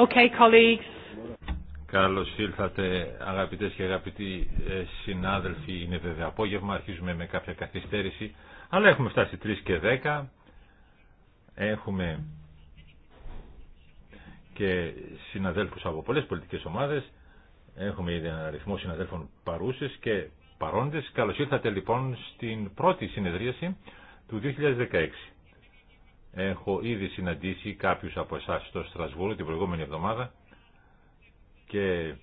Okay, colleagues. Καλώς ήλθατε αγαπητές και αγαπητοί ε, συνάδελφοι. Είναι βέβαια απόγευμα, αρχίζουμε με κάποια καθυστέρηση. Αλλά έχουμε φτάσει 3 και 10. Έχουμε και συναδέλφους από πολλές πολιτικές ομάδες. Έχουμε ήδη ένα αριθμό συναδέλφων παρούσες και παρόντες. Καλώς ήρθατε λοιπόν στην πρώτη συνεδρίαση του 2016. Έχω ήδη συναντήσει κάποιους από εσάς στο Στρασβούργο την προηγούμενη εβδομάδα και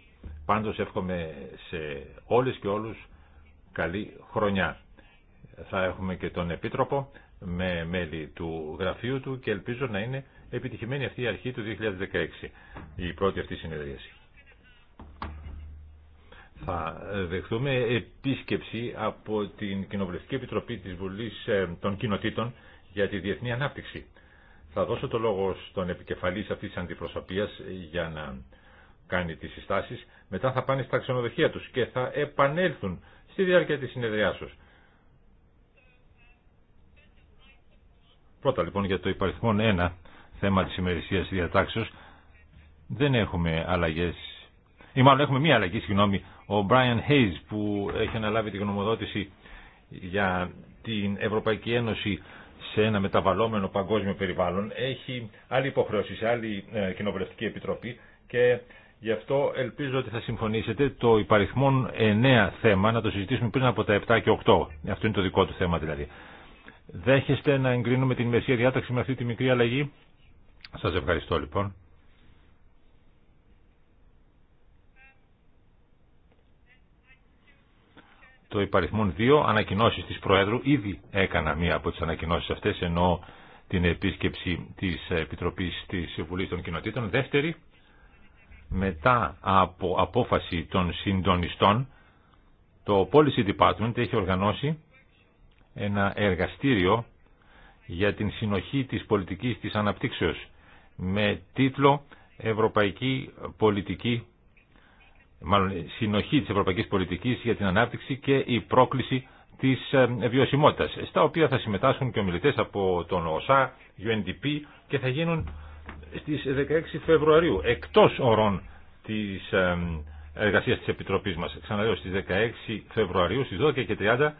πάντως εύχομαι σε όλες και όλους καλή χρονιά. Θα έχουμε και τον Επίτροπο με μέλη του γραφείου του και ελπίζω να είναι επιτυχημένη αυτή η αρχή του 2016, η πρώτη αυτή συνεδρίαση. Θα δεχτούμε επίσκεψη από την Κοινοβουλευτική Επιτροπή της Βουλής ε, των Κοινοτήτων για τη διεθνή ανάπτυξη. Θα δώσω το λόγο στον επικεφαλής αυτής της αντιπροσωπείας για να κάνει τις συστάσεις. Μετά θα πάνε στα ξενοδοχεία τους και θα επανέλθουν στη διάρκεια της συνεδριάσεως. Πρώτα λοιπόν για το υπαριθμόν 1 θέμα της ημερησίας διατάξεως δεν έχουμε αλλαγές ή μάλλον έχουμε μία αλλαγή, συγγνώμη, ο Brian Hayes που έχει αναλάβει τη γνωμοδότηση για την Ευρωπαϊκή Ένωση σε ένα μεταβαλλόμενο παγκόσμιο περιβάλλον έχει άλλη υποχρέωση σε άλλη ε, κοινοβουλευτική επιτροπή και γι' αυτό ελπίζω ότι θα συμφωνήσετε το υπαριθμόν 9 θέμα να το συζητήσουμε πριν από τα 7 και 8. Αυτό είναι το δικό του θέμα δηλαδή. Δέχεστε να εγκρίνουμε την μεσία διάταξη με αυτή τη μικρή αλλαγή. Σας ευχαριστώ λοιπόν. το υπαριθμόν 2 ανακοινώσει της Προέδρου. Ήδη έκανα μία από τις ανακοινώσει αυτές, ενώ την επίσκεψη της Επιτροπής τη Βουλή των Κοινοτήτων. Δεύτερη, μετά από απόφαση των συντονιστών, το Policy Department έχει οργανώσει ένα εργαστήριο για την συνοχή της πολιτικής της αναπτύξεως με τίτλο «Ευρωπαϊκή πολιτική μάλλον συνοχή της ευρωπαϊκής πολιτικής για την ανάπτυξη και η πρόκληση της ε, βιωσιμότητας, στα οποία θα συμμετάσχουν και ομιλητέ από τον ΟΣΑ, UNDP και θα γίνουν στις 16 Φεβρουαρίου, εκτός ορών της ε, εργασίας της Επιτροπής μας. Ξαναλέω, στις 16 Φεβρουαρίου, στις 12.30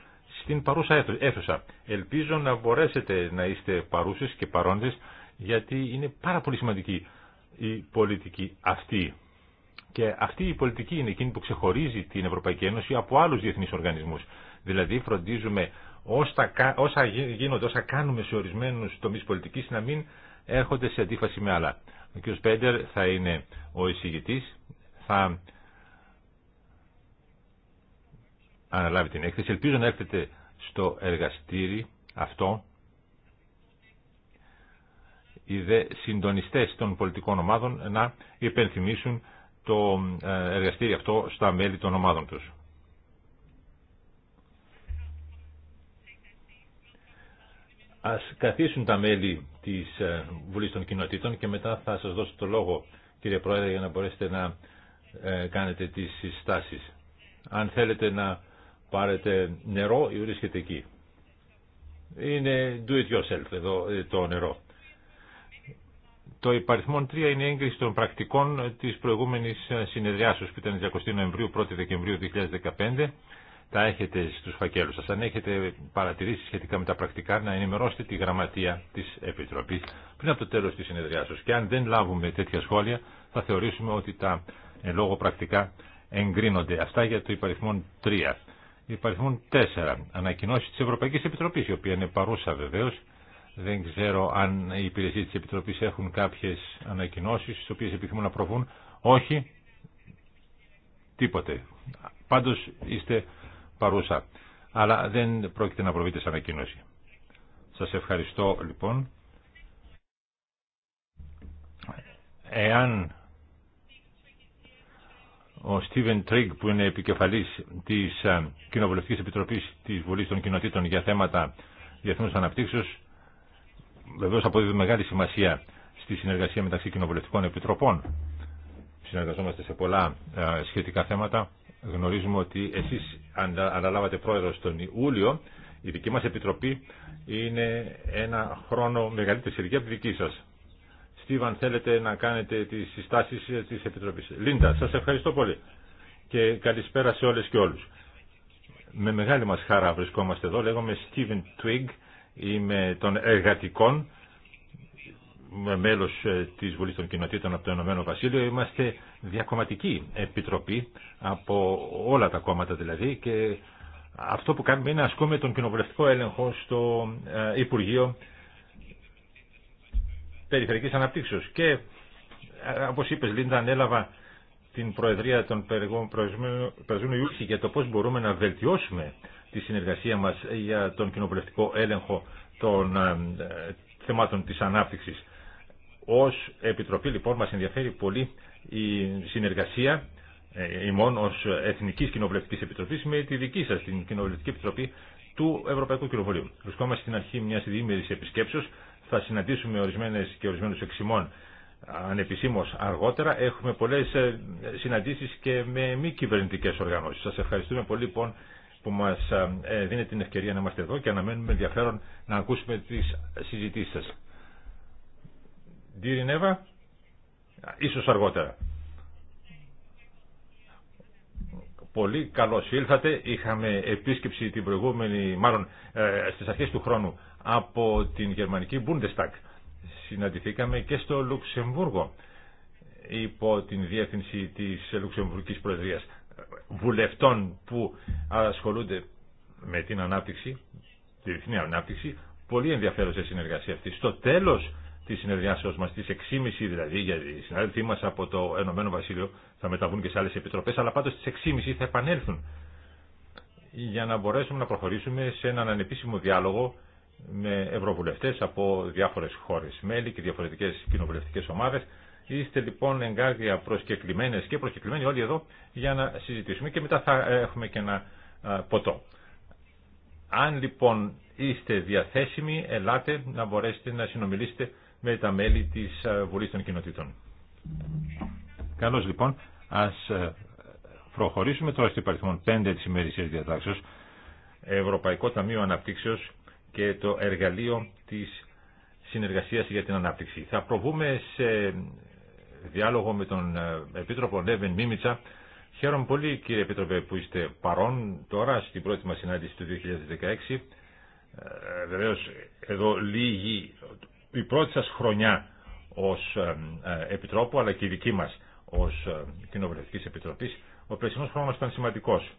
στην παρούσα αίθουσα. Ελπίζω να μπορέσετε να είστε παρούσες και παρόντες, γιατί είναι πάρα πολύ σημαντική η πολιτική αυτή. Και αυτή η πολιτική είναι εκείνη που ξεχωρίζει την Ευρωπαϊκή Ένωση από άλλους διεθνείς οργανισμούς. Δηλαδή φροντίζουμε όσα γίνονται, όσα κάνουμε σε ορισμένους τομείς πολιτικής να μην έρχονται σε αντίφαση με άλλα. Ο κ. Πέντερ θα είναι ο εισηγητής, θα αναλάβει την έκθεση. Ελπίζω να έρθετε στο εργαστήρι αυτό. Οι δε συντονιστές των πολιτικών ομάδων να υπενθυμίσουν το ε, εργαστήριο αυτό στα μέλη των ομάδων τους. Ας καθίσουν τα μέλη της ε, Βουλής των Κοινοτήτων και μετά θα σας δώσω το λόγο κύριε Πρόεδρε για να μπορέσετε να ε, κάνετε τις συστάσεις. Αν θέλετε να πάρετε νερό ή βρίσκεται εκεί. Είναι do it yourself εδώ το νερό. Το υπαριθμό 3 είναι έγκριση των πρακτικών της προηγούμενης συνεδριάσεως που ήταν 20 Νοεμβρίου 1 Δεκεμβρίου 2015. Τα έχετε στους φακέλους σας. Αν έχετε παρατηρήσει σχετικά με τα πρακτικά να ενημερώσετε τη γραμματεία της Επιτροπής πριν από το τέλος της συνεδριάσεως. Και αν δεν λάβουμε τέτοια σχόλια θα θεωρήσουμε ότι τα εν λόγω πρακτικά εγκρίνονται. Αυτά για το υπαριθμό 3. Υπαριθμό 4. Ανακοινώσει τη Ευρωπαϊκή Επιτροπή, η οποία είναι παρούσα βεβαίω. Δεν ξέρω αν οι υπηρεσίε τη Επιτροπή έχουν κάποιε ανακοινώσει τι οποίε επιθυμούν να προβούν. Όχι. Τίποτε. Πάντω είστε παρούσα. Αλλά δεν πρόκειται να προβείτε σε ανακοίνωση. Σα ευχαριστώ λοιπόν. Εάν ο Στίβεν Τρίγκ που είναι επικεφαλής της ε, Κοινοβουλευτικής Επιτροπής της Βουλής των Κοινοτήτων για θέματα διεθνούς αναπτύξεως βεβαίω αποδίδει μεγάλη σημασία στη συνεργασία μεταξύ κοινοβουλευτικών επιτροπών. Συνεργαζόμαστε σε πολλά ε, σχετικά θέματα. Γνωρίζουμε ότι εσείς αναλάβατε πρόεδρο τον Ιούλιο. Η δική μα επιτροπή είναι ένα χρόνο μεγαλύτερη ειδική από τη δική σα. Στίβαν, θέλετε να κάνετε τι συστάσει ε, τη Επιτροπής. Λίντα, σα ευχαριστώ πολύ. Και καλησπέρα σε όλε και όλου. Με μεγάλη μας χαρά βρισκόμαστε εδώ. Λέγομαι Steven Twig Είμαι των εργατικών, μέλος ε, της Βουλής των Κοινοτήτων από το Ενωμένο Βασίλειο. Είμαστε διακομματική επιτροπή από όλα τα κόμματα δηλαδή και αυτό που κάνουμε είναι ασκούμε τον κοινοβουλευτικό έλεγχο στο ε, Υπουργείο Περιφερειακής Αναπτύξεως. Και ε, όπως είπες Λίντα ανέλαβα την Προεδρία των Περασμένου Ιούλη για το πώς μπορούμε να βελτιώσουμε τη συνεργασία μας για τον κοινοβουλευτικό έλεγχο των ε, θεμάτων της ανάπτυξη. Ως Επιτροπή λοιπόν μα ενδιαφέρει πολύ η συνεργασία ε, ημών ω Εθνικής κοινοβουλευτική επιτροπή, με τη δική σας την Κοινοβουλευτική Επιτροπή του Ευρωπαϊκού Κοινοβουλίου. Βρισκόμαστε στην αρχή μιας διήμερης επισκέψεως. Θα συναντήσουμε ορισμένε και ορισμένους εξημών ανεπισήμως αργότερα. Έχουμε πολλές ε, συναντήσεις και με μη κυβερνητικέ οργανώσεις. Σας ευχαριστούμε πολύ λοιπόν που μας ε, ε, δίνετε την ευκαιρία να είμαστε εδώ και αναμένουμε ενδιαφέρον να ακούσουμε τις συζητήσεις σας. Dear Νέβα, ίσως αργότερα. Πολύ καλώ. ήλθατε. Είχαμε επίσκεψη την προηγούμενη, μάλλον στις αρχές του χρόνου, από την γερμανική Bundestag συναντηθήκαμε και στο Λουξεμβούργο υπό την διεύθυνση της Λουξεμβουργικής Προεδρίας βουλευτών που ασχολούνται με την ανάπτυξη, τη διεθνή ανάπτυξη, πολύ ενδιαφέρουσα συνεργασία αυτή. Στο τέλος τη συνεδριάσεω μα, στι 6.30 δηλαδή, γιατί οι συνάδελφοί μα από το Ενωμένο Βασίλειο θα μεταβούν και σε άλλε επιτροπέ, αλλά πάντω στι 6.30 θα επανέλθουν για να μπορέσουμε να προχωρήσουμε σε έναν ανεπίσημο διάλογο με ευρωβουλευτές από διάφορες χώρες μέλη και διαφορετικές κοινοβουλευτικές ομάδες. Είστε λοιπόν εγκάρδια προσκεκλημένες και προσκεκλημένοι όλοι εδώ για να συζητήσουμε και μετά θα έχουμε και ένα ποτό. Αν λοιπόν είστε διαθέσιμοι, ελάτε να μπορέσετε να συνομιλήσετε με τα μέλη της Βουλής των Κοινοτήτων. Καλώς λοιπόν, ας προχωρήσουμε τώρα στην παριθμόν 5 της ημερησίας διατάξεως. Ευρωπαϊκό Ταμείο Αναπτύξεως και το εργαλείο της συνεργασίας για την ανάπτυξη. Θα προβούμε σε διάλογο με τον ε, Επίτροπο Νέβεν Μίμητσα. Χαίρομαι πολύ κύριε Επίτροπε που είστε παρόν τώρα στην πρώτη μας συνάντηση του 2016. Ε, βεβαίως εδώ λίγη η πρώτη σας χρονιά ως ε, Επιτρόπου αλλά και η δική μας ως Κοινοβουλευτικής Επιτροπής. Ο περσινός χρόνος ήταν σημαντικός.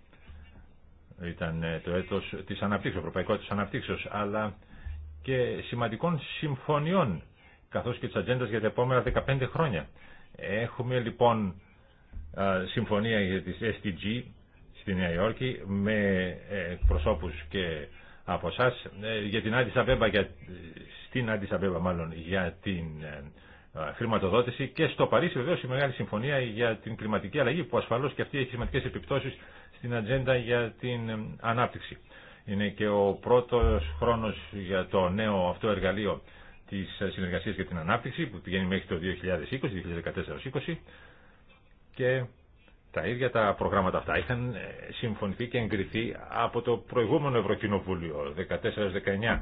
Ήταν ε, το έτος της αναπτύξεως, ευρωπαϊκό έτος αναπτύξεως, αλλά και σημαντικών συμφωνιών, καθώς και της ατζέντα για τα επόμενα 15 χρόνια. Έχουμε λοιπόν συμφωνία για τις SDG στη Νέα Υόρκη με ε, προσώπους και από εσά ε, για την Βέμπα, για, στην Βέμπα μάλλον για την χρηματοδότηση και στο Παρίσι βεβαίως η Μεγάλη Συμφωνία για την κλιματική αλλαγή που ασφαλώς και αυτή έχει σημαντικές επιπτώσεις στην ατζέντα για την ανάπτυξη. Είναι και ο πρώτος χρόνος για το νέο αυτό εργαλείο της συνεργασίας για την ανάπτυξη που πηγαίνει μέχρι το 2020, 2014-2020 και τα ίδια τα προγράμματα αυτά είχαν ε, συμφωνηθεί και εγκριθεί από το προηγούμενο Ευρωκοινοβούλιο 14-19.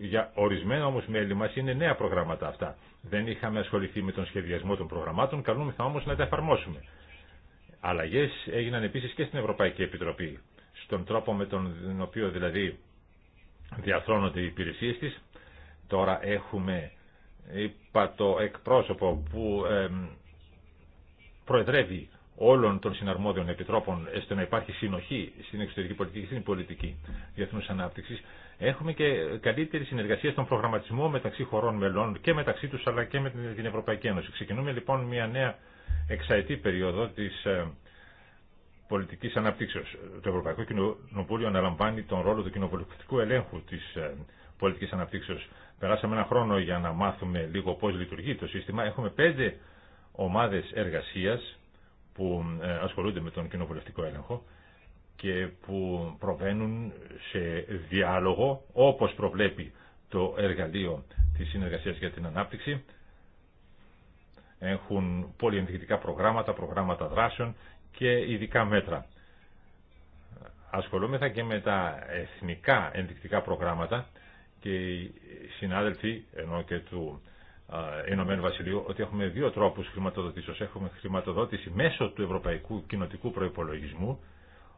Για ορισμένα όμως μέλη μας είναι νέα προγράμματα αυτά. Δεν είχαμε ασχοληθεί με τον σχεδιασμό των προγραμμάτων, καλούμεθα όμως να τα εφαρμόσουμε. Αλλαγέ έγιναν επίσης και στην Ευρωπαϊκή Επιτροπή, στον τρόπο με τον οποίο δηλαδή διαθρώνονται οι υπηρεσίε τη. Τώρα έχουμε, είπα το εκπρόσωπο που προεδρεύει όλων των συναρμόδιων επιτρόπων ώστε να υπάρχει συνοχή στην εξωτερική πολιτική και στην πολιτική διεθνού ανάπτυξη. Έχουμε και καλύτερη συνεργασία στον προγραμματισμό μεταξύ χωρών μελών και μεταξύ του αλλά και με την Ευρωπαϊκή Ένωση. Ξεκινούμε λοιπόν μια νέα εξαετή περίοδο της ε, πολιτικής αναπτύξεως. Το Ευρωπαϊκό Κοινοβούλιο αναλαμβάνει τον ρόλο του κοινοβουλευτικού ελέγχου της ε, πολιτικής αναπτύξεως. Περάσαμε ένα χρόνο για να μάθουμε λίγο πώς λειτουργεί το σύστημα. Έχουμε πέντε ομάδες εργασίας που ε, ασχολούνται με τον κοινοβουλευτικό έλεγχο και που προβαίνουν σε διάλογο όπως προβλέπει το εργαλείο της συνεργασίας για την ανάπτυξη έχουν πολυενδεικτικά προγράμματα, προγράμματα δράσεων και ειδικά μέτρα. Ασχολούμεθα και με τα εθνικά ενδεικτικά προγράμματα και οι συνάδελφοι ενώ και του Ηνωμένου Βασιλείου ότι έχουμε δύο τρόπους χρηματοδοτήσεως. Έχουμε χρηματοδότηση μέσω του Ευρωπαϊκού Κοινοτικού Προϋπολογισμού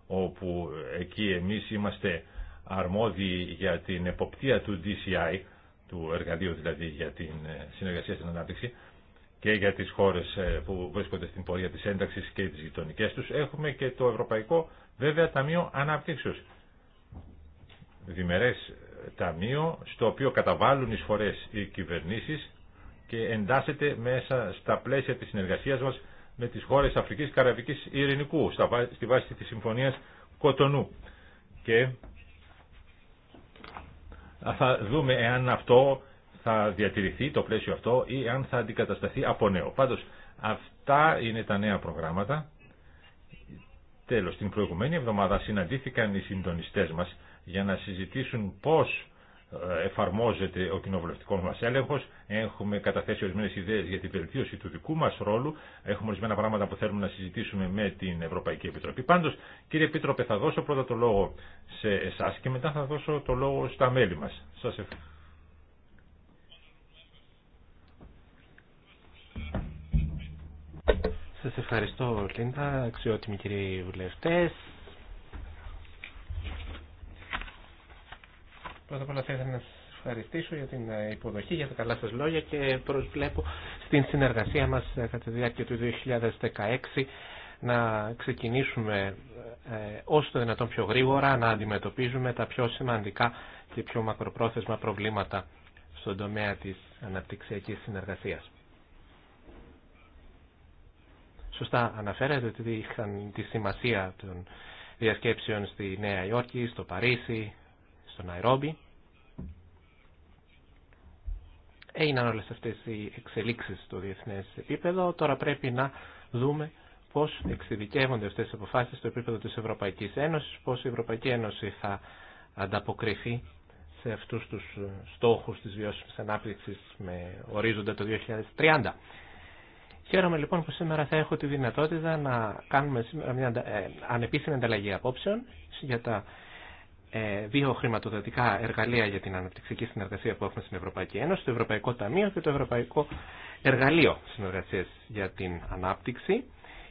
όπου εκεί εμείς είμαστε αρμόδιοι για την εποπτεία του DCI, του εργαλείου δηλαδή για την ε, συνεργασία στην ανάπτυξη, και για τις χώρες ε, που βρίσκονται στην πορεία της ένταξης και τις γειτονικές τους. Έχουμε και το Ευρωπαϊκό βέβαια Ταμείο Αναπτύξεως. Διμερές ε, ταμείο στο οποίο καταβάλουν σφορές οι κυβερνήσεις και εντάσσεται μέσα στα πλαίσια της συνεργασίας μας με τις χώρες Αφρικής, Καραβικής, Ειρηνικού στη βάση της Συμφωνίας Κοτονού. Και θα δούμε εάν αυτό θα διατηρηθεί το πλαίσιο αυτό ή αν θα αντικατασταθεί από νέο. Πάντως αυτά είναι τα νέα προγράμματα. Τέλος, την προηγουμένη εβδομάδα συναντήθηκαν οι συντονιστές μας για να συζητήσουν πώς ε, εφαρμόζεται ο κοινοβουλευτικό μα έλεγχο. Έχουμε καταθέσει ορισμένε ιδέε για την βελτίωση του δικού μα ρόλου. Έχουμε ορισμένα πράγματα που θέλουμε να συζητήσουμε με την Ευρωπαϊκή Επιτροπή. Πάντω, κύριε Επίτροπε, θα δώσω πρώτα το λόγο σε εσά και μετά θα δώσω το λόγο στα μέλη μα. Σα ευχαριστώ. Σας ευχαριστώ Λίντα, αξιότιμοι κύριοι βουλευτές. Πρώτα απ' όλα θα να σας ευχαριστήσω για την υποδοχή, για τα καλά σας λόγια και προσβλέπω στην συνεργασία μας κατά τη διάρκεια του 2016 να ξεκινήσουμε ε, όσο το δυνατόν πιο γρήγορα να αντιμετωπίζουμε τα πιο σημαντικά και πιο μακροπρόθεσμα προβλήματα στον τομέα της αναπτυξιακής συνεργασίας. Σωστά αναφέρατε ότι είχαν τη σημασία των διασκέψεων στη Νέα Υόρκη, στο Παρίσι, στο Ναϊρόμπι. Έγιναν όλες αυτές οι εξελίξεις στο διεθνές επίπεδο. Τώρα πρέπει να δούμε πώς εξειδικεύονται αυτές οι αποφάσεις στο επίπεδο της Ευρωπαϊκής Ένωσης, πώς η Ευρωπαϊκή Ένωση θα ανταποκριθεί σε αυτούς τους στόχους της βιώσιμης ανάπτυξης με ορίζοντα το 2030. Χαίρομαι λοιπόν που σήμερα θα έχω τη δυνατότητα να κάνουμε σήμερα μια ε, ανεπίσημη ανταλλαγή απόψεων για τα δύο ε, χρηματοδοτικά εργαλεία για την αναπτυξική συνεργασία που έχουμε στην Ευρωπαϊκή Ένωση, το Ευρωπαϊκό Ταμείο και το Ευρωπαϊκό Εργαλείο Συνεργασία για την Ανάπτυξη.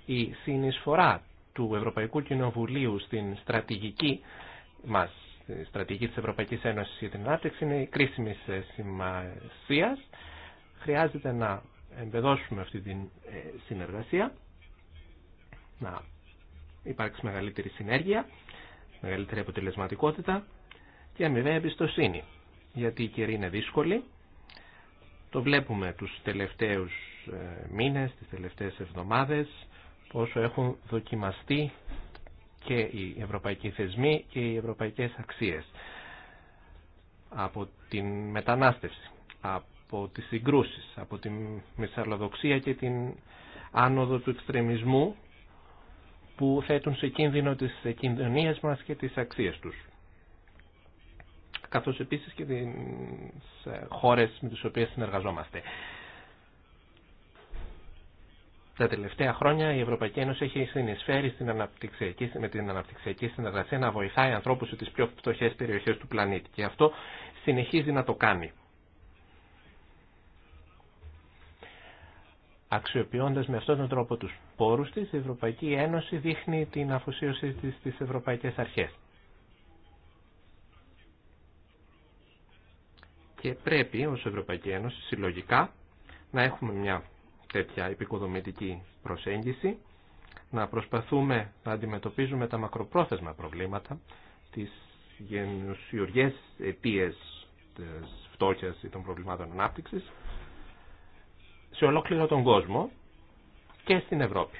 Η συνεισφορά του Ευρωπαϊκού Κοινοβουλίου στην στρατηγική μας, στρατηγική της Ευρωπαϊκής Ένωσης για την Ανάπτυξη είναι κρίσιμη σημασία. Χρειάζεται να εμπεδώσουμε αυτή την ε, συνεργασία, να υπάρξει μεγαλύτερη συνέργεια, μεγαλύτερη αποτελεσματικότητα και αμοιβαία εμπιστοσύνη. Γιατί η καιρή είναι δύσκολη, το βλέπουμε τους τελευταίους ε, μήνες, τις τελευταίες εβδομάδες, πόσο έχουν δοκιμαστεί και οι ευρωπαϊκοί θεσμοί και οι ευρωπαϊκές αξίες από την μετανάστευση, από από τις συγκρούσεις, από τη μεσαλλοδοξία και την άνοδο του εξτρεμισμού που θέτουν σε κίνδυνο τις κοινωνίες μας και τις αξίες τους. Καθώς επίσης και τις ε, χώρες με τις οποίες συνεργαζόμαστε. Τα τελευταία χρόνια η Ευρωπαϊκή Ένωση έχει συνεισφέρει στην με την αναπτυξιακή συνεργασία να βοηθάει ανθρώπου στις πιο φτωχέ περιοχές του πλανήτη. Και αυτό συνεχίζει να το κάνει. Αξιοποιώντας με αυτόν τον τρόπο τους πόρους της, η Ευρωπαϊκή Ένωση δείχνει την αφοσίωσή της στις ευρωπαϊκές αρχές. Και πρέπει ως Ευρωπαϊκή Ένωση συλλογικά να έχουμε μια τέτοια επικοδομητική προσέγγιση, να προσπαθούμε να αντιμετωπίζουμε τα μακροπρόθεσμα προβλήματα, τις γενουσιουργές αιτίες της φτώχειας ή των προβλημάτων ανάπτυξης σε ολόκληρο τον κόσμο και στην Ευρώπη.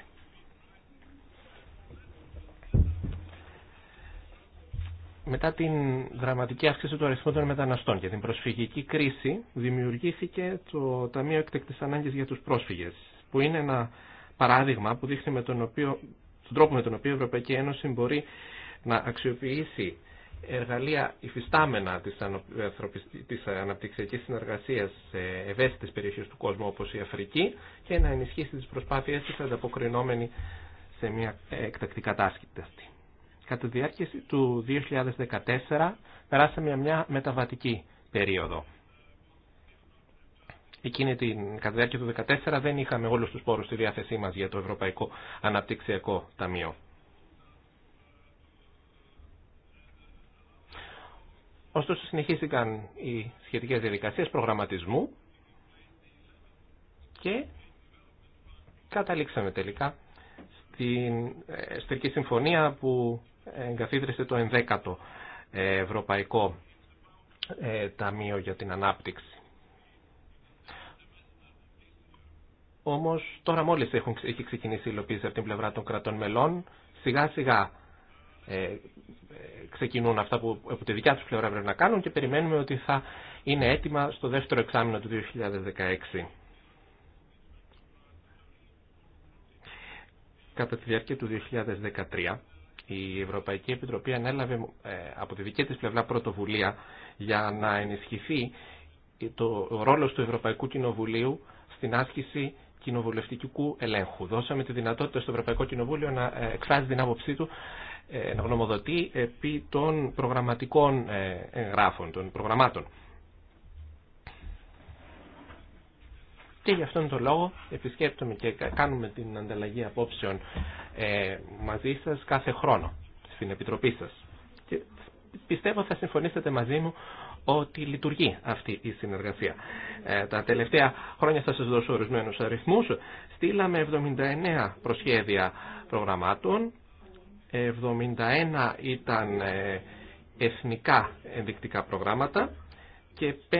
Μετά την δραματική αύξηση του αριθμού των μεταναστών και την προσφυγική κρίση δημιουργήθηκε το Ταμείο Εκτεκτής Ανάγκης για τους Πρόσφυγες που είναι ένα παράδειγμα που δείχνει με τον, οποίο, τον τρόπο με τον οποίο η Ευρωπαϊκή Ένωση μπορεί να αξιοποιήσει εργαλεία υφιστάμενα της, ε, της αναπτυξιακής συνεργασίας σε ευαίσθητες περιοχές του κόσμου όπως η Αφρική και να ενισχύσει τις προσπάθειες της ανταποκρινόμενη σε μια εκτακτή κατάσταση. Κατά τη διάρκεια του 2014 περάσαμε μια μεταβατική περίοδο. Εκείνη την κατά τη διάρκεια του 2014 δεν είχαμε όλους τους πόρους στη διάθεσή μας για το Ευρωπαϊκό Αναπτυξιακό Ταμείο. Ωστόσο συνεχίστηκαν οι σχετικές διαδικασίες προγραμματισμού και καταλήξαμε τελικά στην Εστερική Συμφωνία που εγκαθίδρυσε το 11ο Ευρωπαϊκό ε, Ταμείο για την Ανάπτυξη. Όμως τώρα μόλις έχουν, έχει ξεκινήσει η υλοποίηση από την πλευρά των κρατών μελών, σιγά σιγά ε, ε ξεκινούν αυτά που από τη δικιά τους πλευρά πρέπει να κάνουν και περιμένουμε ότι θα είναι έτοιμα στο δεύτερο εξάμεινο του 2016. Κατά τη διάρκεια του 2013 η Ευρωπαϊκή Επιτροπή ανέλαβε ε, από τη δική της πλευρά πρωτοβουλία για να ενισχυθεί το, ο ρόλος του Ευρωπαϊκού Κοινοβουλίου στην άσκηση κοινοβουλευτικού ελέγχου. Δώσαμε τη δυνατότητα στο Ευρωπαϊκό Κοινοβούλιο να ε, εκφράζει την άποψή του να ε, γνωμοδοτεί επί των προγραμματικών ε, εγγράφων, των προγραμμάτων. Και γι' αυτόν τον λόγο επισκέπτομαι και κάνουμε την ανταλλαγή απόψεων ε, μαζί σας κάθε χρόνο στην Επιτροπή σας. Και πιστεύω θα συμφωνήσετε μαζί μου ότι λειτουργεί αυτή η συνεργασία. τα τελευταία χρόνια θα σας δώσω ορισμένους αριθμούς. Στείλαμε 79 προσχέδια προγραμμάτων 71 ήταν ε, εθνικά ενδεικτικά προγράμματα και 5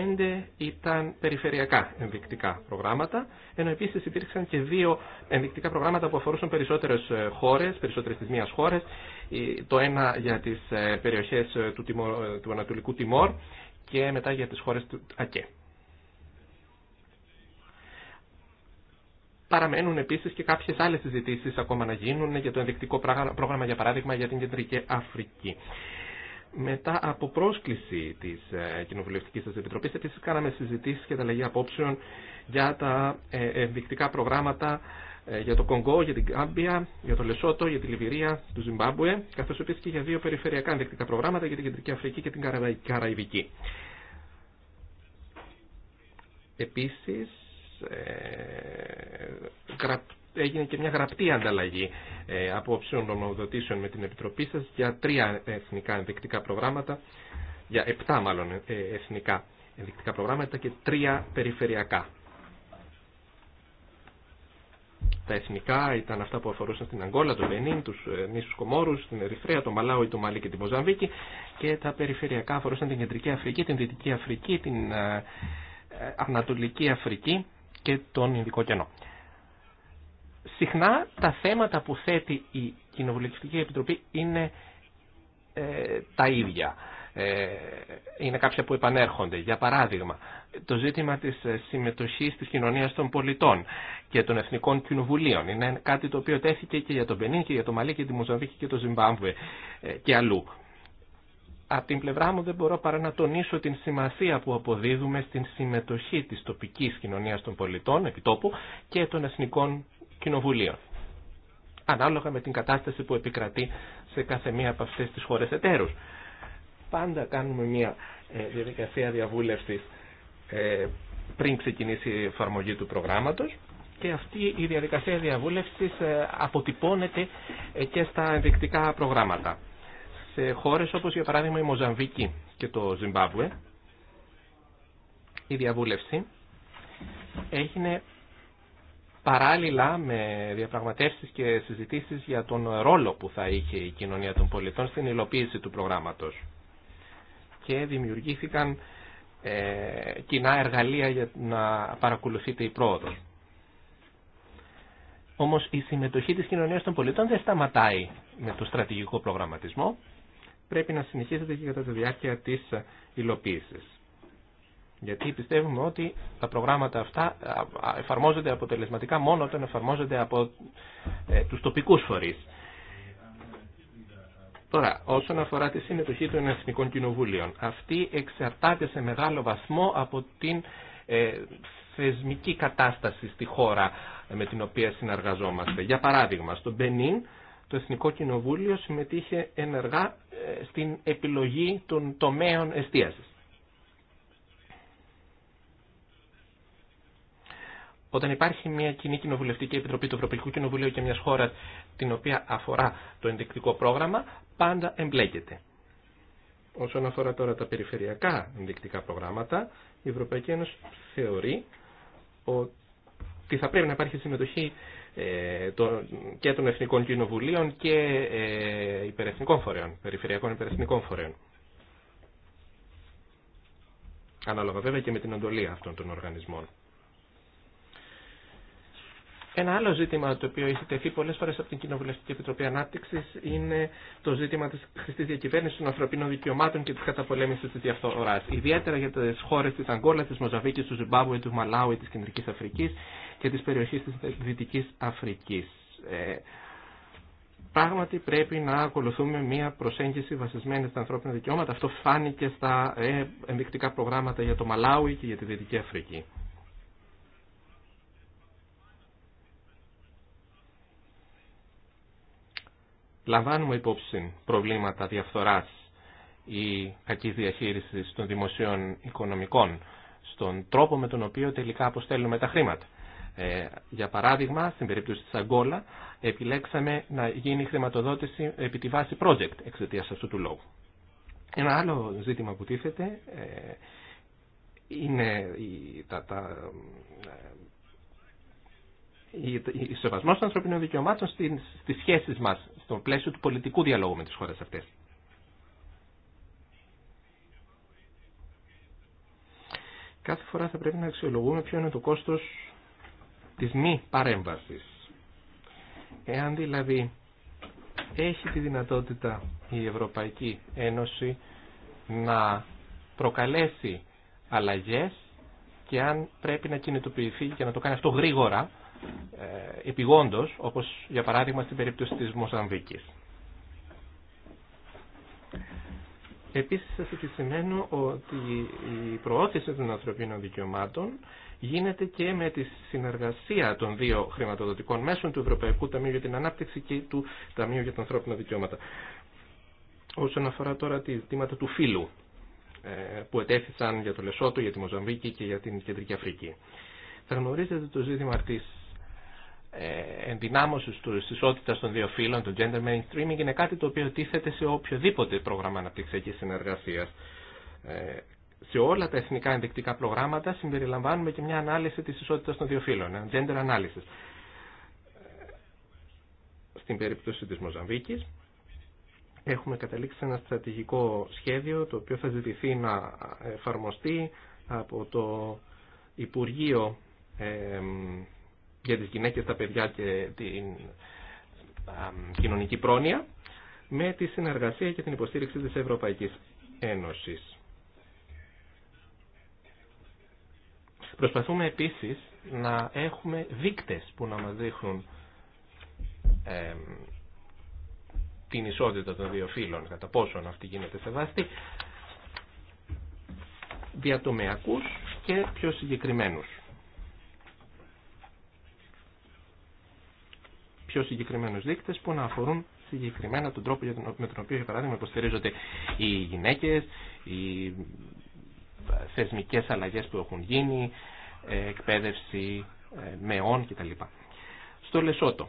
ήταν περιφερειακά ενδεικτικά προγράμματα, ενώ επίσης υπήρξαν και δύο ενδεικτικά προγράμματα που αφορούσαν περισσότερες ε, χώρες, περισσότερες της μίας χώρες, ε, το ένα για τις περιοχές του, Ανατολικού Τιμόρ και μετά για τις χώρες του ΑΚΕ. Παραμένουν επίση και κάποιε άλλε συζητήσει ακόμα να γίνουν για το ενδεικτικό πρόγραμμα, για παράδειγμα, για την Κεντρική Αφρική. Μετά από πρόσκληση τη ε, Κοινοβουλευτική σα Επιτροπή, επίση κάναμε συζητήσει και ανταλλαγή απόψεων για τα ε, ενδεικτικά προγράμματα ε, για το Κονγκό, για την Κάμπια, για το Λεσότο, για τη Λιβυρία, του Ζιμπάμπουε, καθώ επίση και για δύο περιφερειακά ενδεικτικά προγράμματα για την Κεντρική Αφρική και την Καραϊβική. Επίσης, ε, έγινε και μια γραπτή ανταλλαγή ε, απόψεων νομοδοτήσεων με την Επιτροπή σας για τρία εθνικά ενδεικτικά προγράμματα, για επτά μάλλον ε, εθνικά ενδεικτικά προγράμματα και τρία περιφερειακά. Τα εθνικά ήταν αυτά που αφορούσαν στην Αγγόλα, τον Βενίν, του νήσου Κομόρου, την Ερυθρέα, τον Μαλάουι, το Μαλί και την Μοζαμβίκη και τα περιφερειακά αφορούσαν την Κεντρική Αφρική, την Δυτική Αφρική, την Ανατολική Αφρική και τον ειδικό κενό. Συχνά τα θέματα που θέτει η Κοινοβουλευτική Επιτροπή είναι ε, τα ίδια. Ε, είναι κάποια που επανέρχονται. Για παράδειγμα, το ζήτημα της ε, συμμετοχής της κοινωνίας των πολιτών και των εθνικών κοινοβουλίων. Είναι κάτι το οποίο τέθηκε και για τον Πενίν και για το Μαλί και τη Μοζαμβίκη και το Ζιμπάμβουε ε, και αλλού από την πλευρά μου δεν μπορώ παρά να τονίσω την σημασία που αποδίδουμε στην συμμετοχή της τοπικής κοινωνίας των πολιτών, επιτόπου, και των εθνικών κοινοβουλίων. Ανάλογα με την κατάσταση που επικρατεί σε κάθε μία από αυτές τις χώρες εταίρους. Πάντα κάνουμε μία ε, διαδικασία διαβούλευσης ε, πριν ξεκινήσει η εφαρμογή του προγράμματος και αυτή η διαδικασία διαβούλευσης ε, αποτυπώνεται και στα ενδεικτικά προγράμματα σε χώρες όπως για παράδειγμα η Μοζαμβίκη και το Ζιμπάμπουε, η διαβούλευση έγινε παράλληλα με διαπραγματεύσεις και συζητήσεις για τον ρόλο που θα είχε η κοινωνία των πολιτών στην υλοποίηση του προγράμματος. Και δημιουργήθηκαν ε, κοινά εργαλεία για να παρακολουθείται η πρόοδο. Όμως η συμμετοχή της κοινωνίας των πολιτών δεν σταματάει με το στρατηγικό προγραμματισμό πρέπει να συνεχίσετε και κατά τη διάρκεια της υλοποίησης. Γιατί πιστεύουμε ότι τα προγράμματα αυτά εφαρμόζονται αποτελεσματικά μόνο όταν εφαρμόζονται από ε, τους τοπικούς φορείς. Τώρα, όσον αφορά τη συμμετοχή των εθνικών κοινοβουλίων, αυτή εξαρτάται σε μεγάλο βαθμό από την ε, θεσμική κατάσταση στη χώρα με την οποία συνεργαζόμαστε. Για παράδειγμα, στο Μπενίν το Εθνικό Κοινοβούλιο συμμετείχε ενεργά ε, στην επιλογή των τομέων εστίασης. Όταν υπάρχει μια κοινή κοινοβουλευτική επιτροπή του Ευρωπαϊκού Κοινοβουλίου και μια χώρα την οποία αφορά το ενδεικτικό πρόγραμμα, πάντα εμπλέκεται. Όσον αφορά τώρα τα περιφερειακά ενδεικτικά προγράμματα, η Ευρωπαϊκή Ένωση θεωρεί ότι θα πρέπει να υπάρχει συμμετοχή ε, και των Εθνικών Κοινοβουλίων και ε, υπερεθνικών φορέων, περιφερειακών υπερεθνικών φορέων. Ανάλογα βέβαια και με την αντολία αυτών των οργανισμών. Ένα άλλο ζήτημα το οποίο έχει τεθεί πολλέ φορέ από την Κοινοβουλευτική Επιτροπή Ανάπτυξη είναι το ζήτημα τη χρηστή διακυβέρνηση των ανθρωπίνων δικαιωμάτων και τη καταπολέμηση τη διαφθορά. Ιδιαίτερα για τι χώρε τη Αγκόλα, τη Μοζαβίκη, του Ζιμπάμπουε, του Μαλάουι, τη Κεντρική Αφρική και τη περιοχή τη Δυτική Αφρική. Ε, πράγματι πρέπει να ακολουθούμε μια προσέγγιση βασισμένη στα ανθρώπινα δικαιώματα. Αυτό φάνηκε στα ε, ενδεικτικά προγράμματα για το Μαλάουι και για τη Δυτική Αφρική. λαμβάνουμε υπόψη προβλήματα διαφθοράς ή κακή διαχείριση των δημοσίων οικονομικών στον τρόπο με τον οποίο τελικά αποστέλνουμε τα χρήματα. Ε, για παράδειγμα, στην περίπτωση της Αγκόλα, επιλέξαμε να γίνει χρηματοδότηση επί τη βάση project εξαιτίας αυτού του λόγου. Ένα άλλο ζήτημα που τίθεται ε, είναι τα, τα η σεβασμός των ανθρωπίνων δικαιωμάτων στις σχέσεις μας, στο πλαίσιο του πολιτικού διαλόγου με τις χώρες αυτές. Κάθε φορά θα πρέπει να αξιολογούμε ποιο είναι το κόστος της μη παρέμβασης. Εάν δηλαδή έχει τη δυνατότητα η Ευρωπαϊκή Ένωση να προκαλέσει αλλαγές και αν πρέπει να κινητοποιηθεί και να το κάνει αυτό γρήγορα, ε, επιγόντως, όπως για παράδειγμα στην περίπτωση της Μοζαμβίκης. Επίσης σας επισημαίνω ότι η προώθηση των ανθρωπίνων δικαιωμάτων γίνεται και με τη συνεργασία των δύο χρηματοδοτικών μέσων του Ευρωπαϊκού Ταμείου για την Ανάπτυξη και του Ταμείου για τα Ανθρώπινα Δικαιώματα. Όσον αφορά τώρα τη ζητήματα του φύλου ε, που ετέθησαν για το Λεσότο, για τη Μοζαμβίκη και για την Κεντρική Αφρική. Θα γνωρίζετε το ζήτημα της ε, ενδυνάμωση τη ισότητας των δύο φύλων, το gender mainstreaming, είναι κάτι το οποίο τίθεται σε οποιοδήποτε πρόγραμμα αναπτυξιακή συνεργασία. Ε, σε όλα τα εθνικά ενδεικτικά προγράμματα συμπεριλαμβάνουμε και μια ανάλυση της ισότητα των δύο φύλων, gender analysis. Ε, στην περίπτωση της Μοζαμβίκης έχουμε καταλήξει σε ένα στρατηγικό σχέδιο το οποίο θα ζητηθεί να εφαρμοστεί από το Υπουργείο για τις γυναίκες, τα παιδιά και την κοινωνική πρόνοια με τη συνεργασία και την υποστήριξη της Ευρωπαϊκής Ένωσης. Προσπαθούμε επίσης να έχουμε δείκτες που να μας δείχνουν την ισότητα των δύο φύλων, κατά πόσον αυτή γίνεται σεβαστή, διατομεακούς και πιο συγκεκριμένους. πιο συγκεκριμένου δείκτες που να αφορούν συγκεκριμένα τον τρόπο με τον οποίο, για παράδειγμα, υποστηρίζονται οι γυναίκες, οι θεσμικές αλλαγέ που έχουν γίνει, εκπαίδευση ε, μεών κτλ. Στο Λεσότο,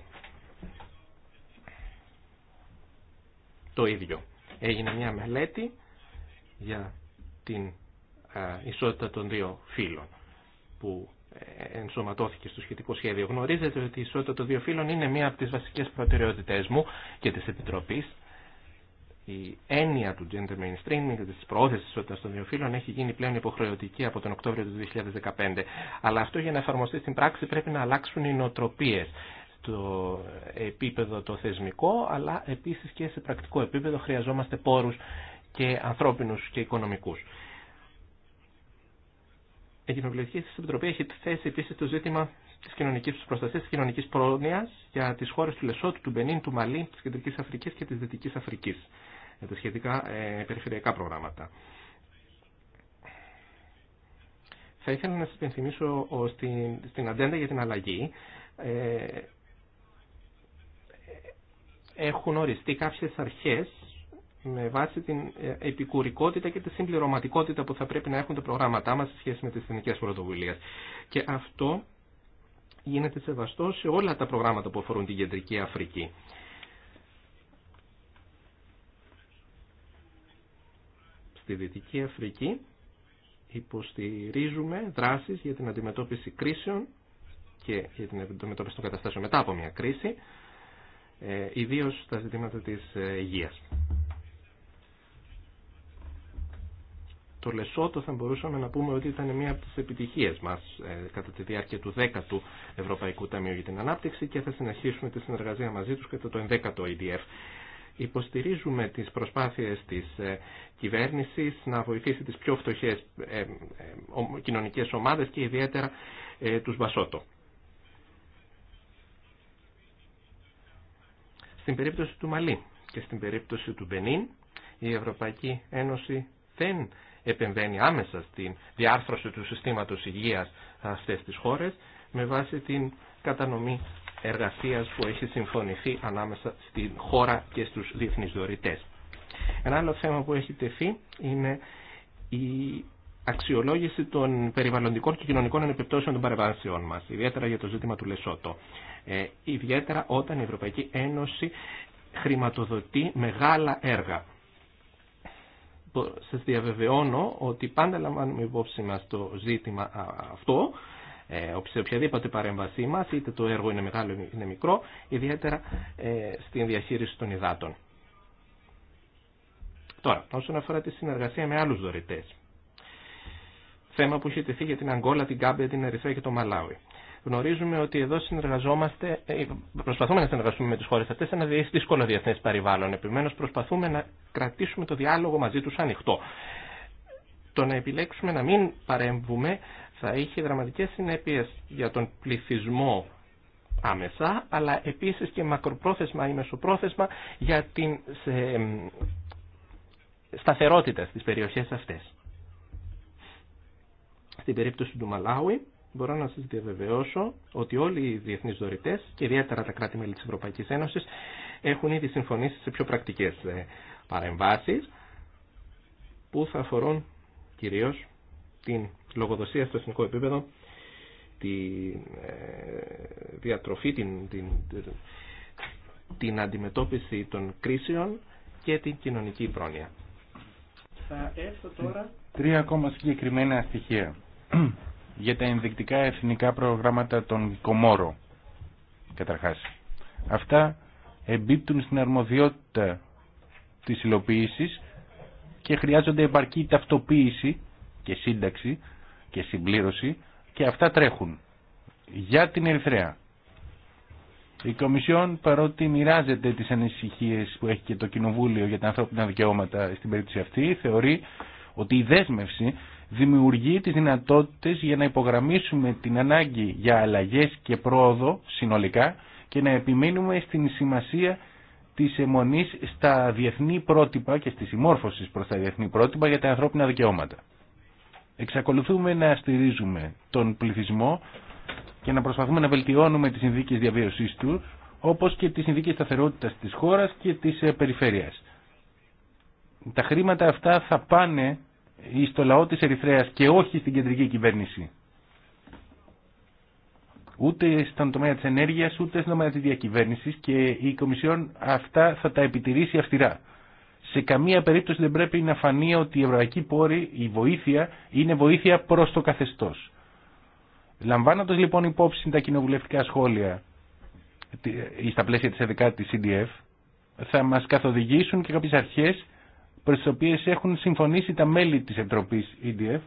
το ίδιο. Έγινε μια μελέτη για την ε, ισότητα των δύο φύλων που ενσωματώθηκε στο σχετικό σχέδιο. Γνωρίζετε ότι η ισότητα των δύο φύλων είναι μία από τις βασικές προτεραιότητές μου και της Επιτροπής. Η έννοια του gender mainstreaming και της προώθησης της ισότητας των δύο φύλων έχει γίνει πλέον υποχρεωτική από τον Οκτώβριο του 2015. Αλλά αυτό για να εφαρμοστεί στην πράξη πρέπει να αλλάξουν οι νοοτροπίες στο επίπεδο το θεσμικό, αλλά επίσης και σε πρακτικό επίπεδο χρειαζόμαστε πόρους και ανθρώπινους και οικονομικούς η Κοινοβουλευτική Επιτροπή έχει θέσει επίση το ζήτημα τη κοινωνική προστασία, τη κοινωνική πρόνοια για τι χώρε του Λεσότου, του Μπενίν, του Μαλή, τη Κεντρική Αφρική και τη Δυτική Αφρική για τα σχετικά ε, περιφερειακά προγράμματα. Θα ήθελα να σα υπενθυμίσω στην, στην ατζέντα για την αλλαγή. Ε, ε έχουν οριστεί κάποιες αρχές με βάση την ε, επικουρικότητα και τη συμπληρωματικότητα που θα πρέπει να έχουν τα προγράμματά μας σε σχέση με τις εθνικές πρωτοβουλίες. Και αυτό γίνεται σεβαστό σε όλα τα προγράμματα που αφορούν την Κεντρική Αφρική. Στη Δυτική Αφρική υποστηρίζουμε δράσεις για την αντιμετώπιση κρίσεων και για την αντιμετώπιση των καταστάσεων μετά από μια κρίση, ε, ιδίως στα ζητήματα της ε, υγείας. το Λεσότο θα μπορούσαμε να πούμε ότι ήταν μία από τις επιτυχίες μας ε, κατά τη διάρκεια του 10ου Ευρωπαϊκού Ταμείου για την Ανάπτυξη και θα συνεχίσουμε τη συνεργασία μαζί τους κατά το 11ο EDF. Υποστηρίζουμε τις προσπάθειες της ε, κυβέρνησης να βοηθήσει τις πιο φτωχές ε, κοινωνικές ομάδες και ιδιαίτερα τους Μπασότο. Στην περίπτωση του Μαλή και στην περίπτωση του Μπενίν, η Ευρωπαϊκή Ένωση δεν επεμβαίνει άμεσα στην διάρθρωση του συστήματος υγείας αυτές τις χώρες με βάση την κατανομή εργασίας που έχει συμφωνηθεί ανάμεσα στη χώρα και στους διεθνείς δωρητές. Ένα άλλο θέμα που έχει τεθεί είναι η αξιολόγηση των περιβαλλοντικών και κοινωνικών επιπτώσεων των παρεμβάσεών μας, ιδιαίτερα για το ζήτημα του Λεσότο. Ε, ιδιαίτερα όταν η Ευρωπαϊκή Ένωση χρηματοδοτεί μεγάλα έργα σας διαβεβαιώνω ότι πάντα λαμβάνουμε υπόψη μας το ζήτημα αυτό, ε, σε οποιαδήποτε παρέμβασή μας, είτε το έργο είναι μεγάλο είτε είναι μικρό, ιδιαίτερα ε, στην διαχείριση των υδάτων. Τώρα, όσον αφορά τη συνεργασία με άλλους δωρητές, θέμα που έχει τεθεί για την Αγκόλα, την Κάμπε, την Ερυθρέα και το Μαλάουι. Γνωρίζουμε ότι εδώ συνεργαζόμαστε, ε, προσπαθούμε να συνεργαστούμε με τι χώρε αυτέ σε ένα δύσκολο διεθνέ περιβάλλον. Επιμένω, προσπαθούμε να κρατήσουμε το διάλογο μαζί του ανοιχτό. Το να επιλέξουμε να μην παρέμβουμε θα είχε δραματικέ συνέπειες για τον πληθυσμό άμεσα, αλλά επίση και μακροπρόθεσμα ή μεσοπρόθεσμα για την σε, σταθερότητα στις περιοχές αυτές. Στην περίπτωση του Μαλάουι, μπορώ να σας διαβεβαιώσω ότι όλοι οι διεθνείς δωρητές και ιδιαίτερα τα κράτη-μέλη της Ευρωπαϊκής Ένωσης έχουν ήδη συμφωνήσει σε πιο πρακτικές ε, παρεμβάσεις που θα αφορούν κυρίως την λογοδοσία στο εθνικό επίπεδο, τη ε, διατροφή, την, την, την αντιμετώπιση των κρίσεων και την κοινωνική πρόνοια. Θα έρθω τώρα... Τρία ακόμα συγκεκριμένα στοιχεία για τα ενδεικτικά εθνικά προγράμματα των Κομόρο, καταρχάς. Αυτά εμπίπτουν στην αρμοδιότητα της υλοποίησης και χρειάζονται επαρκή ταυτοποίηση και σύνταξη και συμπλήρωση και αυτά τρέχουν. Για την Ερυθρέα. Η Κομισιόν παρότι μοιράζεται τις ανησυχίες που έχει και το Κοινοβούλιο για τα ανθρώπινα δικαιώματα στην περίπτωση αυτή θεωρεί ότι η δέσμευση δημιουργεί τις δυνατότητες για να υπογραμμίσουμε την ανάγκη για αλλαγές και πρόοδο συνολικά και να επιμείνουμε στην σημασία της αιμονής στα διεθνή πρότυπα και στη συμμόρφωση προς τα διεθνή πρότυπα για τα ανθρώπινα δικαιώματα. Εξακολουθούμε να στηρίζουμε τον πληθυσμό και να προσπαθούμε να βελτιώνουμε τις συνδίκες διαβίωσής του, όπως και τις συνδίκες σταθερότητας της χώρας και της ε, περιφέρειας. Τα χρήματα αυτά θα πάνε ή στο λαό της Ερυθρέας και όχι στην κεντρική κυβέρνηση. Ούτε στον τομέα της ενέργειας, ούτε στον τομέα της διακυβέρνησης και η Κομισιόν αυτά θα τα επιτηρήσει αυστηρά. Σε καμία περίπτωση δεν πρέπει να φανεί ότι η ευρωπαϊκή πόρη, η βοήθεια, είναι βοήθεια προς το καθεστώς. Λαμβάνοντας λοιπόν υπόψη τα κοινοβουλευτικά σχόλια ε, στα πλαίσια της 11 της CDF, θα μας καθοδηγήσουν και κάποιες αρχές προς τι οποίε έχουν συμφωνήσει τα μέλη της Επιτροπής EDF,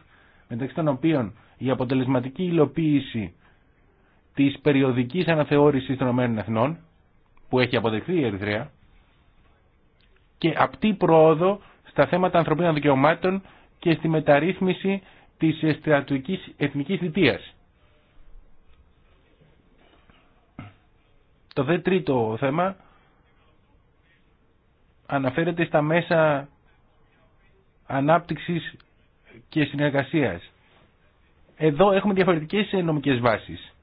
μεταξύ των οποίων η αποτελεσματική υλοποίηση της περιοδικής αναθεώρησης των ΗΠΑ, που έχει αποδεχθεί η Ερυθρέα, και απτή πρόοδο στα θέματα ανθρωπίνων δικαιωμάτων και στη μεταρρύθμιση της στρατιωτική εθνικής θητεία. Το δε τρίτο θέμα αναφέρεται στα μέσα ανάπτυξης και συνεργασίας. Εδώ έχουμε διαφορετικές νομικές βάσεις.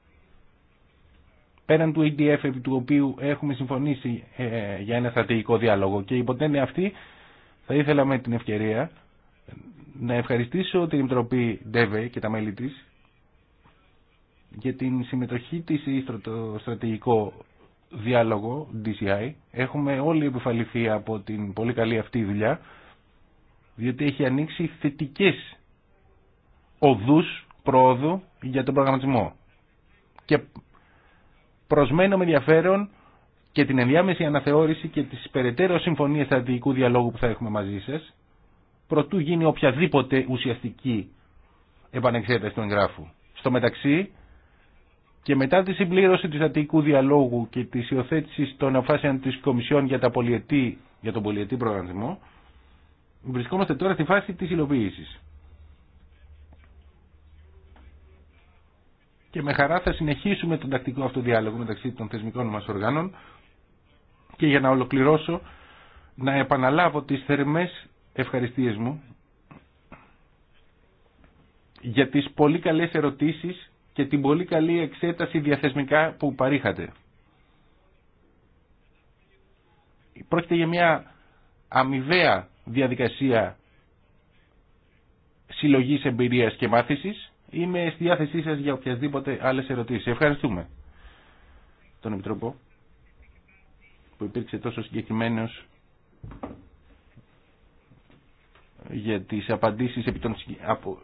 Πέραν του EDF επί του οποίου έχουμε συμφωνήσει ε, για ένα στρατηγικό διάλογο και υποτένει αυτή θα ήθελα με την ευκαιρία να ευχαριστήσω την Επιτροπή ΔΕΒΕ και τα μέλη της για την συμμετοχή της στο στρατηγικό διάλογο DCI. Έχουμε όλοι επιφαληθεί από την πολύ καλή αυτή δουλειά διότι έχει ανοίξει θετικές οδούς πρόοδου για τον προγραμματισμό. Και προσμένω με ενδιαφέρον και την ενδιάμεση αναθεώρηση και τις περαιτέρω συμφωνίες στρατηγικού διαλόγου που θα έχουμε μαζί σας, προτού γίνει οποιαδήποτε ουσιαστική επανεξέταση του εγγράφου. Στο μεταξύ, και μετά τη συμπλήρωση του στρατηγικού διαλόγου και τη υιοθέτηση των εφάσεων της Κομισιόν για, για τον πολιετή προγραμματισμό, Βρισκόμαστε τώρα στη φάση της υλοποίησης. Και με χαρά θα συνεχίσουμε τον τακτικό αυτό διάλογο μεταξύ των θεσμικών μας οργάνων και για να ολοκληρώσω να επαναλάβω τις θερμές ευχαριστίες μου για τις πολύ καλές ερωτήσεις και την πολύ καλή εξέταση διαθεσμικά που παρήχατε. Πρόκειται για μια αμοιβαία διαδικασία συλλογής εμπειρίας και μάθησης. Είμαι στη διάθεσή σας για οποιασδήποτε άλλες ερωτήσεις. Ευχαριστούμε τον Επιτροπό που υπήρξε τόσο συγκεκριμένος για τις απαντήσεις επί των, από,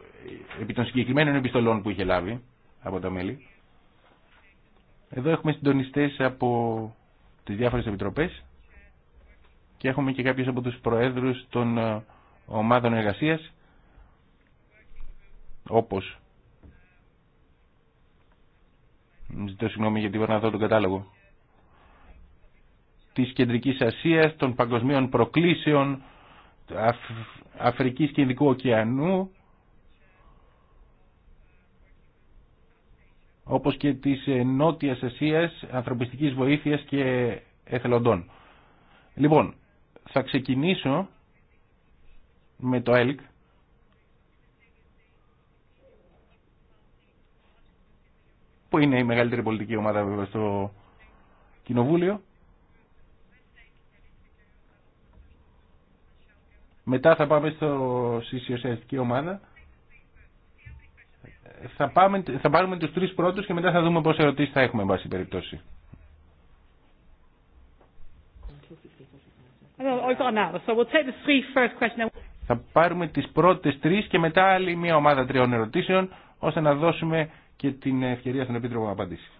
επί των συγκεκριμένων επιστολών που είχε λάβει από τα μέλη. Εδώ έχουμε συντονιστές από τις διάφορες επιτροπές και έχουμε και κάποιους από τους προέδρους των ε, ομάδων εργασίας όπως ζητώ συγγνώμη γιατί μπορώ να τον κατάλογο της Κεντρικής Ασίας, των παγκοσμίων προκλήσεων Αφ... Αφρικής και Ινδικού Ωκεανού όπως και της ε, Νότιας Ασίας, ανθρωπιστικής βοήθειας και εθελοντών. Λοιπόν, θα ξεκινήσω με το ΕΛΚ. που είναι η μεγαλύτερη πολιτική ομάδα βέβαια στο Κοινοβούλιο. Μετά θα πάμε στο συσιοσιαστική ομάδα. Θα, πάμε, θα πάρουμε τους τρεις πρώτους και μετά θα δούμε πόσες ερωτήσεις θα έχουμε, εν πάση περιπτώσει. Θα πάρουμε τις πρώτες τρεις και μετά άλλη μια ομάδα τριών ερωτήσεων ώστε να δώσουμε και την ευκαιρία στον Επίτροπο να απαντήσει.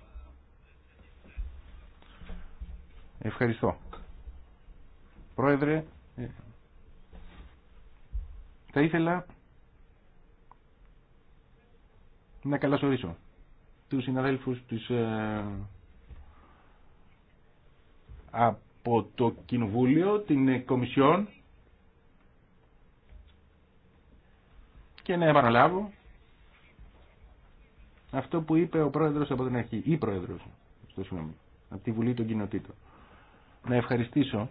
Ευχαριστώ. Πρόεδρε, ε, θα ήθελα να καλωσορίσω τους συναδέλφους της ε, από από το Κοινοβούλιο, την ε, Κομισιόν και να επαναλάβω αυτό που είπε ο πρόεδρος από την αρχή, ή πρόεδρος, στο συγγνώμη, από τη Βουλή των Κοινοτήτων. Να ευχαριστήσω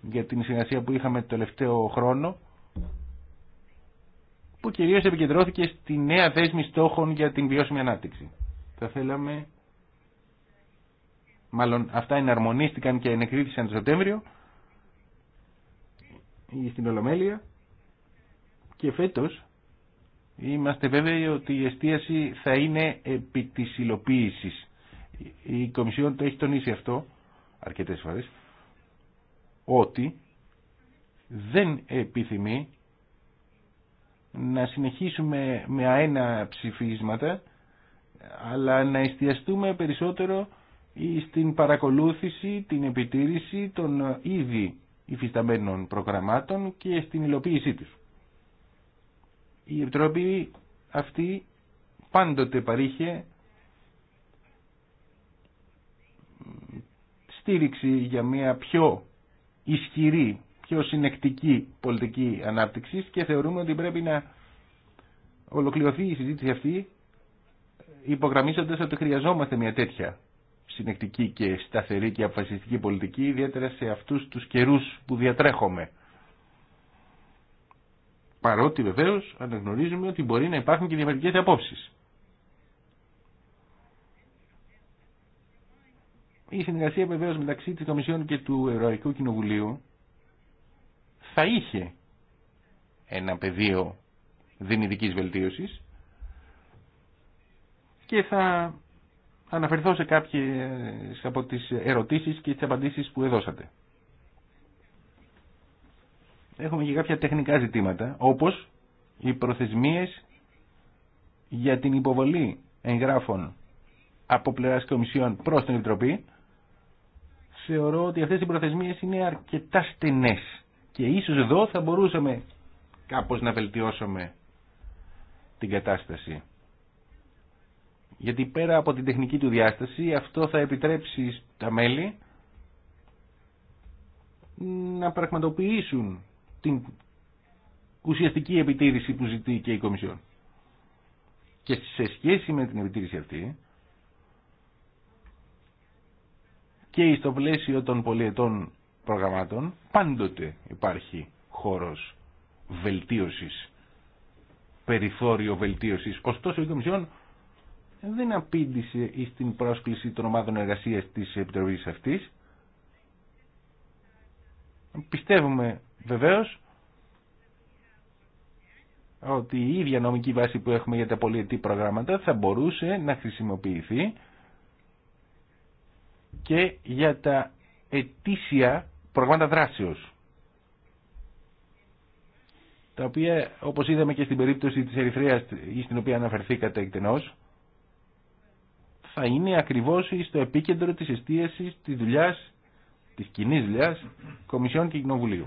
για την συνεργασία που είχαμε το τελευταίο χρόνο που κυρίως επικεντρώθηκε στη νέα δέσμη στόχων για την βιώσιμη ανάπτυξη. Θα θέλαμε μάλλον αυτά εναρμονίστηκαν και ενεκρίθησαν το Σεπτέμβριο στην Ολομέλεια και φέτος είμαστε βέβαιοι ότι η εστίαση θα είναι επί της υλοποίησης. Η Κομισιόν το έχει τονίσει αυτό αρκετές φορές ότι δεν επιθυμεί να συνεχίσουμε με αένα ψηφίσματα αλλά να εστιαστούμε περισσότερο ή στην παρακολούθηση, την επιτήρηση των ε, ήδη υφισταμένων προγραμμάτων και στην υλοποίησή τους. Η Επιτροπή αυτή πάντοτε παρήχε στήριξη για μια πιο ισχυρή, πιο συνεκτική πολιτική ανάπτυξης και θεωρούμε ότι πρέπει να ολοκληρωθεί η συζήτηση αυτή υπογραμμίζοντας ότι χρειαζόμαστε μια τέτοια συνεκτική και σταθερή και αποφασιστική πολιτική, ιδιαίτερα σε αυτούς τους καιρούς που διατρέχουμε. Παρότι βεβαίως αναγνωρίζουμε ότι μπορεί να υπάρχουν και διαφορετικές απόψεις. Η συνεργασία βεβαίως μεταξύ της Κομισιόν και του Ευρωπαϊκού Κοινοβουλίου θα είχε ένα πεδίο δυνητικής βελτίωσης και θα αναφερθώ σε κάποιες από τις ερωτήσεις και τις απαντήσεις που έδωσατε. Έχουμε και κάποια τεχνικά ζητήματα, όπως οι προθεσμίες για την υποβολή εγγράφων από πλευράς κομισιών προς την Επιτροπή. Θεωρώ ότι αυτές οι προθεσμίες είναι αρκετά στενές και ίσως εδώ θα μπορούσαμε κάπως να βελτιώσουμε την κατάσταση. Γιατί πέρα από την τεχνική του διάσταση αυτό θα επιτρέψει τα μέλη να πραγματοποιήσουν την ουσιαστική επιτήρηση που ζητεί και η Κομισιόν. Και σε σχέση με την επιτήρηση αυτή και στο πλαίσιο των πολιετών προγραμμάτων πάντοτε υπάρχει χώρος βελτίωσης, περιθώριο βελτίωσης. Ωστόσο η Κομισιόν δεν απήντησε στην πρόσκληση των ομάδων εργασίας της Επιτροπής αυτής. Πιστεύουμε βεβαίως ότι η ίδια νομική βάση που έχουμε για τα πολιετή προγράμματα θα μπορούσε να χρησιμοποιηθεί και για τα ετήσια προγράμματα δράσεως τα οποία όπως είδαμε και στην περίπτωση της Ερυθρέας στην οποία αναφερθήκατε εκτενώς θα είναι ακριβώς στο επίκεντρο της εστίασης της δουλειάς, της κοινή δουλειάς, Κομισιόν και Κοινοβουλίου.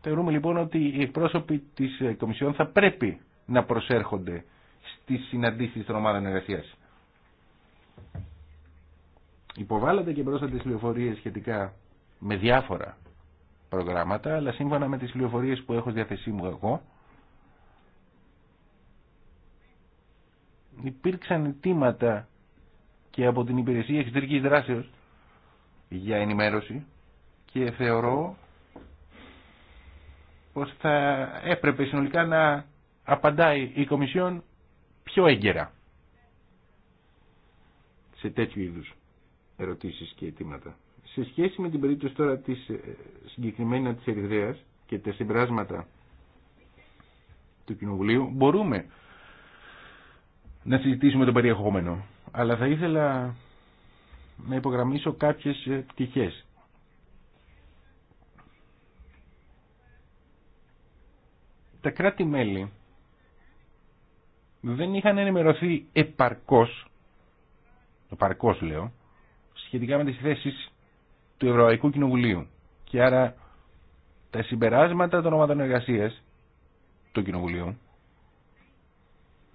Θεωρούμε λοιπόν ότι οι εκπρόσωποι της ε, Κομισιόν θα πρέπει να προσέρχονται στις συναντήσεις των ομάδων εργασίας. Υποβάλλονται και τις πληροφορίες σχετικά με διάφορα προγράμματα, αλλά σύμφωνα με τις πληροφορίες που έχω διαθέσιμου εγώ, υπήρξαν αιτήματα και από την υπηρεσία εξωτερική δράσεω για ενημέρωση και θεωρώ πως θα έπρεπε συνολικά να απαντάει η Κομισιόν πιο έγκαιρα σε τέτοιου είδους ερωτήσεις και αιτήματα. Σε σχέση με την περίπτωση τώρα της ε, συγκεκριμένα της Ερυδρέας και τα συμπράσματα του Κοινοβουλίου μπορούμε να συζητήσουμε τον περιεχόμενο. Αλλά θα ήθελα να υπογραμμίσω κάποιες ε, πτυχές. Τα κράτη-μέλη δεν είχαν ενημερωθεί επαρκώς, επαρκώς λέω, σχετικά με τις θέσεις του Ευρωπαϊκού Κοινοβουλίου. Και άρα τα συμπεράσματα των ομάδων εργασίας του Κοινοβουλίου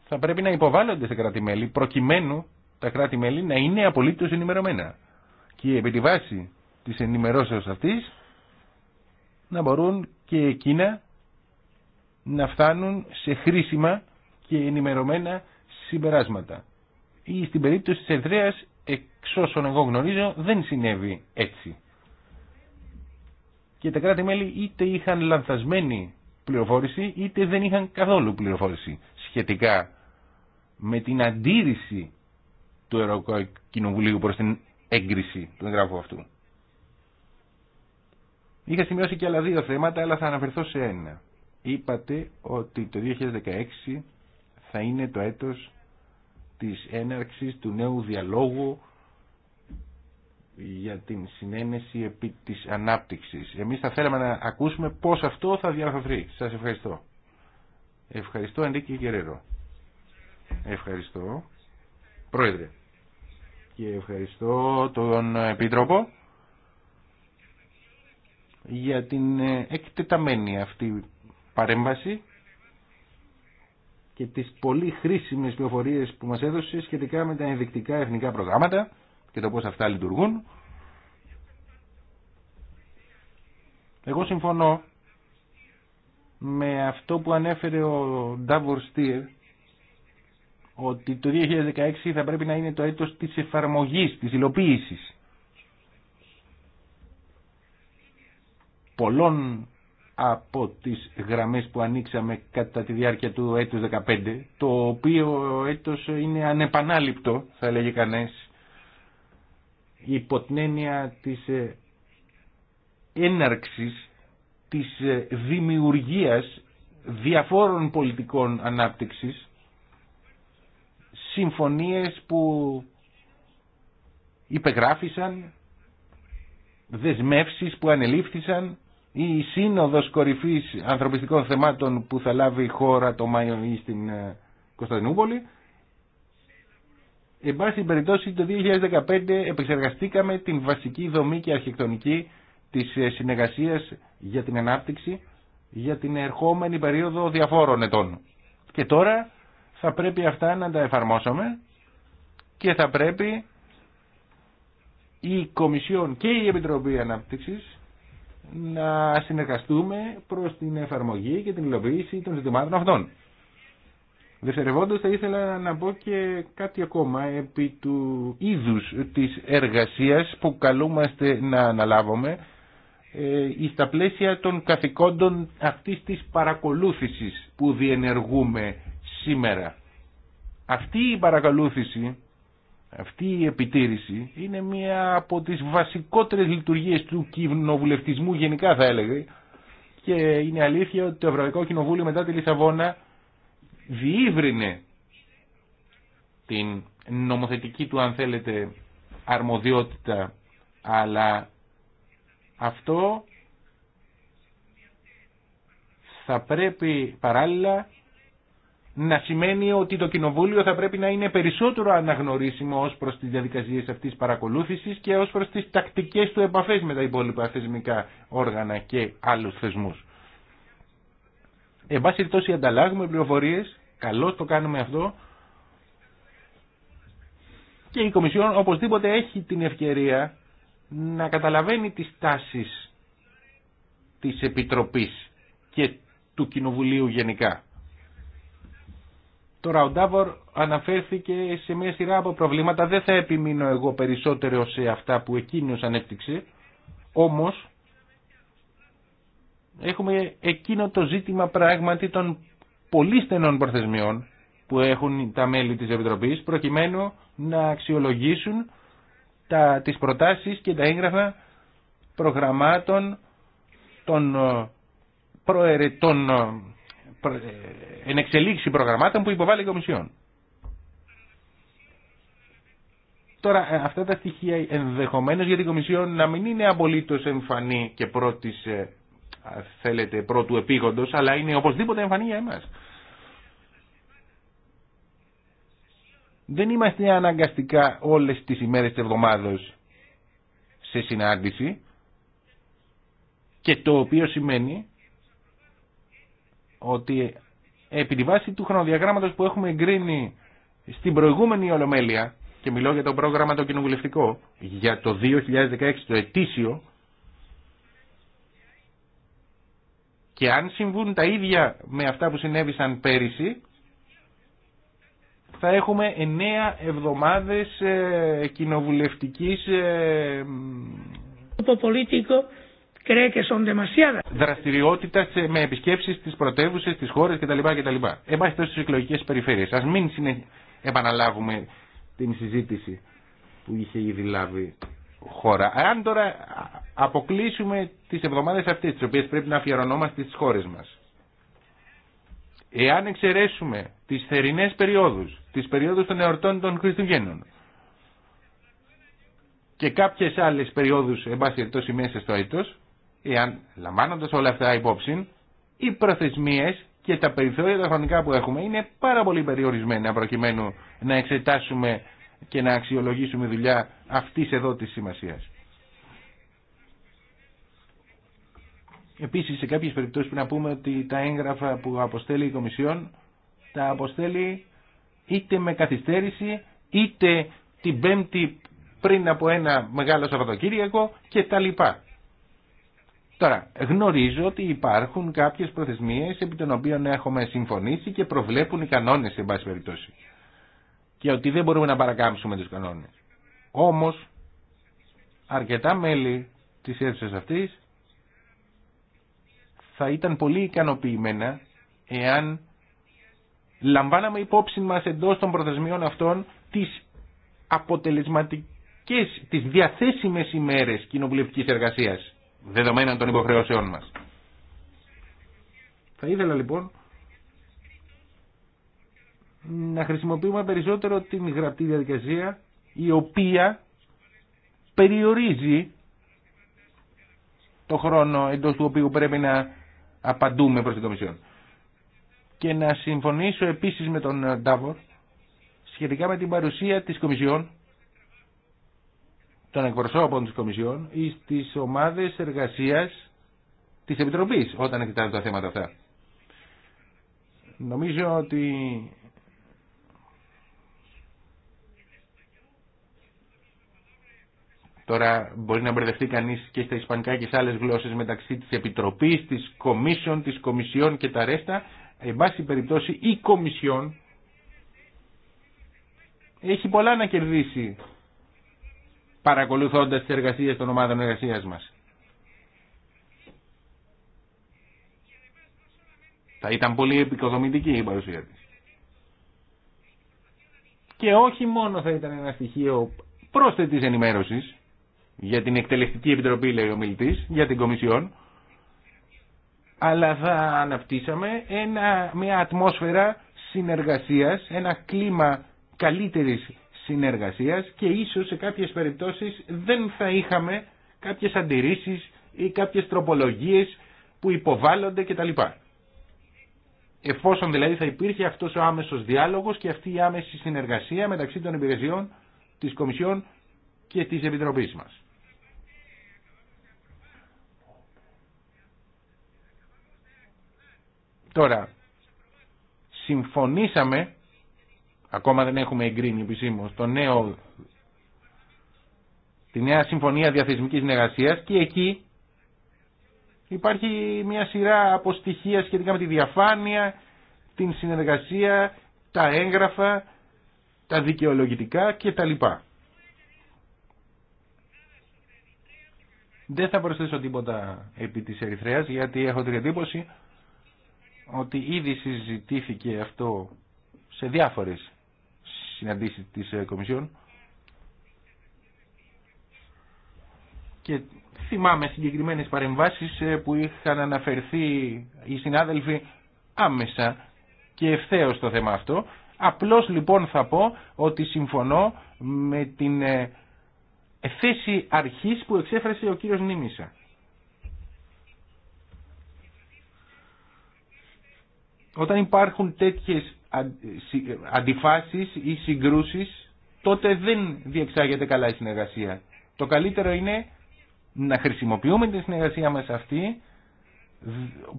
θα πρέπει να υποβάλλονται σε κράτη-μέλη προκειμένου τα κράτη-μέλη να είναι απολύτως ενημερωμένα και επί τη βάση της ενημερώσεω αυτή να μπορούν και εκείνα να φτάνουν σε χρήσιμα και ενημερωμένα συμπεράσματα. Ή στην περίπτωση της Ερθρέας, εξ όσων εγώ γνωρίζω, δεν συνέβη έτσι. Και τα κράτη-μέλη είτε είχαν λανθασμένη πληροφόρηση, είτε δεν είχαν καθόλου πληροφόρηση σχετικά με την αντίρρηση του Ευρωκοινοβουλίου προς την έγκριση του εγγράφου αυτού. Είχα σημειώσει και άλλα δύο θέματα, αλλά θα αναφερθώ σε ένα. Είπατε ότι το 2016 θα είναι το έτος της έναρξης του νέου διαλόγου για την συνένεση επί της ανάπτυξης. Εμείς θα θέλαμε να ακούσουμε πώς αυτό θα διαρθωθεί. Σας ευχαριστώ. Ευχαριστώ Αντίκη Γερέρο. Ευχαριστώ. Πρόεδρε. Και ευχαριστώ τον Επίτροπο για την ε, εκτεταμένη αυτή παρέμβαση και τις πολύ χρήσιμες πληροφορίες που μας έδωσε σχετικά με τα ενδεικτικά εθνικά προγράμματα και το πώς αυτά λειτουργούν. Εγώ συμφωνώ με αυτό που ανέφερε ο Ντάβορ ότι το 2016 θα πρέπει να είναι το έτος της εφαρμογής, της υλοποίησης πολλών από τις γραμμές που ανοίξαμε κατά τη διάρκεια του έτους 15, το οποίο έτος είναι ανεπανάληπτο, θα λέγει κανείς, υπό την έννοια της ε, έναρξης, της ε, δημιουργίας διαφόρων πολιτικών ανάπτυξης, συμφωνίες που υπεγράφησαν, δεσμεύσεις που ανελήφθησαν, η σύνοδος κορυφής ανθρωπιστικών θεμάτων που θα λάβει η χώρα το Μάιο ή στην ε, Κωνσταντινούπολη. Εν πάση περιπτώσει το 2015 επεξεργαστήκαμε την βασική δομή και αρχιτεκτονική της ε, συνεργασίας για την ανάπτυξη για την ερχόμενη περίοδο διαφόρων ετών. Και τώρα θα πρέπει αυτά να τα εφαρμόσουμε και θα πρέπει η Κομισιόν και η Επιτροπή Ανάπτυξης να συνεργαστούμε προς την εφαρμογή και την υλοποίηση των ζητημάτων αυτών. Δευτερευόντως θα ήθελα να πω και κάτι ακόμα επί του είδους της εργασίας που καλούμαστε να αναλάβουμε ε, στα πλαίσια των καθηκόντων αυτής της παρακολούθησης που διενεργούμε σήμερα. Αυτή η παρακαλούθηση, αυτή η επιτήρηση είναι μία από τις βασικότερες λειτουργίες του κοινοβουλευτισμού γενικά θα έλεγα και είναι αλήθεια ότι το Ευρωπαϊκό Κοινοβούλιο μετά τη Λισαβόνα διήβρινε την νομοθετική του αν θέλετε αρμοδιότητα αλλά αυτό θα πρέπει παράλληλα να σημαίνει ότι το Κοινοβούλιο θα πρέπει να είναι περισσότερο αναγνωρίσιμο ως προς τις διαδικασίες αυτής παρακολούθησης και ως προς τις τακτικές του επαφές με τα υπόλοιπα θεσμικά όργανα και άλλους θεσμούς. Εν πάση περιπτώσει ανταλλάγουμε πληροφορίες, καλώς το κάνουμε αυτό και η Κομισιόν οπωσδήποτε έχει την ευκαιρία να καταλαβαίνει τις τάσεις της Επιτροπής και του Κοινοβουλίου γενικά. Το Ραουντάβορ αναφέρθηκε σε μια σειρά από προβλήματα. Δεν θα επιμείνω εγώ περισσότερο σε αυτά που εκείνος ανέπτυξε. Όμως έχουμε εκείνο το ζήτημα πράγματι των πολύ στενών προθεσμιών που έχουν τα μέλη της Επιτροπής προκειμένου να αξιολογήσουν τα, τις προτάσεις και τα έγγραφα προγραμμάτων των ε, προαιρετών ε, ενεξελίξη προγραμμάτων που υποβάλλει η Κομισιόν. Τώρα ε, αυτά τα στοιχεία ενδεχομένω για την Κομισιόν να μην είναι απολύτω εμφανή και πρώτη ε, θέλετε πρώτου επίγοντος αλλά είναι οπωσδήποτε εμφανή για εμάς. Δεν είμαστε αναγκαστικά όλες τις ημέρες της εβδομάδος σε συνάντηση και το οποίο σημαίνει ότι επί τη βάση του χρονοδιαγράμματος που έχουμε εγκρίνει στην προηγούμενη Ολομέλεια και μιλώ για το πρόγραμμα το κοινοβουλευτικό για το 2016 το ετήσιο και αν συμβούν τα ίδια με αυτά που συνέβησαν πέρυσι θα έχουμε 9 εβδομάδες ε, κοινοβουλευτικής ε, πολιτικό Δραστηριότητα με επισκέψει στι πρωτεύουσε, στι χώρε κτλ. κτλ. Εμάστε στι εκλογικέ περιφέρειε. Α μην επαναλάβουμε την συζήτηση που είχε ήδη λάβει χώρα. Αν τώρα αποκλείσουμε τι εβδομάδε αυτέ, τι οποίε πρέπει να αφιερωνόμαστε στι χώρε μα. Εάν εξαιρέσουμε τι θερινέ, περιόδους, τις περιόδους των εορτών των Χριστουγέννων, και κάποιες άλλες περιόδους εν πάση μέσα στο έτος εάν λαμβάνοντας όλα αυτά υπόψη, οι προθεσμίες και τα περιθώρια τα χρονικά που έχουμε είναι πάρα πολύ περιορισμένα προκειμένου να εξετάσουμε και να αξιολογήσουμε δουλειά αυτής εδώ της σημασίας. Επίσης σε κάποιες περιπτώσεις που να πούμε ότι τα έγγραφα που αποστέλει η Κομισιόν τα αποστέλει είτε με καθυστέρηση είτε την Πέμπτη πριν από ένα μεγάλο Σαββατοκύριακο και τα λοιπά. Τώρα, γνωρίζω ότι υπάρχουν κάποιες προθεσμίε επί των οποίων έχουμε συμφωνήσει και προβλέπουν οι κανόνε σε πάση περιπτώσει. Και ότι δεν μπορούμε να παρακάμψουμε τους κανόνες. Όμω, αρκετά μέλη τη αίθουσα αυτή θα ήταν πολύ ικανοποιημένα εάν λαμβάναμε υπόψη μας εντό των προθεσμιών αυτών τι αποτελεσματικέ, τι διαθέσιμε ημέρε κοινοβουλευτική εργασία δεδομένα των υποχρεώσεών μας. Θα ήθελα λοιπόν να χρησιμοποιούμε περισσότερο την γραπτή διαδικασία η οποία περιορίζει το χρόνο εντός του οποίου πρέπει να απαντούμε προς την Κομισιόν. Και να συμφωνήσω επίσης με τον Ντάβορ σχετικά με την παρουσία της Κομισιόν των εκπροσώπων της Κομισιόν ή στις ομάδες εργασίας της Επιτροπής όταν κοιτάζουν τα θέματα αυτά. Νομίζω ότι Τώρα μπορεί να μπερδευτεί κανείς και στα ισπανικά και σε άλλες γλώσσες μεταξύ της Επιτροπής, της Κομίσιον, της Κομισιόν και τα ρέστα. Εν πάση περιπτώσει η Κομισιόν έχει πολλά να κερδίσει παρακολουθώντας τις εργασίες των ομάδων εργασίας μας. Θα ήταν πολύ επικοδομητική η παρουσία της. Και όχι μόνο θα ήταν ένα στοιχείο πρόσθετης ενημέρωσης για την Εκτελεστική Επιτροπή, λέει ο μιλητής, για την Κομισιόν, αλλά θα αναπτύσσαμε ένα, μια ατμόσφαιρα συνεργασίας, ένα κλίμα καλύτερης συνεργασίας και ίσως σε κάποιες περιπτώσεις δεν θα είχαμε κάποιες αντιρρήσεις ή κάποιες τροπολογίες που υποβάλλονται κτλ. Εφόσον δηλαδή θα υπήρχε αυτός ο άμεσος διάλογος και αυτή η άμεση συνεργασία μεταξύ των υπηρεσιών της Κομισιόν και της Επιτροπής μας. Τώρα, συμφωνήσαμε ακόμα δεν έχουμε εγκρίνει επισήμω, το νέο, τη νέα συμφωνία διαθεσμικής συνεργασίας και εκεί υπάρχει μια σειρά από στοιχεία σχετικά με τη διαφάνεια, την συνεργασία, τα έγγραφα, τα δικαιολογητικά κτλ. Δεν θα προσθέσω τίποτα επί της Ερυθρέας γιατί έχω την εντύπωση ότι ήδη συζητήθηκε αυτό σε διάφορες συναντήσει της ε, Κομισιόν και θυμάμαι συγκεκριμένες παρεμβάσεις ε, που είχαν αναφερθεί οι συνάδελφοι άμεσα και ευθέως στο θέμα αυτό. Απλώς λοιπόν θα πω ότι συμφωνώ με την ε, θέση αρχής που εξέφρασε ο κύριος Νίμισα Όταν υπάρχουν τέτοιες αντιφάσεις ή συγκρούσεις, τότε δεν διεξάγεται καλά η συνεργασία. Το καλύτερο είναι να χρησιμοποιούμε τη συνεργασία μας αυτή,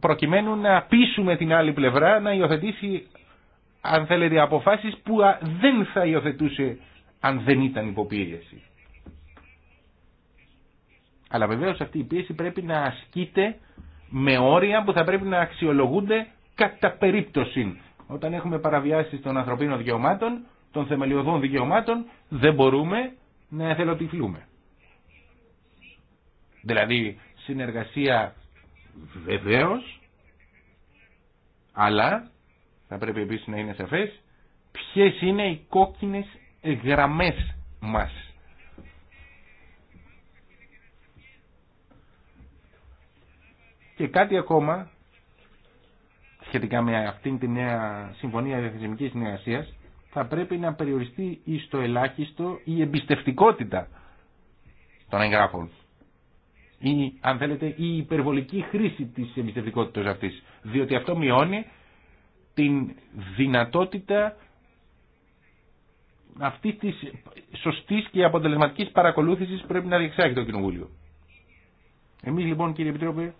προκειμένου να πείσουμε την άλλη πλευρά να υιοθετήσει, αν θέλετε, αποφάσεις που δεν θα υιοθετούσε αν δεν ήταν υποπίεση. Αλλά βεβαίως αυτή η πίεση πρέπει να ασκείται με όρια που θα πρέπει να αξιολογούνται κατά περίπτωση όταν έχουμε παραβιάσεις των ανθρωπίνων δικαιωμάτων, των θεμελιωδών δικαιωμάτων, δεν μπορούμε να εθελοτυφλούμε. Δηλαδή, συνεργασία βεβαίω, αλλά θα πρέπει επίσης να είναι σαφές ποιες είναι οι κόκκινες γραμμές μας. Και κάτι ακόμα σχετικά με αυτήν τη νέα συμφωνία διαθεσιμική συνεργασίας θα πρέπει να περιοριστεί η το ελάχιστο η εμπιστευτικότητα των εγγράφων ή αν θέλετε η υπερβολική χρήση της εμπιστευτικότητα αυτής διότι αυτό μειώνει την δυνατότητα αυτή τη σωστή και αποτελεσματική παρακολούθηση πρέπει να διεξάγει το Κοινοβούλιο. Εμεί λοιπόν κύριε Επιτρόπε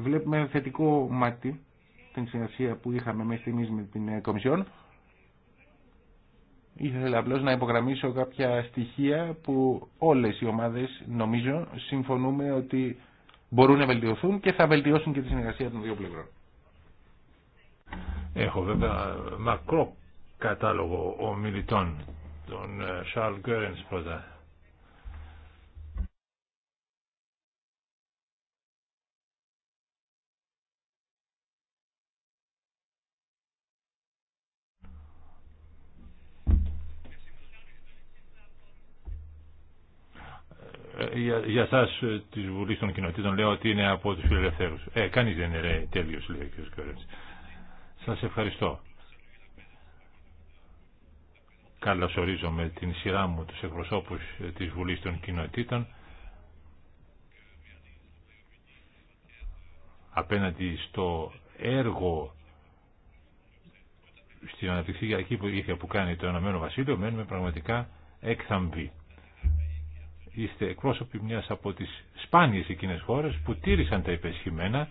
βλέπουμε θετικό μάτι την συνεργασία που είχαμε μέχρι στιγμής με την ε, Κομισιόν. Ήθελα απλώ να υπογραμμίσω κάποια στοιχεία που όλες οι ομάδες νομίζω συμφωνούμε ότι μπορούν να βελτιωθούν και θα βελτιώσουν και τη συνεργασία των δύο πλευρών. Έχω βέβαια μακρό κατάλογο ομιλητών, τον Σαρλ ε, Γκέρενς πρώτα. για, για σας ε, της Βουλής των Κοινοτήτων λέω ότι είναι από του φιλελευθέρου. Ε, κανείς δεν είναι τέλειο τέλειος λέει ο κ. Σας ευχαριστώ. Καλωσορίζω με την σειρά μου τους εκπροσώπου ε, τη Βουλή των Κοινοτήτων απέναντι στο έργο στην αναπτυξιακή βοήθεια που κάνει το Ενωμένο Βασίλειο μένουμε πραγματικά έκθαμβοι είστε εκπρόσωποι μια από τις σπάνιες εκείνες χώρες που τήρησαν τα υπεσχημένα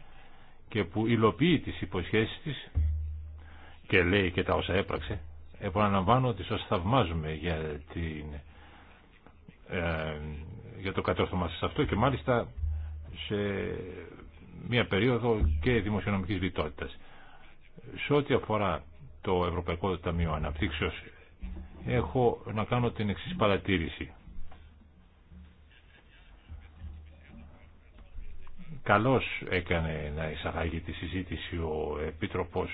και που υλοποιεί τις υποσχέσεις της και λέει και τα όσα έπραξε. Επαναλαμβάνω ότι σας θαυμάζουμε για, την, ε, για το κατόρθωμα σας αυτό και μάλιστα σε μια περίοδο και δημοσιονομικής λιτότητας. Σε ό,τι αφορά το Ευρωπαϊκό Ταμείο Αναπτύξεως έχω να κάνω την εξής παρατήρηση. καλώς έκανε να εισαγάγει τη συζήτηση ο Επίτροπος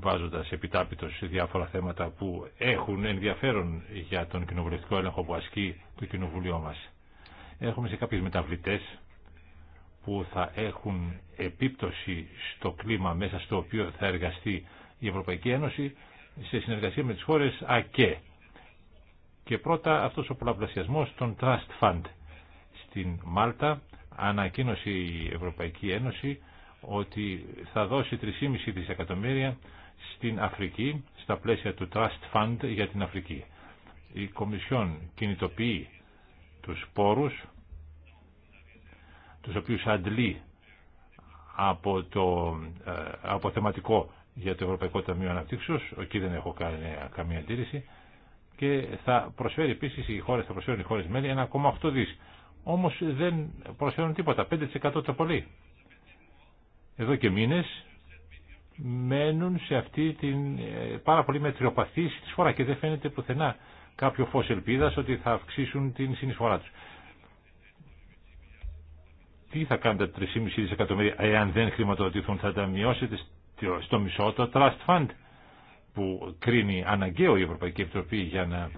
βάζοντας επιτάπητος σε διάφορα θέματα που έχουν ενδιαφέρον για τον κοινοβουλευτικό έλεγχο που ασκεί το κοινοβουλίο μας. Έχουμε σε κάποιες μεταβλητές που θα έχουν επίπτωση στο κλίμα μέσα στο οποίο θα εργαστεί η Ευρωπαϊκή Ένωση σε συνεργασία με τις χώρες ΑΚΕ. Και πρώτα αυτός ο πολλαπλασιασμός των Trust Fund στην Μάλτα ανακοίνωσε η Ευρωπαϊκή Ένωση ότι θα δώσει 3,5 δισεκατομμύρια στην Αφρική στα πλαίσια του Trust Fund για την Αφρική. Η Κομισιόν κινητοποιεί τους πόρους τους οποίους αντλεί από το ε, από θεματικό για το Ευρωπαϊκό Ταμείο Αναπτύξεως εκεί δεν έχω κάνει καμία αντίρρηση και θα προσφέρει επίσης οι χώρες, θα προσφέρουν οι χώρες μέλη 1,8 δις όμως δεν προσφέρουν τίποτα, 5% το πολύ. Εδώ και μήνες μένουν σε αυτή την ε, πάρα πολύ μετριοπαθή συνεισφορά και δεν φαίνεται πουθενά κάποιο φως ελπίδας ότι θα αυξήσουν την συνεισφορά τους. Τι θα κάνετε 3,5 δισεκατομμύρια εάν δεν χρηματοδοτηθούν, θα τα μειώσετε στο μισό το Trust Fund που κρίνει αναγκαίο η Ευρωπαϊκή Επιτροπή για να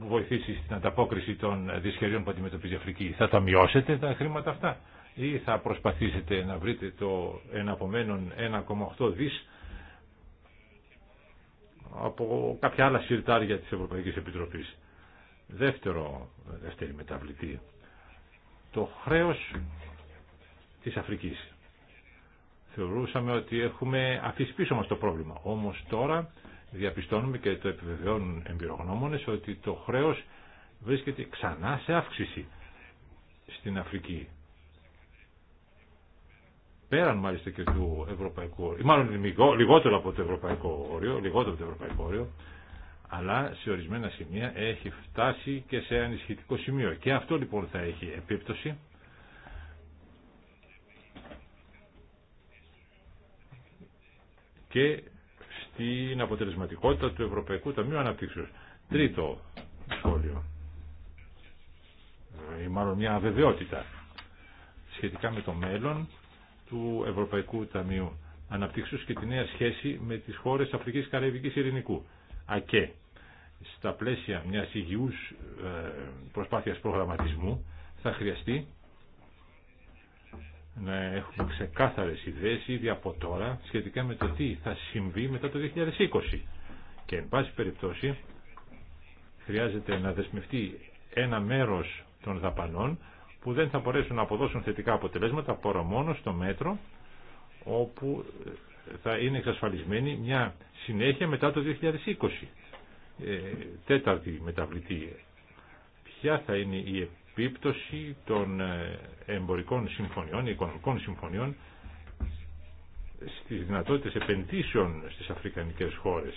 βοηθήσει στην ανταπόκριση των δυσχεριών που αντιμετωπίζει η Αφρική. Θα τα μειώσετε τα χρήματα αυτά ή θα προσπαθήσετε να βρείτε το εναπομένον 1,8 δις από κάποια άλλα συρτάρια της Ευρωπαϊκής Επιτροπής. Δεύτερο, δεύτερη μεταβλητή, το χρέος της Αφρικής. Θεωρούσαμε ότι έχουμε αφήσει πίσω το πρόβλημα. Όμως τώρα διαπιστώνουμε και το επιβεβαιώνουν εμπειρογνώμονες ότι το χρέος βρίσκεται ξανά σε αύξηση στην Αφρική. Πέραν μάλιστα και του ευρωπαϊκού ή μάλλον λιγότερο από το ευρωπαϊκό όριο, λιγότερο από το ευρωπαϊκό όριο, αλλά σε ορισμένα σημεία έχει φτάσει και σε ανισχυτικό σημείο. Και αυτό λοιπόν θα έχει επίπτωση και στην αποτελεσματικότητα του Ευρωπαϊκού Ταμείου Αναπτύξεως. Τρίτο σχόλιο, ε, ή μάλλον μια αβεβαιότητα σχετικά με το μέλλον του Ευρωπαϊκού Ταμείου Αναπτύξεως και τη νέα σχέση με τις χώρες Αφρικής Καραϊβικής Ειρηνικού. ΑΚΕ. Στα πλαίσια μιας υγιούς ε, προσπάθειας προγραμματισμού θα χρειαστεί να έχουμε ξεκάθαρες ιδέες ήδη από τώρα σχετικά με το τι θα συμβεί μετά το 2020. Και εν πάση περιπτώσει χρειάζεται να δεσμευτεί ένα μέρος των δαπανών που δεν θα μπορέσουν να αποδώσουν θετικά αποτελέσματα παρά μόνο στο μέτρο όπου θα είναι εξασφαλισμένη μια συνέχεια μετά το 2020. Ε, τέταρτη μεταβλητή. Ποια θα είναι η επίπτωση των ε, εμπορικών συμφωνιών, οικονομικών συμφωνιών στις δυνατότητες επενδύσεων στις αφρικανικές χώρες.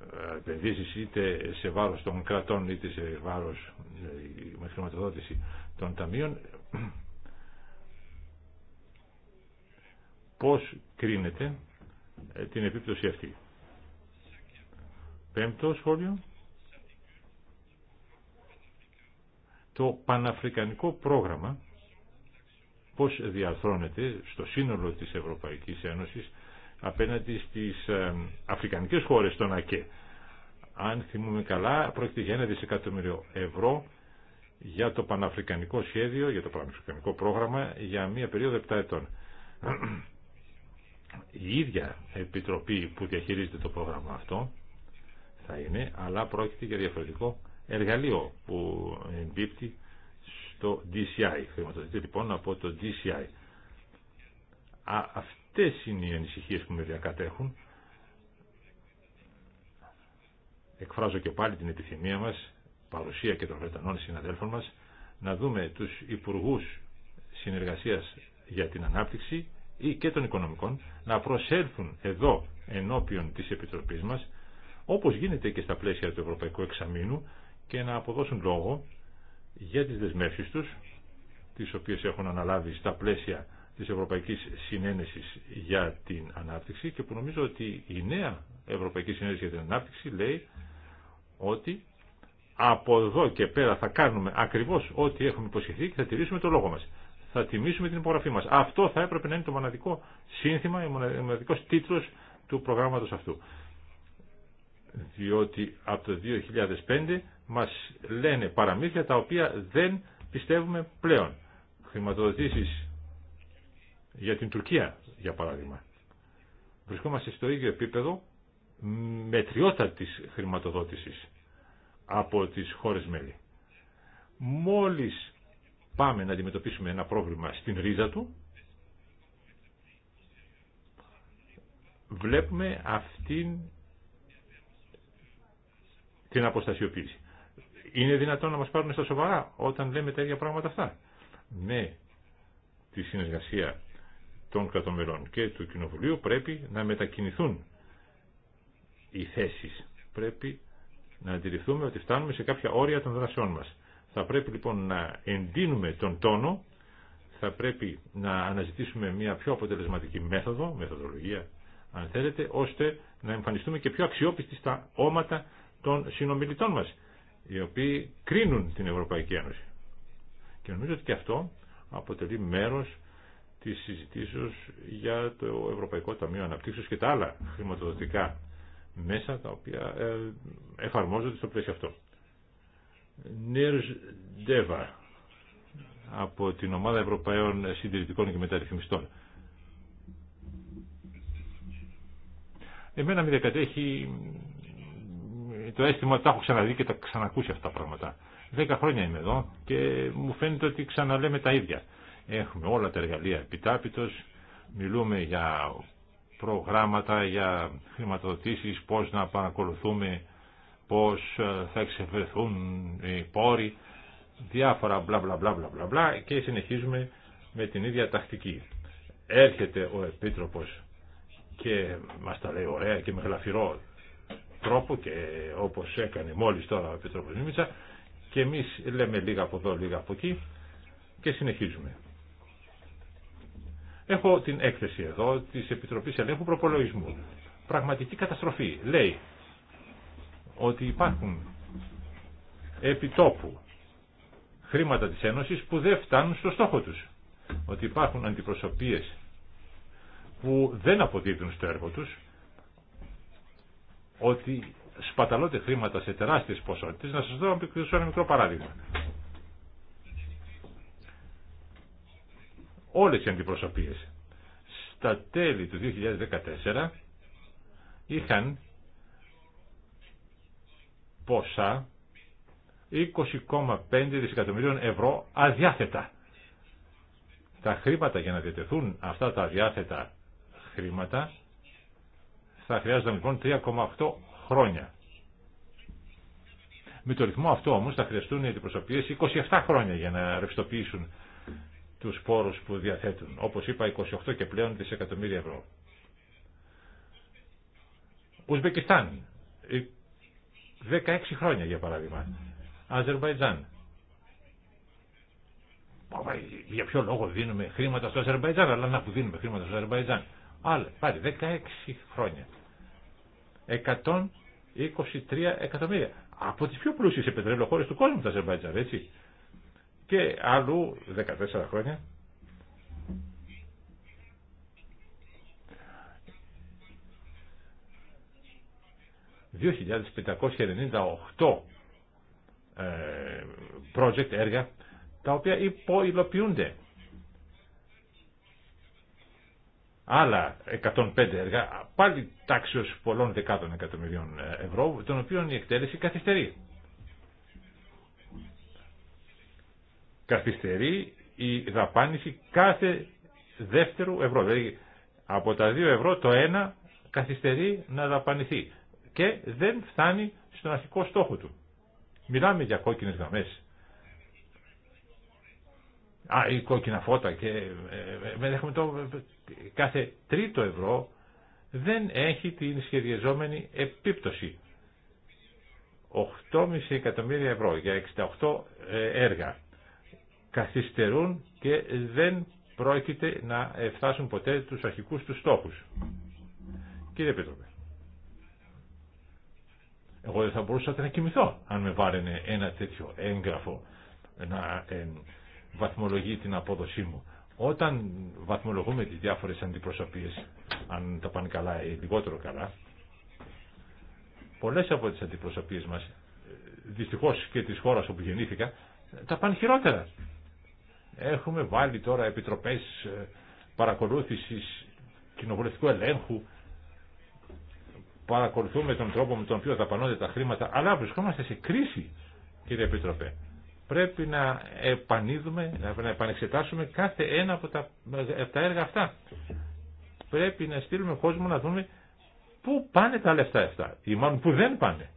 Ε, επενδύσεις είτε σε βάρος των κρατών είτε σε βάρος ε, με χρηματοδότηση των ταμείων. Πώς κρίνεται την επίπτωση αυτή. Πέμπτο σχόλιο. το Παναφρικανικό πρόγραμμα πώς διαρθρώνεται στο σύνολο της Ευρωπαϊκής Ένωσης απέναντι στις ε, αφρικανικές χώρες των ΑΚΕ. Αν θυμούμε καλά, πρόκειται για ένα δισεκατομμύριο ευρώ για το Παναφρικανικό σχέδιο, για το Παναφρικανικό πρόγραμμα, για μία περίοδο 7 ετών. Η ίδια επιτροπή που διαχειρίζεται το πρόγραμμα αυτό θα είναι, αλλά πρόκειται για διαφορετικό εργαλείο που εμπίπτει στο DCI. Χρηματοδοτείται λοιπόν από το DCI. Α, αυτές είναι οι ανησυχίες που με διακατέχουν. Εκφράζω και πάλι την επιθυμία μας, παρουσία και των Βρετανών συναδέλφων μας, να δούμε τους υπουργούς συνεργασίας για την ανάπτυξη ή και των οικονομικών να προσέλθουν εδώ ενώπιον της Επιτροπής μας όπως γίνεται και στα πλαίσια του Ευρωπαϊκού Εξαμήνου και να αποδώσουν λόγο για τις δεσμεύσεις τους, τις οποίες έχουν αναλάβει στα πλαίσια της Ευρωπαϊκής Συνένεσης για την Ανάπτυξη και που νομίζω ότι η νέα Ευρωπαϊκή Συνένεση για την Ανάπτυξη λέει ότι από εδώ και πέρα θα κάνουμε ακριβώς ό,τι έχουμε υποσχεθεί και θα τηρήσουμε το λόγο μας. Θα τιμήσουμε την υπογραφή μας. Αυτό θα έπρεπε να είναι το μοναδικό σύνθημα, ο μοναδικός τίτλος του προγράμματος αυτού διότι από το 2005 μας λένε παραμύθια τα οποία δεν πιστεύουμε πλέον. Χρηματοδοτήσεις για την Τουρκία, για παράδειγμα. Βρισκόμαστε στο ίδιο επίπεδο της χρηματοδότησης από τις χώρες μέλη. Μόλις πάμε να αντιμετωπίσουμε ένα πρόβλημα στην ρίζα του, βλέπουμε αυτήν την αποστασιοποίηση. Είναι δυνατόν να μας πάρουν στα σοβαρά όταν λέμε τα ίδια πράγματα αυτά. Με ναι, τη συνεργασία των κρατομερών και του Κοινοβουλίου πρέπει να μετακινηθούν οι θέσεις. Πρέπει να αντιληφθούμε ότι φτάνουμε σε κάποια όρια των δρασεών μας. Θα πρέπει λοιπόν να εντείνουμε τον τόνο, θα πρέπει να αναζητήσουμε μια πιο αποτελεσματική μέθοδο, μεθοδολογία αν θέλετε, ώστε να εμφανιστούμε και πιο αξιόπιστοι στα όματα των συνομιλητών μας, οι οποίοι κρίνουν την Ευρωπαϊκή Ένωση. Και νομίζω ότι και αυτό αποτελεί μέρος της συζητήσεως για το Ευρωπαϊκό Ταμείο Αναπτύξεως και τα άλλα χρηματοδοτικά μέσα τα οποία ε, εφαρμόζονται στο πλαίσιο αυτό. Νίρς Ντέβα από την Ομάδα Ευρωπαίων Συντηρητικών και Μεταρρυθμιστών. Εμένα με διακατέχει το αίσθημα ότι τα έχω ξαναδεί και τα ξανακούσει αυτά τα πράγματα. Δέκα χρόνια είμαι εδώ και μου φαίνεται ότι ξαναλέμε τα ίδια. Έχουμε όλα τα εργαλεία επιτάπητος, μιλούμε για προγράμματα, για χρηματοδοτήσεις, πώς να παρακολουθούμε, πώς ε, θα εξευρεθούν οι πόροι, διάφορα μπλα μπλα μπλα μπλα μπλα και συνεχίζουμε με την ίδια τακτική. Έρχεται ο Επίτροπος και μας τα λέει ωραία και με γλαφυρό τρόπο και όπως έκανε μόλις τώρα ο Επιτρόπος Μίμητσα και εμείς λέμε λίγα από εδώ, λίγα από εκεί και συνεχίζουμε. Έχω την έκθεση εδώ της Επιτροπής Ελέγχου Προπολογισμού. Πραγματική καταστροφή. Λέει ότι υπάρχουν επιτόπου χρήματα της Ένωσης που δεν φτάνουν στο στόχο τους. Ότι υπάρχουν αντιπροσωπείες που δεν αποδίδουν στο έργο τους ότι σπαταλώνται χρήματα σε τεράστιες ποσότητες. Να σας δώσω ένα μικρό παράδειγμα. Όλες οι αντιπροσωπείες στα τέλη του 2014 είχαν ποσά 20,5 δισεκατομμυρίων ευρώ αδιάθετα. Τα χρήματα για να διατεθούν αυτά τα αδιάθετα χρήματα θα χρειάζονταν λοιπόν 3,8 χρόνια. Με το ρυθμό αυτό όμως θα χρειαστούν οι αντιπροσωπείες 27 χρόνια για να ρευστοποιήσουν τους πόρους που διαθέτουν. Όπως είπα 28 και πλέον δισεκατομμύρια ευρώ. Ουσμπεκιστάν, 16 χρόνια για παράδειγμα. Αζερβαϊτζάν. Για ποιο λόγο δίνουμε χρήματα στο Αζερβαϊτζάν, αλλά να που δίνουμε χρήματα στο Αζερβαϊτζάν. Άλλα, πάλι 16 χρόνια. 123 εκατομμύρια. Από τις πιο πλούσιες σε του κόσμου τα Αζερβαϊτζάν, έτσι. Και άλλου 14 χρόνια. ...2.598 ε, project έργα τα οποία υποειλοποιούνται άλλα 105 έργα, πάλι τάξιος πολλών δεκάδων εκατομμυρίων ευρώ, των οποίων η εκτέλεση καθυστερεί. Καθυστερεί η δαπάνηση κάθε δεύτερου ευρώ. Δηλαδή από τα δύο ευρώ το ένα καθυστερεί να δαπανηθεί και δεν φτάνει στον αρχικό στόχο του. Μιλάμε για κόκκινες γραμμές. Α, ή κόκκινα φώτα και ε, έχουμε το κάθε τρίτο ευρώ δεν έχει την σχεδιαζόμενη επίπτωση. 8,5 εκατομμύρια ευρώ για 68 ε, έργα καθυστερούν και δεν πρόκειται να φτάσουν ποτέ τους αρχικούς τους στόχους. Κύριε Πίτροπε, εγώ δεν θα μπορούσα να κοιμηθώ αν με βάρενε ένα τέτοιο έγγραφο να ε, βαθμολογεί την απόδοσή μου. Όταν βαθμολογούμε τις διάφορες αντιπροσωπείες, αν τα πάνε καλά ή λιγότερο καλά, πολλές από τις αντιπροσωπείες μας, δυστυχώς και της χώρας όπου γεννήθηκα, τα πάνε χειρότερα. Έχουμε βάλει τώρα επιτροπές ε, παρακολούθησης κοινοβουλευτικού ελέγχου, παρακολουθούμε τον τρόπο με τον οποίο δαπανώνται τα χρήματα, αλλά βρισκόμαστε σε κρίση, κύριε Επίτροπε πρέπει να επανείδουμε, να επανεξετάσουμε κάθε ένα από τα, τα έργα αυτά. Πρέπει να στείλουμε κόσμο να δούμε πού πάνε τα λεφτά αυτά ή μάλλον πού δεν πάνε.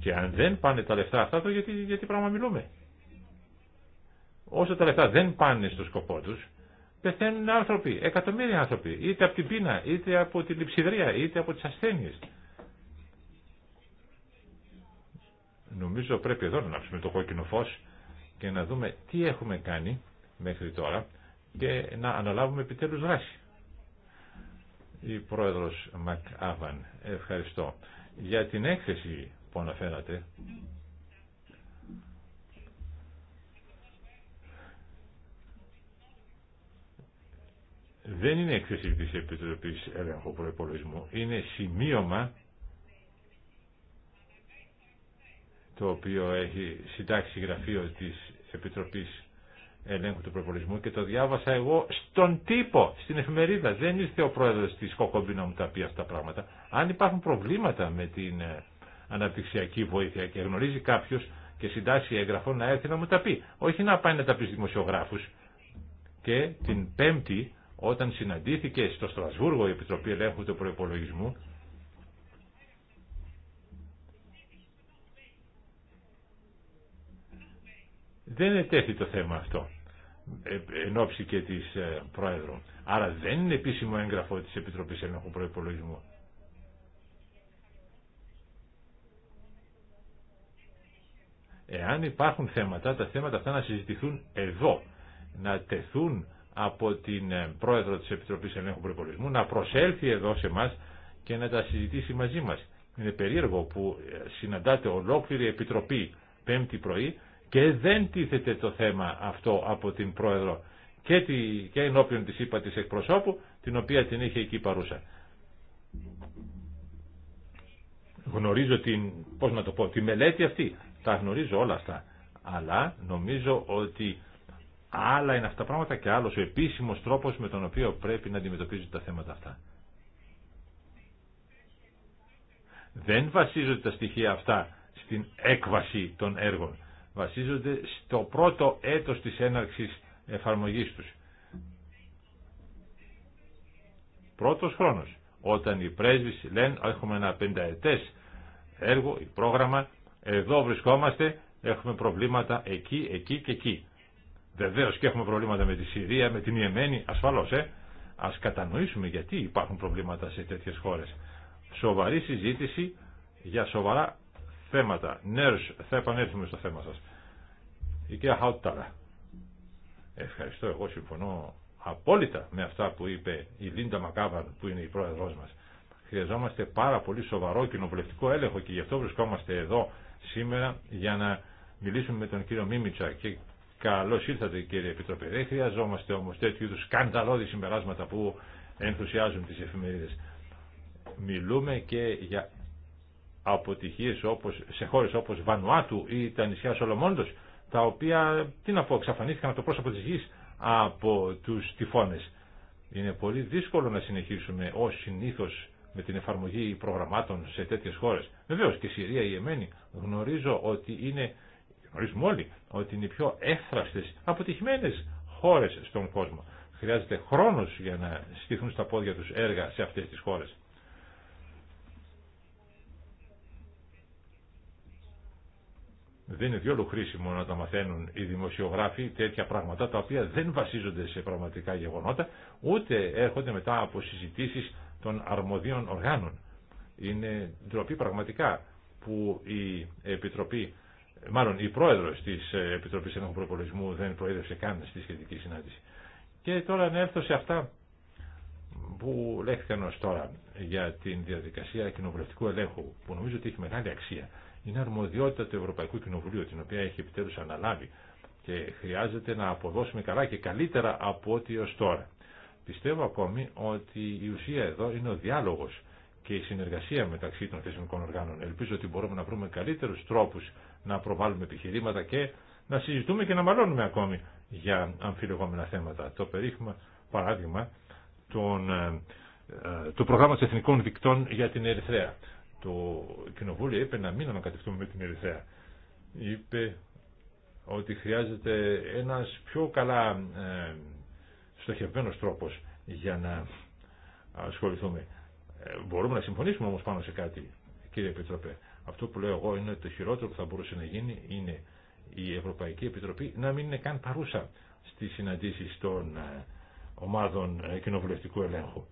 Και αν δεν πάνε τα λεφτά αυτά, το γιατί, γιατί πράγμα μιλούμε. Όσο τα λεφτά δεν πάνε στο σκοπό του, πεθαίνουν άνθρωποι, εκατομμύρια άνθρωποι, είτε από την πείνα, είτε από την λειψιδρία, είτε από τι ασθένειε. νομίζω πρέπει εδώ να ανάψουμε το κόκκινο φως και να δούμε τι έχουμε κάνει μέχρι τώρα και να αναλάβουμε επιτέλους δράση. Η πρόεδρος Άβαν, ευχαριστώ. Για την έκθεση που αναφέρατε, δεν είναι έκθεση της Επιτροπής Έλεγχου Προϋπολογισμού, είναι σημείωμα το οποίο έχει συντάξει γραφείο της Επιτροπής Ελέγχου του Προπολισμού και το διάβασα εγώ στον τύπο, στην εφημερίδα. Δεν ήρθε ο πρόεδρος της Κοκομπή να μου τα πει αυτά τα πράγματα. Αν υπάρχουν προβλήματα με την ε, αναπτυξιακή βοήθεια και γνωρίζει κάποιος και συντάσσει εγγραφών να έρθει να μου τα πει. Όχι να πάει να τα πει στους δημοσιογράφους. Και την Πέμπτη όταν συναντήθηκε στο Στρασβούργο η Επιτροπή Ελέγχου του Προπολογισμού Δεν ετέθη το θέμα αυτό ε, εν ώψη και της ε, Πρόεδρου. Άρα δεν είναι επίσημο έγγραφο της Επιτροπής Ελέγχου Προϋπολογισμού. Εάν υπάρχουν θέματα, τα θέματα αυτά να συζητηθούν εδώ, να τεθούν από την ε, Πρόεδρο της Επιτροπής Ελέγχου Προϋπολογισμού, να προσέλθει εδώ σε μας και να τα συζητήσει μαζί μας. Είναι περίεργο που συναντάται ολόκληρη Επιτροπή πέμπτη πρωί και δεν τίθεται το θέμα αυτό από την Πρόεδρο και, τη, και ενώπιον της είπα της εκπροσώπου την οποία την είχε εκεί παρούσα. Γνωρίζω την, πώς να το πω, τη μελέτη αυτή, τα γνωρίζω όλα αυτά, αλλά νομίζω ότι άλλα είναι αυτά τα πράγματα και άλλος ο επίσημος τρόπος με τον οποίο πρέπει να αντιμετωπίζονται τα θέματα αυτά. Δεν βασίζονται τα στοιχεία αυτά στην έκβαση των έργων βασίζονται στο πρώτο έτος της έναρξης εφαρμογής τους. Πρώτος χρόνος, όταν οι πρέσβεις λένε έχουμε ένα πενταετές έργο ή πρόγραμμα, εδώ βρισκόμαστε, έχουμε προβλήματα εκεί, εκεί και εκεί. Βεβαίω και έχουμε προβλήματα με τη Συρία, με την Ιεμένη, ασφαλώς, ε. Ας κατανοήσουμε γιατί υπάρχουν προβλήματα σε τέτοιες χώρες. Σοβαρή συζήτηση για σοβαρά θέματα. Νέρς, θα επανέλθουμε στο θέμα σας. Η κυρία Χαουτάρα. Ευχαριστώ, εγώ συμφωνώ απόλυτα με αυτά που είπε η Λίντα Μακάβαν που είναι η πρόεδρός μας. Χρειαζόμαστε πάρα πολύ σοβαρό κοινοβουλευτικό έλεγχο και γι' αυτό βρισκόμαστε εδώ σήμερα για να μιλήσουμε με τον κύριο Μίμητσα και καλώ ήρθατε κύριε Επιτροπή. Δεν χρειαζόμαστε όμω τέτοιου είδου σκανδαλώδη συμπεράσματα που ενθουσιάζουν τι εφημερίδε. Μιλούμε και για αποτυχίες όπως, σε χώρες όπως Βανουάτου ή τα νησιά Σολομόντος, τα οποία, τι να πω, εξαφανίστηκαν από το πρόσωπο της γης από τους τυφώνες. Είναι πολύ δύσκολο να συνεχίσουμε ως συνήθως με την εφαρμογή προγραμμάτων σε τέτοιες χώρες. Βεβαίως και η Συρία, η Εμένη, γνωρίζω ότι είναι, γνωρίζουμε όλοι, ότι είναι οι πιο έφραστες, αποτυχημένες χώρες στον κόσμο. Χρειάζεται χρόνος για να στήθουν στα πόδια τους έργα σε αυτές τις χώρες. Δεν είναι διόλου χρήσιμο να τα μαθαίνουν οι δημοσιογράφοι τέτοια πράγματα τα οποία δεν βασίζονται σε πραγματικά γεγονότα ούτε έρχονται μετά από συζητήσεις των αρμοδίων οργάνων. Είναι ντροπή πραγματικά που η Επιτροπή, μάλλον η Πρόεδρος της Επιτροπής Ενόχου Προπολογισμού δεν προέδρευσε καν στη σχετική συνάντηση. Και τώρα να έρθω σε αυτά που λέχθηκαν ω τώρα για την διαδικασία κοινοβουλευτικού ελέγχου που νομίζω ότι έχει μεγάλη αξία είναι αρμοδιότητα του Ευρωπαϊκού Κοινοβουλίου, την οποία έχει επιτέλους αναλάβει και χρειάζεται να αποδώσουμε καλά και καλύτερα από ό,τι έως τώρα. Πιστεύω ακόμη ότι η ουσία εδώ είναι ο διάλογος και η συνεργασία μεταξύ των θεσμικών οργάνων. Ελπίζω ότι μπορούμε να βρούμε καλύτερους τρόπους να προβάλλουμε επιχειρήματα και να συζητούμε και να μαλώνουμε ακόμη για αμφιλεγόμενα θέματα. Το περίφημα παράδειγμα των, ε, ε, του προγράμματος εθνικών δικτών για την Ερυθρέα το κοινοβούλιο είπε να μην ανακατευτούμε με την Ερυθρέα. Είπε ότι χρειάζεται ένας πιο καλά ε, στοχευμένος τρόπος για να ασχοληθούμε. Ε, μπορούμε να συμφωνήσουμε όμως πάνω σε κάτι, κύριε Επιτροπέ. Αυτό που λέω εγώ είναι ότι το χειρότερο που θα μπορούσε να γίνει είναι η Ευρωπαϊκή Επιτροπή να μην είναι καν παρούσα στις συναντήσεις των ε, ομάδων κοινοβουλευτικού ελέγχου.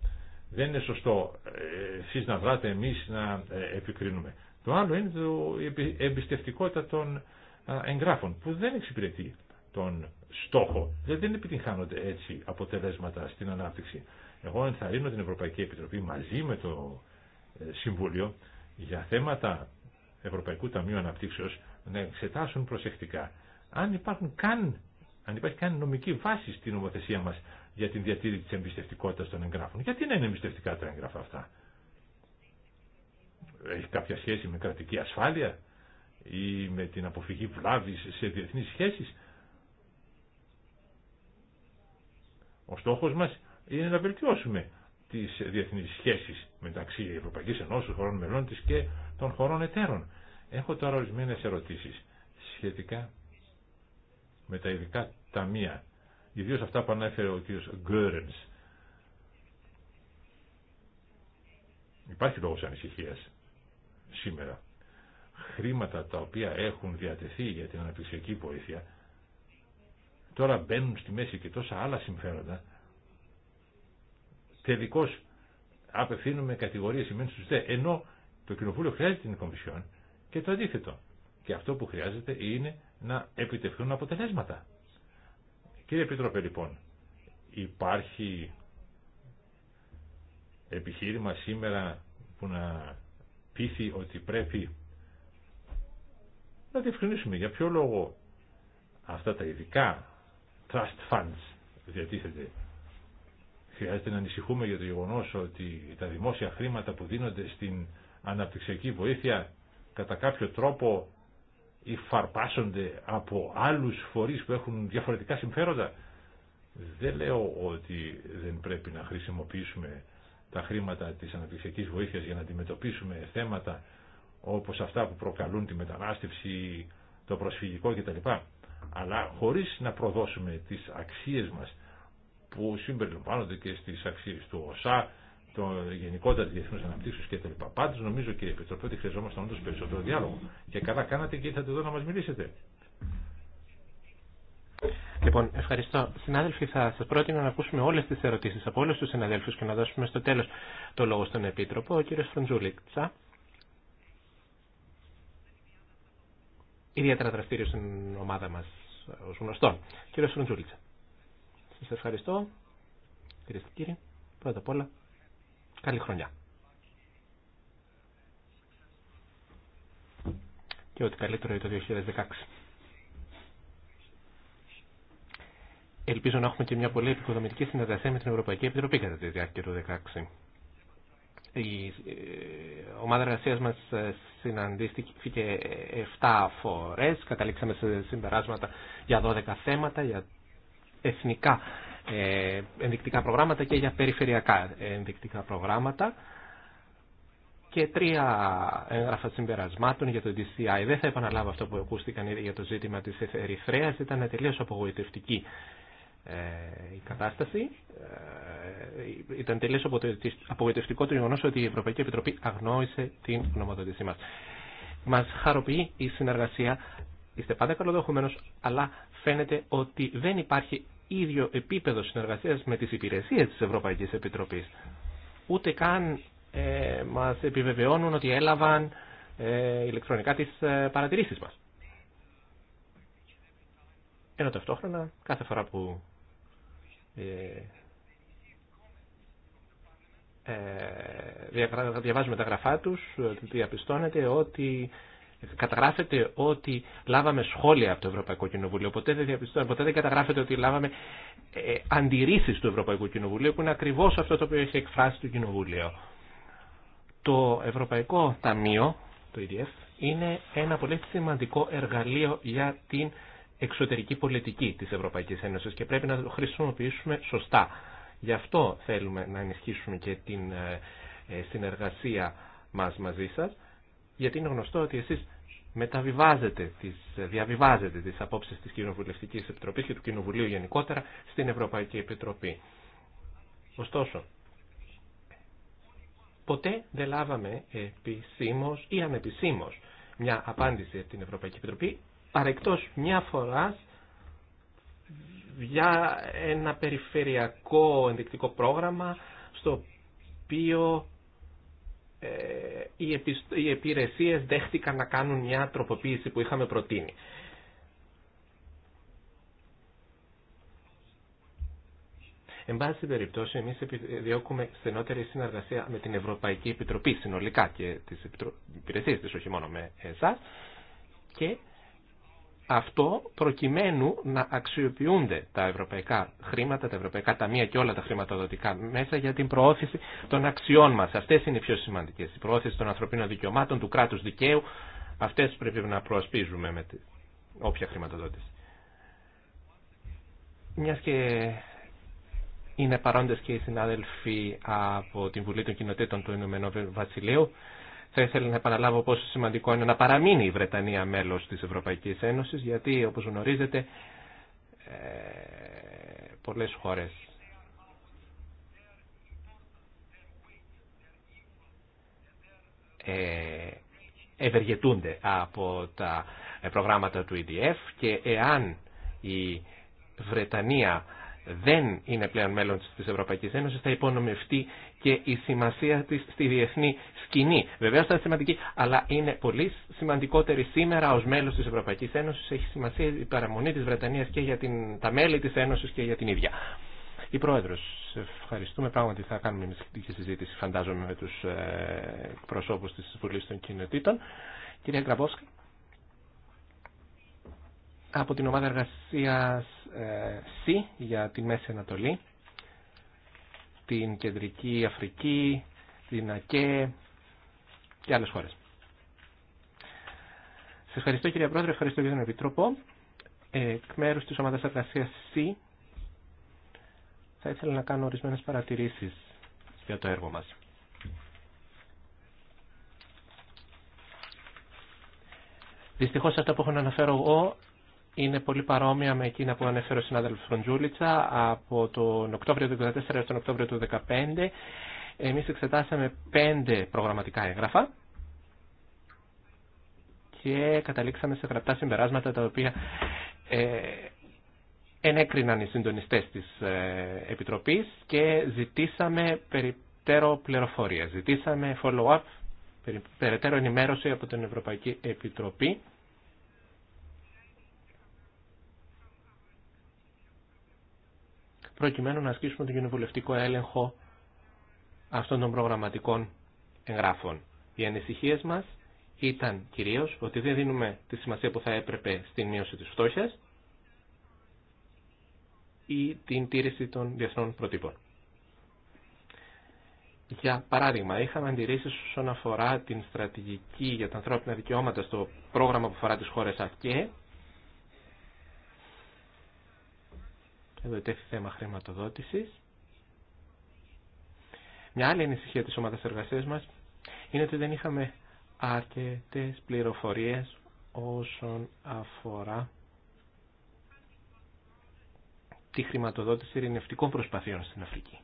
Δεν είναι σωστό ε, εσεί να βράτε εμείς να ε, επικρίνουμε. Το άλλο είναι το, η εμπιστευτικότητα των εγγράφων που δεν εξυπηρετεί τον στόχο. Δηλαδή δεν επιτυγχάνονται έτσι αποτελέσματα στην ανάπτυξη. Εγώ ενθαρρύνω την Ευρωπαϊκή Επιτροπή μαζί με το ε, Συμβούλιο για θέματα Ευρωπαϊκού Ταμείου Αναπτύξεως να εξετάσουν προσεκτικά αν, υπάρχουν καν, αν υπάρχει καν νομική βάση στην νομοθεσία μας για την διατήρηση της εμπιστευτικότητας των εγγράφων. Γιατί να είναι εμπιστευτικά τα εγγράφα αυτά. Έχει κάποια σχέση με κρατική ασφάλεια ή με την αποφυγή βλάβης σε διεθνείς σχέσεις. Ο στόχος μας είναι να βελτιώσουμε τις διεθνείς σχέσεις μεταξύ Ευρωπαϊκής Ενώσης, χωρών μελών της και των χωρών εταίρων. Έχω τώρα ορισμένε ερωτήσεις σχετικά με τα ειδικά ταμεία ιδίως αυτά που ανέφερε ο κ. Γκέρενς. Υπάρχει λόγος ανησυχίας σήμερα. Χρήματα τα οποία έχουν διατεθεί για την αναπτυξιακή βοήθεια τώρα μπαίνουν στη μέση και τόσα άλλα συμφέροντα. Τελικώς απευθύνουμε κατηγορίες σημαίνει στους δε, ενώ το Κοινοβούλιο χρειάζεται την Κομισιόν και το αντίθετο. Και αυτό που χρειάζεται είναι να επιτευχθούν αποτελέσματα. Κύριε Επίτροπε, λοιπόν, υπάρχει επιχείρημα σήμερα που να πείθει ότι πρέπει να διευκρινίσουμε για ποιο λόγο αυτά τα ειδικά trust funds διατίθεται. Χρειάζεται να ανησυχούμε για το γεγονός ότι τα δημόσια χρήματα που δίνονται στην αναπτυξιακή βοήθεια κατά κάποιο τρόπο υφαρπάσονται από άλλους φορείς που έχουν διαφορετικά συμφέροντα. Δεν λέω ότι δεν πρέπει να χρησιμοποιήσουμε τα χρήματα της αναπτυξιακής βοήθειας για να αντιμετωπίσουμε θέματα όπως αυτά που προκαλούν τη μετανάστευση, το προσφυγικό κτλ. Αλλά χωρίς να προδώσουμε τις αξίες μας που συμπεριλαμβάνονται και στις αξίες του ΩΣΑ το γενικότερα τη διεθνού αναπτύξεω κτλ. Πάντω νομίζω κύριε Επιτροπέ, ότι χρειαζόμαστε όντω περισσότερο διάλογο. Και καλά κάνατε και ήρθατε εδώ να μα μιλήσετε. Λοιπόν, ευχαριστώ. Συνάδελφοι, θα σα πρότεινα να ακούσουμε όλε τι ερωτήσει από όλου του συναδέλφου και να δώσουμε στο τέλο το λόγο στον Επίτροπο, ο κύριο Φροντζούλητσα. Ιδιαίτερα δραστήριο στην ομάδα μα, ω γνωστό. Κύριο Φροντζούλητσα. Σα ευχαριστώ, κυρίε και κύριοι. Πρώτα απ' όλα, Καλή χρονιά. Και ότι καλύτερο είναι το 2016. Ελπίζω να έχουμε και μια πολύ επικοδομητική συνεργασία με την Ευρωπαϊκή Επιτροπή κατά τη διάρκεια του 2016. Η ε, ομάδα εργασία μα ε, συναντήθηκε 7 φορέ. Καταλήξαμε σε συμπεράσματα για 12 θέματα, για εθνικά ε, ενδεικτικά προγράμματα και για περιφερειακά ενδεικτικά προγράμματα και τρία έγγραφα συμπερασμάτων για το DCI. Δεν θα επαναλάβω αυτό που ακούστηκαν για το ζήτημα της Ερυθρέας. Ήταν τελείως απογοητευτική ε, η κατάσταση. Ε, ήταν τελείως απογοητευτικό το γεγονός ότι η Ευρωπαϊκή Επιτροπή αγνόησε την γνωμοδότησή μας. Μας χαροποιεί η συνεργασία. Είστε πάντα καλοδοχομένος, αλλά φαίνεται ότι δεν υπάρχει ίδιο επίπεδο συνεργασίας με τις υπηρεσίες της Ευρωπαϊκής Επιτροπής. Ούτε καν ε, μας επιβεβαιώνουν ότι έλαβαν ε, ηλεκτρονικά τις ε, παρατηρήσεις μας. Ενώ ταυτόχρονα κάθε φορά που ε, ε, διαβάζουμε τα γραφά τους ε, διαπιστώνεται ότι καταγράφεται ότι λάβαμε σχόλια από το Ευρωπαϊκό Κοινοβούλιο. Ποτέ δεν, διαπιστώ, δεν καταγράφεται ότι λάβαμε ε, αντιρρήσεις του Ευρωπαϊκού Κοινοβουλίου που είναι ακριβώ αυτό το οποίο έχει εκφράσει το Κοινοβούλιο. Το Ευρωπαϊκό Ταμείο, το EDF, είναι ένα πολύ σημαντικό εργαλείο για την εξωτερική πολιτική της Ευρωπαϊκής Ένωσης και πρέπει να το χρησιμοποιήσουμε σωστά. Γι' αυτό θέλουμε να ενισχύσουμε και την ε, ε, συνεργασία μας μαζί σας γιατί είναι γνωστό ότι εσείς μεταβιβάζετε τις, διαβιβάζετε τις απόψεις της Κοινοβουλευτικής Επιτροπής και του Κοινοβουλίου γενικότερα στην Ευρωπαϊκή Επιτροπή. Ωστόσο, ποτέ δεν λάβαμε επισήμω ή ανεπισήμω μια απάντηση από την Ευρωπαϊκή Επιτροπή, παρεκτός μια φορά για ένα περιφερειακό ενδεικτικό πρόγραμμα στο οποίο ε, οι υπηρεσίες δέχτηκαν να κάνουν μια τροποποίηση που είχαμε προτείνει. Εν πάση περιπτώσει, εμείς διώκουμε στενότερη συνεργασία με την Ευρωπαϊκή Επιτροπή συνολικά και τις υπηρεσίες της, όχι μόνο με εσάς, και αυτό προκειμένου να αξιοποιούνται τα ευρωπαϊκά χρήματα, τα ευρωπαϊκά ταμεία και όλα τα χρηματοδοτικά μέσα για την προώθηση των αξιών μας. Αυτές είναι οι πιο σημαντικές. Η προώθηση των ανθρωπίνων δικαιωμάτων, του κράτους δικαίου. Αυτές πρέπει να προασπίζουμε με όποια χρηματοδότηση. Μιας και είναι παρόντες και οι συνάδελφοι από την Βουλή των Κοινοτήτων του Ηνωμένου Βασιλείου, θα ήθελα να επαναλάβω πόσο σημαντικό είναι να παραμείνει η Βρετανία μέλος της Ευρωπαϊκής Ένωσης, γιατί όπως γνωρίζετε ε, πολλές χώρες ε, ευεργετούνται από τα προγράμματα του EDF και εάν η Βρετανία δεν είναι πλέον μέλος της Ευρωπαϊκής Ένωσης θα υπονομευτεί και η σημασία της στη διεθνή σκηνή. Βεβαίω θα είναι σημαντική, αλλά είναι πολύ σημαντικότερη σήμερα ως μέλος της Ευρωπαϊκής Ένωσης. Έχει σημασία η παραμονή της Βρετανίας και για την, τα μέλη της Ένωσης και για την ίδια. Η Πρόεδρος, ευχαριστούμε. Πράγματι θα κάνουμε μια σχετική συζήτηση, φαντάζομαι, με τους ε, προσώπους της Βουλής των Κοινοτήτων. Κυρία Γκραμπόσκα. Από την ομάδα εργασίας ε, για τη Μέση Ανατολή την Κεντρική Αφρική, την ΑΚΕ και άλλες χώρες. Σας ευχαριστώ κύριε Πρόεδρε, ευχαριστώ για τον Επιτρόπο. Εκ μέρους της ομάδας εργασίας C θα ήθελα να κάνω ορισμένες παρατηρήσεις για το έργο μας. Δυστυχώς αυτά που έχω να αναφέρω εγώ είναι πολύ παρόμοια με εκείνα που ανέφερε ο συνάδελφο Φροντζούλητσα από τον Οκτώβριο του 2014 έως τον Οκτώβριο του 2015. Εμείς εξετάσαμε πέντε προγραμματικά έγγραφα και καταλήξαμε σε γραπτά συμπεράσματα τα οποία ε, ενέκριναν οι συντονιστές της ε, Επιτροπής και ζητήσαμε περιπτέρω πληροφορία. Ζητήσαμε follow-up, περιπτέρω ενημέρωση από την Ευρωπαϊκή Επιτροπή προκειμένου να ασκήσουμε τον κοινοβουλευτικό έλεγχο αυτών των προγραμματικών εγγράφων. Οι ανησυχίε μας ήταν κυρίως ότι δεν δίνουμε τη σημασία που θα έπρεπε στην μείωση της φτώχειας ή την τήρηση των διεθνών προτύπων. Για παράδειγμα, είχαμε αντιρρήσει όσον αφορά την στρατηγική για τα ανθρώπινα δικαιώματα στο πρόγραμμα που αφορά τι χώρε ΑΚΕ Εδώ τέθη θέμα χρηματοδότησης. Μια άλλη ανησυχία της ομάδας εργασίας μας είναι ότι δεν είχαμε αρκετές πληροφορίες όσον αφορά τη χρηματοδότηση ειρηνευτικών προσπαθειών στην Αφρική.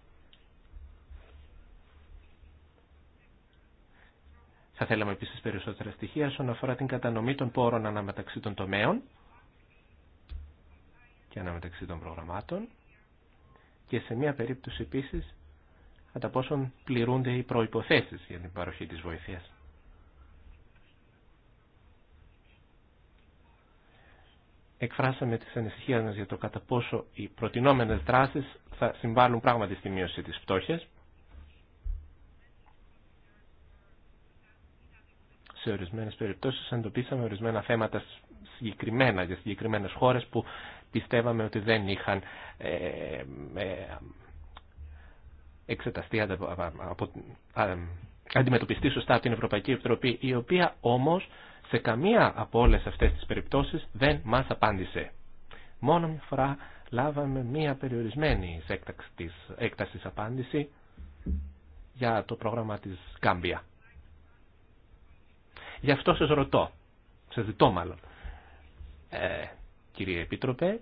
Θα θέλαμε επίσης περισσότερα στοιχεία όσον αφορά την κατανομή των πόρων ανάμεταξύ των τομέων και αναμεταξύ των προγραμμάτων και σε μια περίπτωση επίσης κατά πόσον πληρούνται οι προϋποθέσεις για την παροχή της βοήθειας. Εκφράσαμε τις ανησυχίες μας για το κατά πόσο οι προτινόμενες δράσεις θα συμβάλλουν πράγματι στη μείωση της φτώχεια. Σε ορισμένες περιπτώσεις εντοπίσαμε ορισμένα θέματα συγκεκριμένα για συγκεκριμένε χώρε. που πιστεύαμε ότι δεν είχαν ε, ε, εξεταστεί, από, αντιμετωπιστεί σωστά από την Ευρωπαϊκή Επιτροπή, η οποία όμως σε καμία από όλες αυτές τις περιπτώσεις δεν μας απάντησε. Μόνο μια φορά λάβαμε μια περιορισμένη έκτασης απάντηση για το πρόγραμμα της Κάμπια. Γι' αυτό σας ρωτώ, σας ζητώ μάλλον, ε, κύριε Επίτροπε,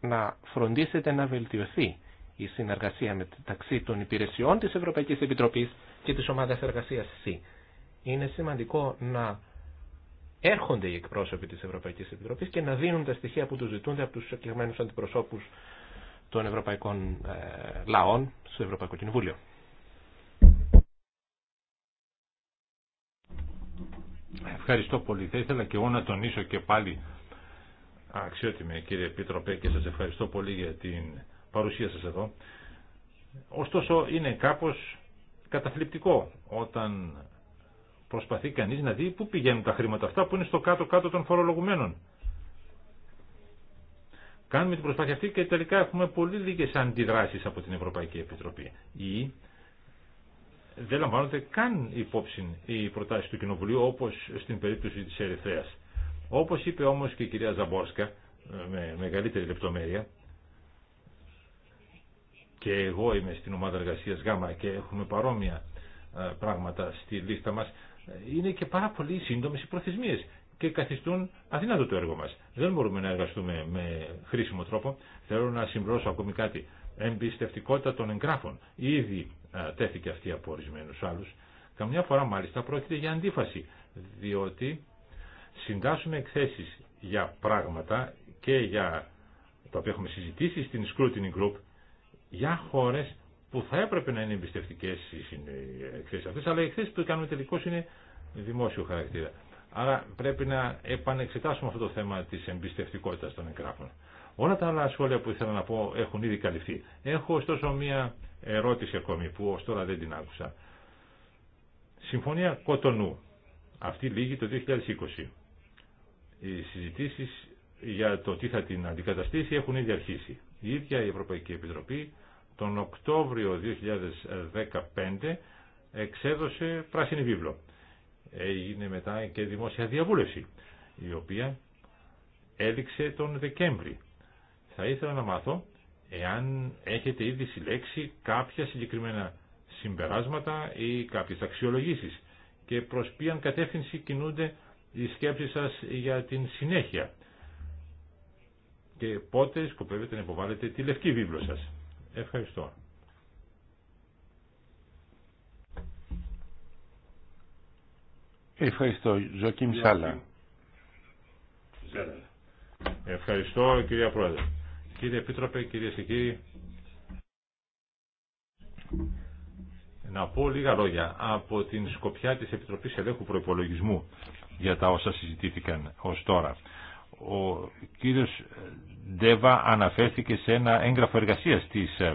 να φροντίσετε να βελτιωθεί η συνεργασία μεταξύ των υπηρεσιών της Ευρωπαϊκής Επιτροπής και της ομάδας εργασίας ΣΥ. Είναι σημαντικό να έρχονται οι εκπρόσωποι της Ευρωπαϊκής Επιτροπής και να δίνουν τα στοιχεία που τους ζητούνται από τους εκλεγμένους αντιπροσώπους των ευρωπαϊκών ε, λαών στο Ευρωπαϊκό Κοινοβούλιο. Ευχαριστώ πολύ. Θα ήθελα και εγώ να τονίσω και πάλι αξιότιμε κύριε Επίτροπε και σας ευχαριστώ πολύ για την παρουσία σας εδώ. Ωστόσο είναι κάπως καταθλιπτικό όταν προσπαθεί κανείς να δει πού πηγαίνουν τα χρήματα αυτά που είναι στο κάτω-κάτω των φορολογουμένων. Κάνουμε την προσπάθεια αυτή και τελικά έχουμε πολύ λίγες αντιδράσεις από την Ευρωπαϊκή Επιτροπή. Ή δεν λαμβάνονται καν υπόψη οι προτάσεις του Κοινοβουλίου όπως στην περίπτωση της Ερυθρέας. Όπως είπε όμως και η κυρία Ζαμπόρσκα, ε, με μεγαλύτερη λεπτομέρεια, και εγώ είμαι στην ομάδα εργασίας ΓΑΜΑ και έχουμε παρόμοια ε, πράγματα στη λίστα μας, ε, είναι και πάρα πολύ σύντομες οι προθεσμίες και καθιστούν αδύνατο το έργο μας. Δεν μπορούμε να εργαστούμε με χρήσιμο τρόπο. Θέλω να συμπληρώσω ακόμη κάτι. Εμπιστευτικότητα των εγγράφων. Ήδη τέθηκε αυτή από ορισμένου άλλους. Καμιά φορά μάλιστα πρόκειται για αντίφαση, διότι συντάσσουμε εκθέσεις για πράγματα και για τα οποία έχουμε συζητήσει στην Scrutiny Group για χώρες που θα έπρεπε να είναι εμπιστευτικέ οι εκθέσει αυτές αλλά οι εκθέσει που κάνουμε τελικώς είναι δημόσιο χαρακτήρα. Άρα πρέπει να επανεξετάσουμε αυτό το θέμα της εμπιστευτικότητας των εγγράφων. Όλα τα άλλα σχόλια που ήθελα να πω έχουν ήδη καλυφθεί. Έχω ωστόσο μία ερώτηση ακόμη που ω τώρα δεν την άκουσα. Συμφωνία Κοτονού. Αυτή λύγει το 2020. Οι συζητήσει για το τι θα την αντικαταστήσει έχουν ήδη αρχίσει. Η ίδια η Ευρωπαϊκή Επιτροπή τον Οκτώβριο 2015 εξέδωσε πράσινη βίβλο. Έγινε μετά και δημόσια διαβούλευση, η οποία έδειξε τον Δεκέμβρη. Θα ήθελα να μάθω εάν έχετε ήδη συλλέξει κάποια συγκεκριμένα συμπεράσματα ή κάποιες αξιολογήσεις και προς ποιαν κατεύθυνση κινούνται οι σκέψη σας για την συνέχεια και πότε σκοπεύετε να υποβάλλετε τη λευκή βίβλο σας. Ευχαριστώ. Ευχαριστώ. Ζωκίμ Σάλα. Ευχαριστώ κυρία Πρόεδρε. Κύριε Επίτροπε, κυρίε και κύριοι, να πω λίγα λόγια από την σκοπιά της Επιτροπής Ελέγχου Προϋπολογισμού για τα όσα συζητήθηκαν ως τώρα. Ο κύριος Ντέβα αναφέρθηκε σε ένα έγγραφο εργασίας της ε,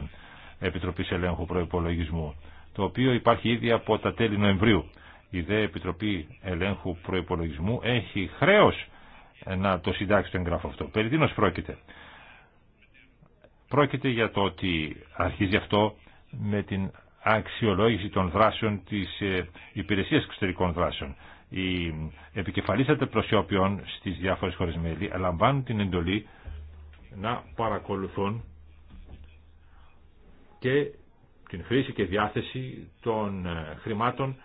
Επιτροπής Ελέγχου Προϋπολογισμού, το οποίο υπάρχει ήδη από τα τέλη Νοεμβρίου. Η ΔΕ Επιτροπή Ελέγχου Προϋπολογισμού έχει χρέος ε, να το συντάξει το έγγραφο αυτό. Περί τίνος πρόκειται. Πρόκειται για το ότι αρχίζει αυτό με την αξιολόγηση των δράσεων της ε, Υπηρεσίας Εξωτερικών Δράσεων. Οι ε, επικεφαλής προσώπιών στις διάφορες χώρες μέλη λαμβάνουν την εντολή να παρακολουθούν και την χρήση και διάθεση των ε, χρημάτων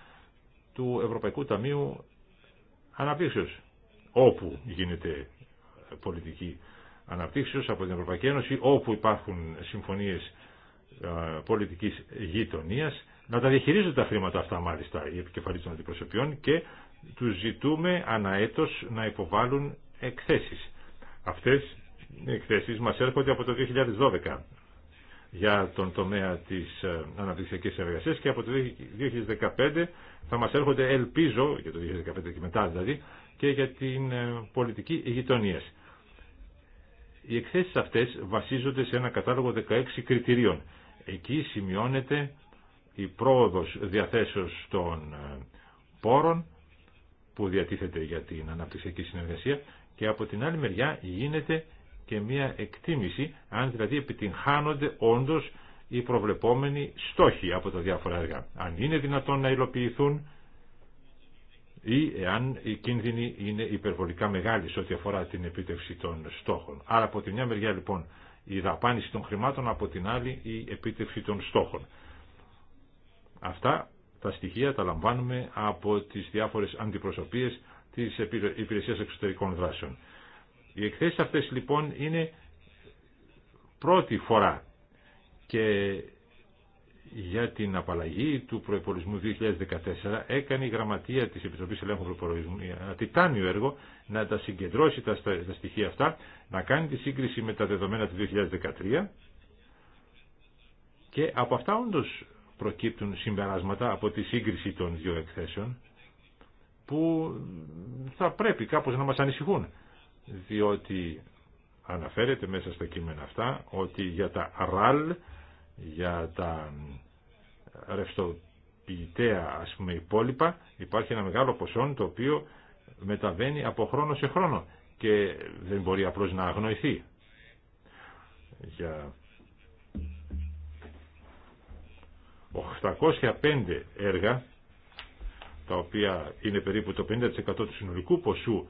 του Ευρωπαϊκού Ταμείου Αναπτύξεως, όπου γίνεται πολιτική αναπτύξεως από την Ευρωπαϊκή Ένωση, όπου υπάρχουν συμφωνίες ε, πολιτικής γειτονίας, να τα διαχειρίζονται τα χρήματα αυτά μάλιστα οι επικεφαλής των αντιπροσωπιών και τους ζητούμε αναέτος να υποβάλουν εκθέσεις. Αυτές οι εκθέσεις μας έρχονται από το 2012 για τον τομέα της ε, αναπτυξιακής εργασίας και από το 2015 θα μας έρχονται ελπίζω, για το 2015 και μετά δηλαδή, και για την ε, πολιτική γειτονία. Οι εκθέσεις αυτές βασίζονται σε ένα κατάλογο 16 κριτηρίων Εκεί σημειώνεται η πρόοδος διαθέσεως των ε, πόρων που διατίθεται για την αναπτυξιακή συνεργασία και από την άλλη μεριά γίνεται και μια εκτίμηση αν δηλαδή επιτυγχάνονται όντως οι προβλεπόμενοι στόχοι από τα διάφορα έργα. Αν είναι δυνατόν να υλοποιηθούν ή εάν οι κίνδυνοι είναι υπερβολικά μεγάλοι σε ό,τι αφορά την επίτευξη των στόχων. Άρα από τη μια μεριά λοιπόν η δαπάνηση των χρημάτων, από την άλλη η επίτευξη των στόχων. Αυτά τα στοιχεία τα λαμβάνουμε από τις διάφορες αντιπροσωπείες της Υπηρεσίας Εξωτερικών Δράσεων. Οι εκθέσεις αυτές λοιπόν είναι πρώτη φορά και για την απαλλαγή του προπολογισμού 2014 έκανε η Γραμματεία της Επιτροπής Ελέγχου Προπολογισμού ένα ε, τιτάνιο έργο να τα συγκεντρώσει τα, στοιχεία αυτά, να κάνει τη σύγκριση με τα δεδομένα του 2013 και από αυτά όντως προκύπτουν συμπεράσματα από τη σύγκριση των δύο εκθέσεων που θα πρέπει κάπως να μας ανησυχούν διότι αναφέρεται μέσα στα κείμενα αυτά ότι για τα RAL, για τα ρευστοποιητέα ας πούμε υπόλοιπα υπάρχει ένα μεγάλο ποσό το οποίο μεταβαίνει από χρόνο σε χρόνο και δεν μπορεί απλώς να αγνοηθεί. Για 805 έργα τα οποία είναι περίπου το 50% του συνολικού ποσού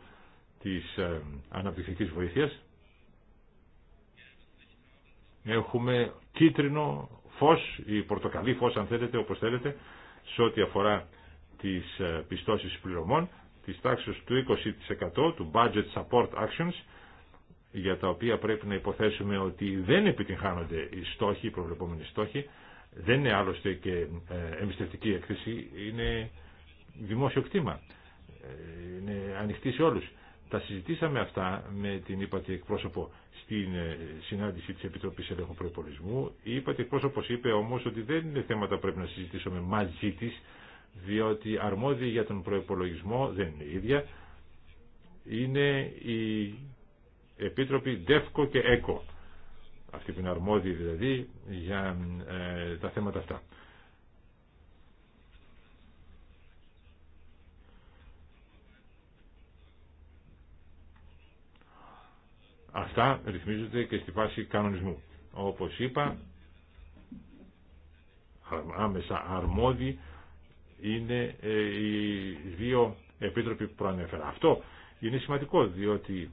της ε, αναπτυξιακής βοήθειας έχουμε κίτρινο φως, η πορτοκαλί φως αν θέλετε, όπως θέλετε, σε ό,τι αφορά τις ε, πιστώσεις πληρωμών, της τάξης του 20% του Budget Support Actions, για τα οποία πρέπει να υποθέσουμε ότι δεν επιτυγχάνονται οι στόχοι, οι προβλεπόμενοι στόχοι, δεν είναι άλλωστε και ε, εμπιστευτική έκθεση, είναι δημόσιο κτήμα, ε, είναι ανοιχτή σε όλους. Τα συζητήσαμε αυτά με την ύπατη εκπρόσωπο στην ε, συνάντηση της Επιτροπής Ελέγχου Προϋπολισμού. Η ύπατη εκπρόσωπος είπε όμως ότι δεν είναι θέματα που πρέπει να συζητήσουμε μαζί της, διότι αρμόδιοι για τον προϋπολογισμό δεν είναι ίδια. Είναι οι επίτροπη ΔΕΦΚΟ και ΕΚΟ, αυτή που είναι αρμόδιοι δηλαδή για ε, τα θέματα αυτά. Αυτά ρυθμίζονται και στη βάση κανονισμού. Όπως είπα, άμεσα αρμόδιοι είναι ε, οι δύο επίτροποι που προανέφερα. Αυτό είναι σημαντικό διότι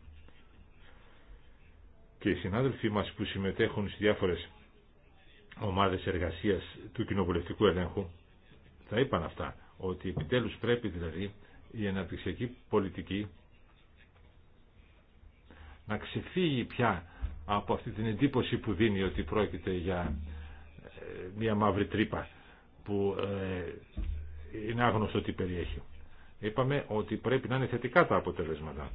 και οι συνάδελφοί μας που συμμετέχουν στις διάφορες ομάδες εργασίας του κοινοβουλευτικού ελέγχου θα είπαν αυτά, ότι επιτέλους πρέπει δηλαδή η αναπτυξιακή πολιτική να ξεφύγει πια από αυτή την εντύπωση που δίνει ότι πρόκειται για ε, μια μαύρη τρύπα που ε, είναι άγνωστο τι περιέχει. Είπαμε ότι πρέπει να είναι θετικά τα αποτελέσματα.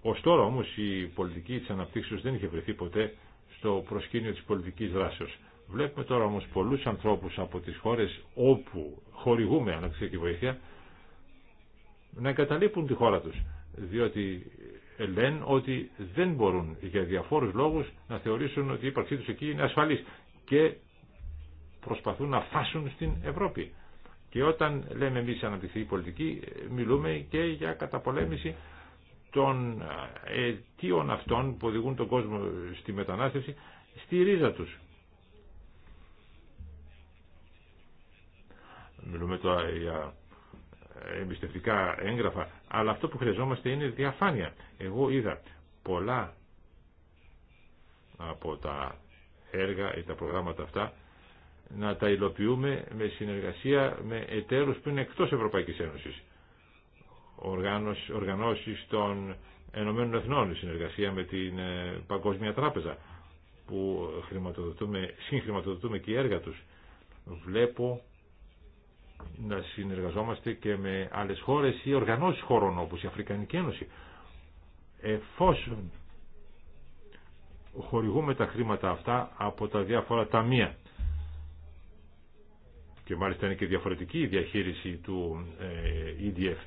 Ωστόσο, τώρα όμως η πολιτική της αναπτύξεως δεν είχε βρεθεί ποτέ στο προσκήνιο της πολιτικής δράσεως. Βλέπουμε τώρα όμως πολλούς ανθρώπους από τις χώρες όπου χορηγούμε αναπτυξιακή βοήθεια να εγκαταλείπουν τη χώρα τους διότι λένε ότι δεν μπορούν για διαφόρους λόγους να θεωρήσουν ότι η ύπαρξή τους εκεί είναι ασφαλής και προσπαθούν να φάσουν στην Ευρώπη. Και όταν λέμε εμείς αναπτυχθεί η πολιτική, μιλούμε και για καταπολέμηση των ε, αιτίων αυτών που οδηγούν τον κόσμο στη μετανάστευση, στη ρίζα τους. Μιλούμε τώρα για εμπιστευτικά έγγραφα, αλλά αυτό που χρειαζόμαστε είναι διαφάνεια. Εγώ είδα πολλά από τα έργα ή τα προγράμματα αυτά να τα υλοποιούμε με συνεργασία με εταίρους που είναι εκτός Ευρωπαϊκής Ένωσης. οργανώσεις των Ενωμένων Εθνών, συνεργασία με την ε, Παγκόσμια Τράπεζα που χρηματοδοτούμε, συγχρηματοδοτούμε και έργα τους. Βλέπω να συνεργαζόμαστε και με άλλες χώρες ή οργανώσεις χωρών όπως η Αφρικανική Ένωση. Εφόσον χορηγούμε τα χρήματα αυτά από τα διάφορα ταμεία και μάλιστα είναι και διαφορετική η διαχείριση του ε, EDF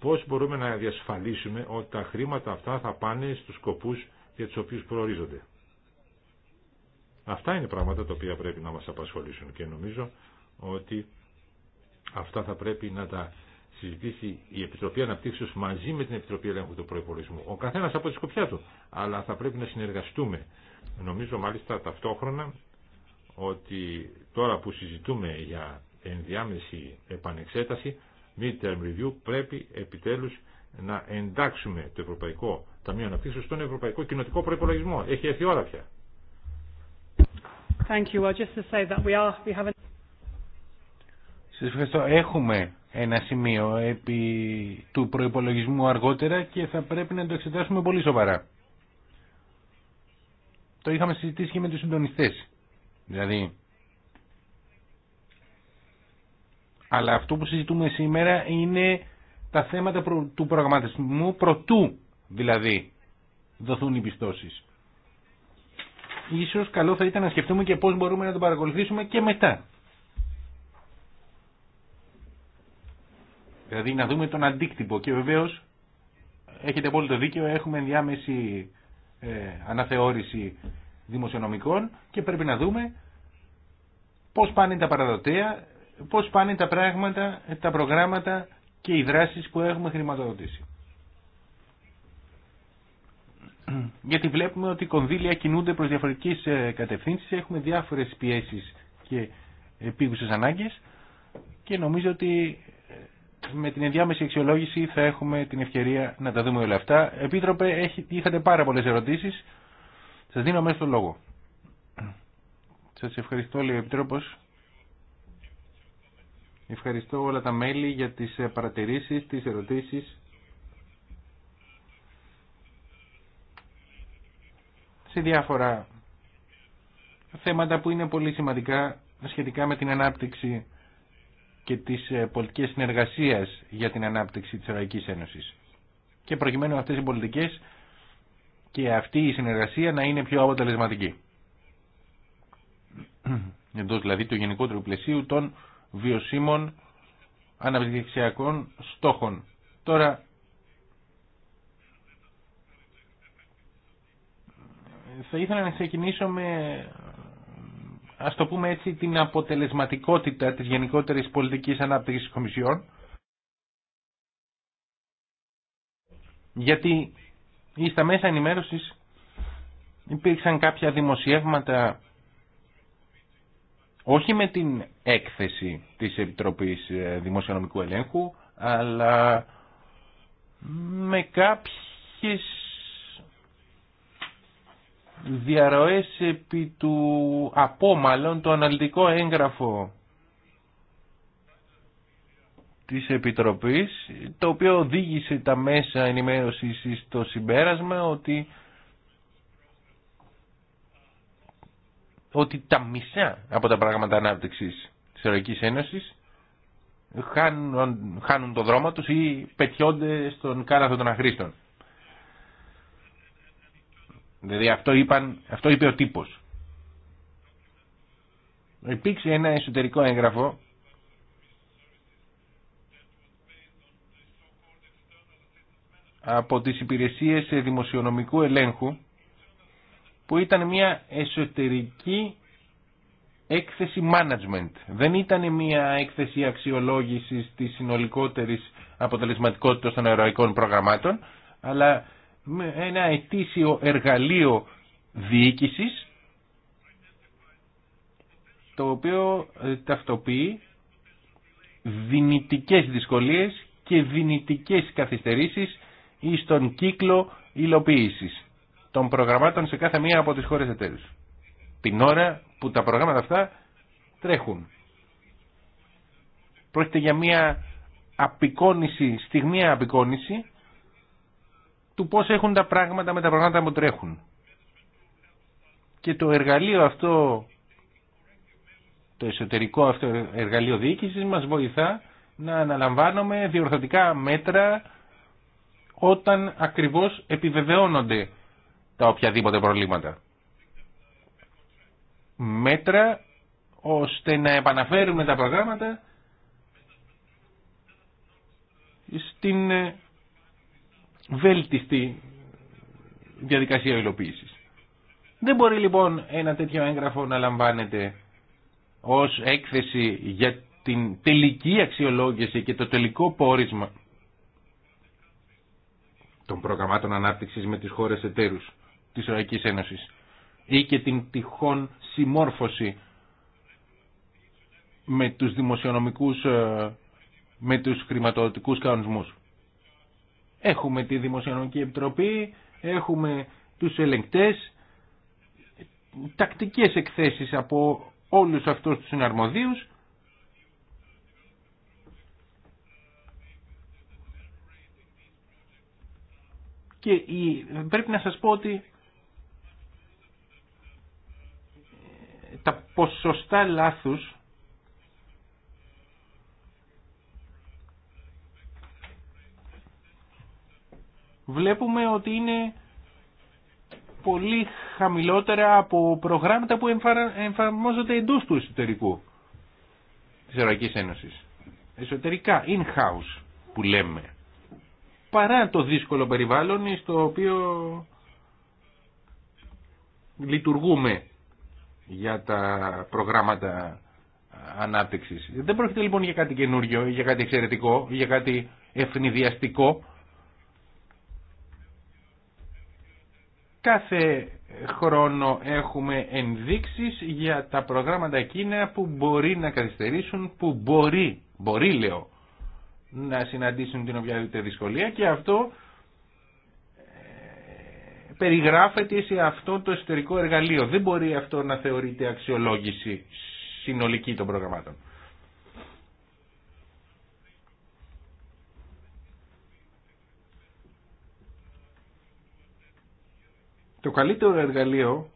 πώς μπορούμε να διασφαλίσουμε ότι τα χρήματα αυτά θα πάνε στους σκοπούς για τους οποίους προορίζονται. Αυτά είναι πράγματα τα οποία πρέπει να μας απασχολήσουν και νομίζω ότι Αυτά θα πρέπει να τα συζητήσει η Επιτροπή Αναπτύξεως μαζί με την Επιτροπή Ελέγχου του Προϋπολογισμού. Ο καθένας από τη σκοπιά του. Αλλά θα πρέπει να συνεργαστούμε. Νομίζω μάλιστα ταυτόχρονα ότι τώρα που συζητούμε για ενδιάμεση επανεξέταση, mid-term review, πρέπει επιτέλους να εντάξουμε το Ευρωπαϊκό Ταμείο Αναπτύξεως στον Ευρωπαϊκό Κοινοτικό Προϋπολογισμό. Έχει έρθει η ώρα πια. Thank you. just to say that we are, we σας ευχαριστώ. Έχουμε ένα σημείο επί του προϋπολογισμού αργότερα και θα πρέπει να το εξετάσουμε πολύ σοβαρά. Το είχαμε συζητήσει και με τους συντονιστές. Δηλαδή... Αλλά αυτό που συζητούμε σήμερα είναι τα θέματα του προγραμματισμού προτού δηλαδή δοθούν οι πιστώσεις. Ίσως καλό θα ήταν να σκεφτούμε και πώς μπορούμε να το παρακολουθήσουμε και μετά. Δηλαδή να δούμε τον αντίκτυπο και βεβαίω έχετε απόλυτο δίκαιο, έχουμε ενδιάμεση ε, αναθεώρηση δημοσιονομικών και πρέπει να δούμε πώς πάνε τα παραδοτέα, πώς πάνε τα πράγματα, τα προγράμματα και οι δράσεις που έχουμε χρηματοδοτήσει. Γιατί βλέπουμε ότι οι κονδύλια κινούνται προς διαφορετικές ε, κατευθύνσεις, έχουμε διάφορες πιέσεις και επίγουσες ανάγκες και νομίζω ότι με την ενδιάμεση αξιολόγηση θα έχουμε την ευκαιρία να τα δούμε όλα αυτά. Επίτροπε, είχατε πάρα πολλές ερωτήσεις. Σας δίνω μέσα το λόγο. Σας ευχαριστώ, λέει ο Επιτρόπος. Ευχαριστώ όλα τα μέλη για τις ε, παρατηρήσεις, τις ερωτήσεις. Σε διάφορα θέματα που είναι πολύ σημαντικά σχετικά με την ανάπτυξη και τις ε, πολιτικές συνεργασίας για την ανάπτυξη της Ευρωπαϊκής Ένωσης. Και προκειμένου αυτές οι πολιτικές και αυτή η συνεργασία να είναι πιο αποτελεσματική. Εντός δηλαδή του γενικότερου πλαισίου των βιωσίμων αναπτυξιακών στόχων. Τώρα θα ήθελα να ξεκινήσω με ας το πούμε έτσι, την αποτελεσματικότητα της γενικότερης πολιτικής ανάπτυξης Κομισιών Γιατί στα μέσα ενημέρωσης υπήρξαν κάποια δημοσιεύματα όχι με την έκθεση της Επιτροπής ε, Δημοσιονομικού Ελέγχου, αλλά με κάποιες διαρροές επί του από μάλλον το αναλυτικό έγγραφο της Επιτροπής το οποίο οδήγησε τα μέσα ενημέρωσης στο συμπέρασμα ότι ότι τα μισά από τα πράγματα ανάπτυξης της Ευρωπαϊκής Ένωσης χάνουν, το δρόμο τους ή πετιόνται στον κάλαθο των αχρήστων. Δηλαδή αυτό, είπαν, αυτό είπε ο τύπος. Υπήρξε ένα εσωτερικό έγγραφο από τις υπηρεσίες δημοσιονομικού ελέγχου που ήταν μια εσωτερική έκθεση management. Δεν ήταν μια έκθεση αξιολόγησης της συνολικότερης αποτελεσματικότητας των αεροαϊκών προγραμμάτων, αλλά με ένα ετήσιο εργαλείο διοίκησης το οποίο ε, ταυτοποιεί δυνητικές δυσκολίες και δυνητικές καθυστερήσεις ή στον κύκλο υλοποίησης των προγραμμάτων σε κάθε μία από τις χώρες εταίρους. Την ώρα που τα προγράμματα αυτά τρέχουν. Πρόκειται για μία απεικόνηση, στιγμία απεικόνηση του πώς έχουν τα πράγματα με τα πράγματα που τρέχουν. Και το εργαλείο αυτό, το εσωτερικό αυτό εργαλείο διοίκησης μας βοηθά να αναλαμβάνουμε διορθωτικά μέτρα όταν ακριβώς επιβεβαιώνονται τα οποιαδήποτε προβλήματα. Μέτρα ώστε να επαναφέρουμε τα προγράμματα στην βέλτιστη διαδικασία υλοποίησης. Δεν μπορεί λοιπόν ένα τέτοιο έγγραφο να λαμβάνεται ως έκθεση για την τελική αξιολόγηση και το τελικό πόρισμα των προγραμμάτων ανάπτυξης με τις χώρες εταίρους της Ευρωπαϊκής Ένωσης ή και την τυχόν συμμόρφωση με τους δημοσιονομικούς, ε, με τους χρηματοδοτικούς κανονισμούς. Έχουμε τη Δημοσιονομική Επιτροπή, έχουμε τους ελεγκτές, τακτικές εκθέσεις από όλους αυτούς τους συναρμοδίους και η, πρέπει να σας πω ότι ε, τα ποσοστά λάθους βλέπουμε ότι είναι πολύ χαμηλότερα από προγράμματα που εμφαρμόζονται εντός του εσωτερικού της Ευρωπαϊκής Ένωσης. Εσωτερικά, in-house που λέμε. Παρά το δύσκολο περιβάλλον στο οποίο λειτουργούμε για τα προγράμματα ανάπτυξης. Δεν πρόκειται λοιπόν για κάτι καινούριο, για κάτι εξαιρετικό, για κάτι ευνηδιαστικό. Κάθε χρόνο έχουμε ενδείξεις για τα προγράμματα εκείνα που μπορεί να καθυστερήσουν, που μπορεί, μπορεί λέω, να συναντήσουν την οποιαδήποτε δυσκολία και αυτό ε, περιγράφεται σε αυτό το εσωτερικό εργαλείο. Δεν μπορεί αυτό να θεωρείται αξιολόγηση συνολική των προγραμμάτων. Το καλύτερο εργαλείο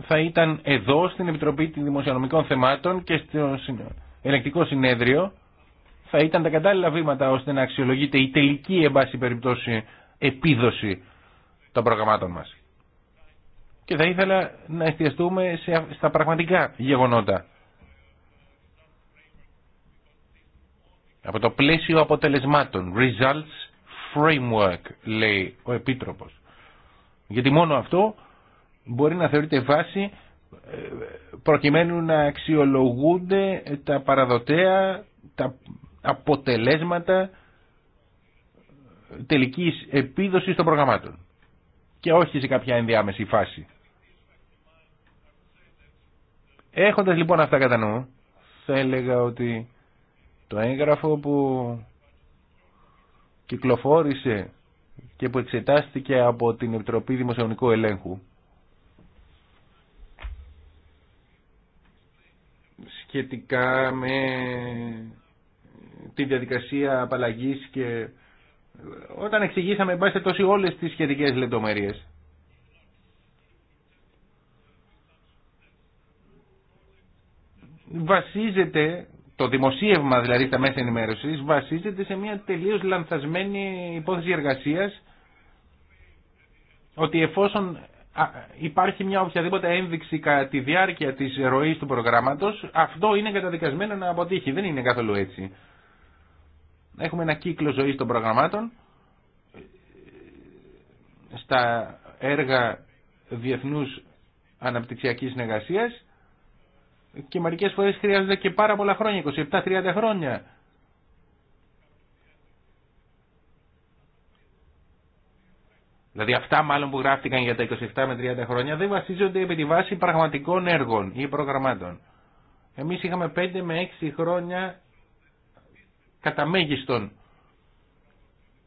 θα ήταν εδώ στην Επιτροπή των Δημοσιονομικών Θεμάτων και στο ελεκτικό συνέδριο θα ήταν τα κατάλληλα βήματα ώστε να αξιολογείται η τελική εν πάση περιπτώσει επίδοση των προγραμμάτων μας. Και θα ήθελα να εστιαστούμε σε, στα πραγματικά γεγονότα από το πλαίσιο αποτελεσμάτων. Results framework, λέει ο Επίτροπος. Γιατί μόνο αυτό μπορεί να θεωρείται βάση ε, προκειμένου να αξιολογούνται τα παραδοτέα, τα αποτελέσματα τελικής επίδοσης των προγραμμάτων και όχι σε κάποια ενδιάμεση φάση. Έχοντας λοιπόν αυτά κατά νου, θα έλεγα ότι το έγγραφο που κυκλοφόρησε και που εξετάστηκε από την Επιτροπή Δημοσιονομικού Ελέγχου σχετικά με τη διαδικασία απαλλαγής και όταν εξηγήσαμε μπάστε τόσοι όλες τις σχετικές λεπτομέρειες βασίζεται το δημοσίευμα δηλαδή στα μέσα ενημέρωσης βασίζεται σε μια τελείως λανθασμένη υπόθεση εργασίας ότι εφόσον υπάρχει μια οποιαδήποτε ένδειξη κατά τη διάρκεια της ροής του προγράμματος αυτό είναι καταδικασμένο να αποτύχει, δεν είναι καθόλου έτσι. Έχουμε ένα κύκλο ζωής των προγραμμάτων στα έργα διεθνούς αναπτυξιακής συνεργασίας και μερικέ φορέ χρειάζεται και πάρα πολλά χρόνια, 27-30 χρόνια. Δηλαδή αυτά μάλλον που γράφτηκαν για τα 27 με 30 χρόνια δεν βασίζονται επί τη βάση πραγματικών έργων ή προγραμμάτων. Εμείς είχαμε 5 με 6 χρόνια κατά μέγιστον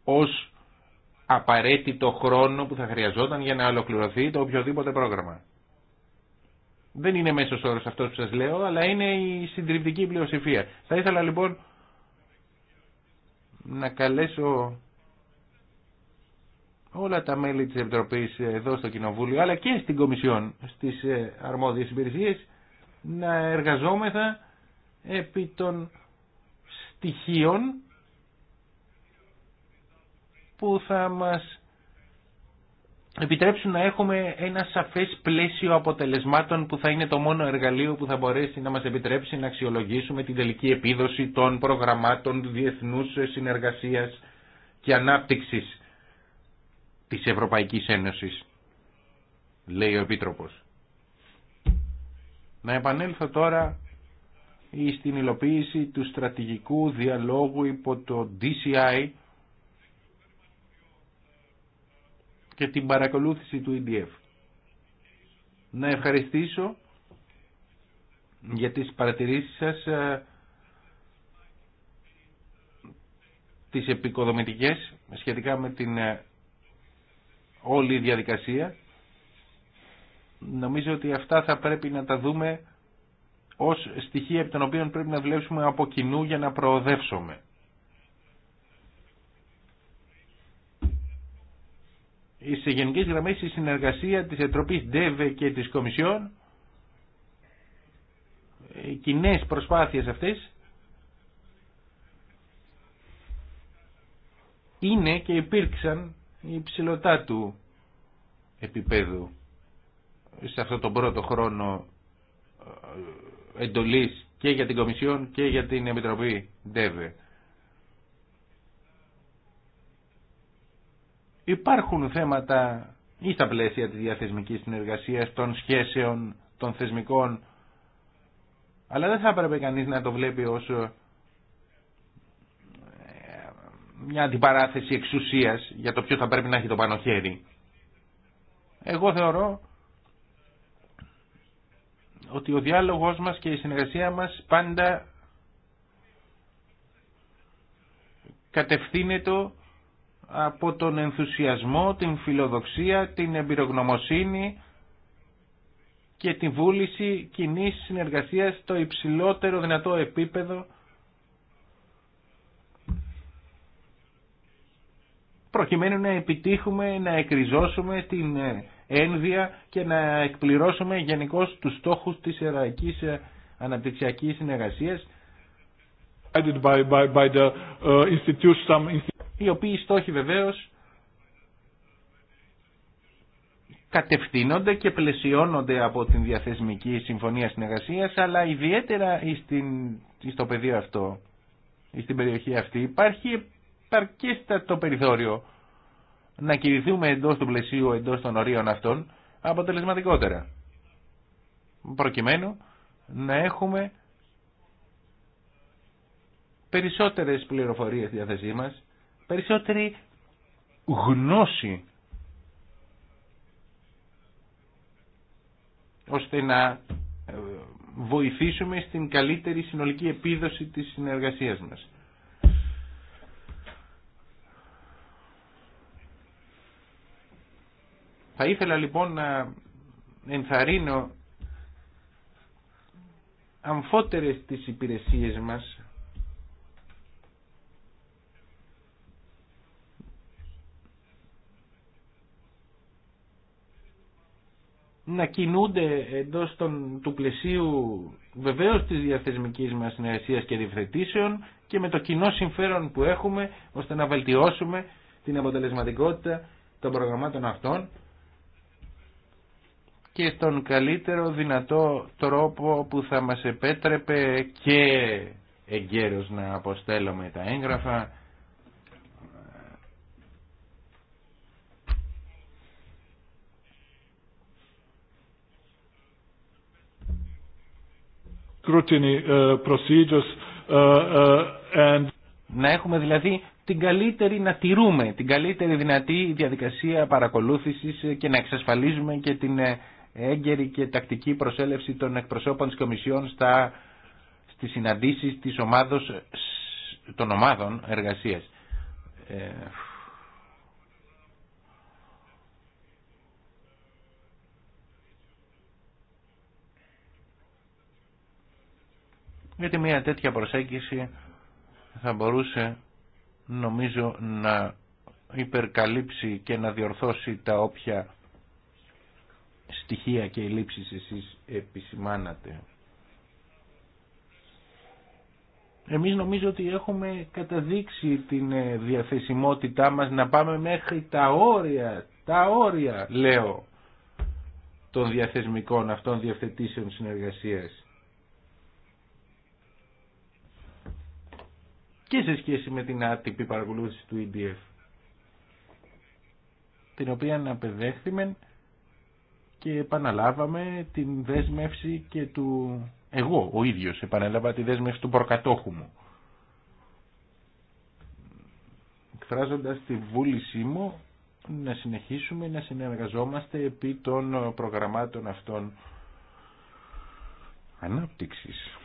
ως απαραίτητο χρόνο που θα χρειαζόταν για να ολοκληρωθεί το οποιοδήποτε πρόγραμμα. Δεν είναι μέσο όρο αυτό που σα λέω, αλλά είναι η συντριπτική πλειοψηφία. Θα ήθελα λοιπόν να καλέσω όλα τα μέλη της Επιτροπής εδώ στο Κοινοβούλιο αλλά και στην Κομισιόν στις ε, αρμόδιες υπηρεσίες να εργαζόμεθα επί των στοιχείων που θα μας επιτρέψουν να έχουμε ένα σαφές πλαίσιο αποτελεσμάτων που θα είναι το μόνο εργαλείο που θα μπορέσει να μας επιτρέψει να αξιολογήσουμε την τελική επίδοση των προγραμμάτων διεθνούς συνεργασίας και ανάπτυξης της Ευρωπαϊκής Ένωσης, λέει ο Επίτροπος. Να επανέλθω τώρα στην υλοποίηση του στρατηγικού διαλόγου υπό το DCI και την παρακολούθηση του EDF. Να ευχαριστήσω για τις παρατηρήσεις σας ε, τις επικοδομητικές σχετικά με την ε, όλη διαδικασία. Νομίζω ότι αυτά θα πρέπει να τα δούμε ως στοιχεία από τα οποία πρέπει να δουλέψουμε από κοινού για να προοδεύσουμε. Ε, σε γενικέ γραμμέ η συνεργασία της Ετροπή ΔΕΒΕ και της Κομισιόν οι ε, κοινέ προσπάθειες αυτές είναι και υπήρξαν υψηλωτά του επίπεδου σε αυτό τον πρώτο χρόνο ε, εντολής και για την Κομισιόν και για την Επιτροπή ΔΕΒΕ. Υπάρχουν θέματα ή στα πλαίσια της διαθεσμικής συνεργασίας των σχέσεων των θεσμικών αλλά δεν θα έπρεπε κανείς να το βλέπει ως ε, μια αντιπαράθεση εξουσίας για το ποιο θα πρέπει να έχει το πάνω χέρι. Εγώ θεωρώ ότι ο διάλογος μας και η συνεργασία μας πάντα κατευθύνεται από τον ενθουσιασμό, την φιλοδοξία, την εμπειρογνωμοσύνη και την βούληση κοινή συνεργασίας στο υψηλότερο δυνατό επίπεδο προκειμένου να επιτύχουμε, να εκριζώσουμε την ένδια και να εκπληρώσουμε γενικώ τους στόχους της ιεραϊκής αναπτυξιακής συνεργασίας. Uh, οι οποίοι στόχοι βεβαίως κατευθύνονται και πλαισιώνονται από την διαθεσμική συμφωνία συνεργασίας, αλλά ιδιαίτερα στην, στο πεδίο αυτό, στην περιοχή αυτή, υπάρχει το περιθώριο να κυριθούμε εντός του πλαισίου, εντός των ορίων αυτών, αποτελεσματικότερα. Προκειμένου να έχουμε περισσότερες πληροφορίες διαθεσή μας περισσότερη γνώση ώστε να ε, βοηθήσουμε στην καλύτερη συνολική επίδοση της συνεργασίας μας. Θα ήθελα λοιπόν να ενθαρρύνω αμφότερες τις υπηρεσίες μας να κινούνται εντός του πλαισίου βεβαίως της διαθεσμικής μας συνεργασίας και διευθετήσεων και με το κοινό συμφέρον που έχουμε ώστε να βελτιώσουμε την αποτελεσματικότητα των προγραμμάτων αυτών και στον καλύτερο δυνατό τρόπο που θα μας επέτρεπε και εγκαίρως να αποστέλουμε τα έγγραφα Uh, uh, uh, and να έχουμε δηλαδή την καλύτερη να τηρούμε, την καλύτερη δυνατή διαδικασία παρακολούθησης ε, και να εξασφαλίζουμε και την ε, έγκαιρη και τακτική προσέλευση των εκπροσώπων της Κομισιόν στα, στις συναντήσεις της ομάδος, των ομάδων εργασίας. Ε, γιατί μια τέτοια προσέγγιση θα μπορούσε νομίζω να υπερκαλύψει και να διορθώσει τα όποια στοιχεία και ελλείψεις εσείς επισημάνατε. Εμείς νομίζω ότι έχουμε καταδείξει την ε, διαθεσιμότητά μας να πάμε μέχρι τα όρια, τα όρια λέω, των διαθεσμικών αυτών διευθετήσεων συνεργασίας. και σε σχέση με την άτυπη παρακολούθηση του EDF την οποία απεδέχθημεν και επαναλάβαμε την δέσμευση και του... Εγώ ο ίδιος επαναλάβα τη δέσμευση του προκατόχου μου. Εκφράζοντας τη βούλησή μου να συνεχίσουμε να συνεργαζόμαστε επί των προγραμμάτων αυτών ανάπτυξης.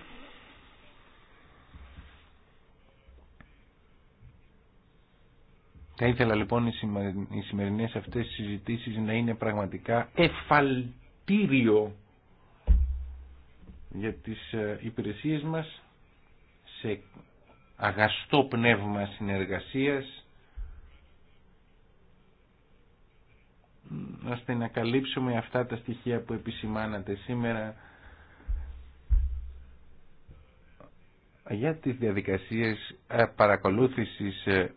Θα ήθελα λοιπόν οι σημερινές αυτές τις συζητήσεις να είναι πραγματικά εφαλτήριο για τις ε, υπηρεσίες μας σε αγαστό πνεύμα συνεργασίας ώστε να καλύψουμε αυτά τα στοιχεία που επισημάνατε σήμερα για τις διαδικασίες ε, παρακολούθησης ε,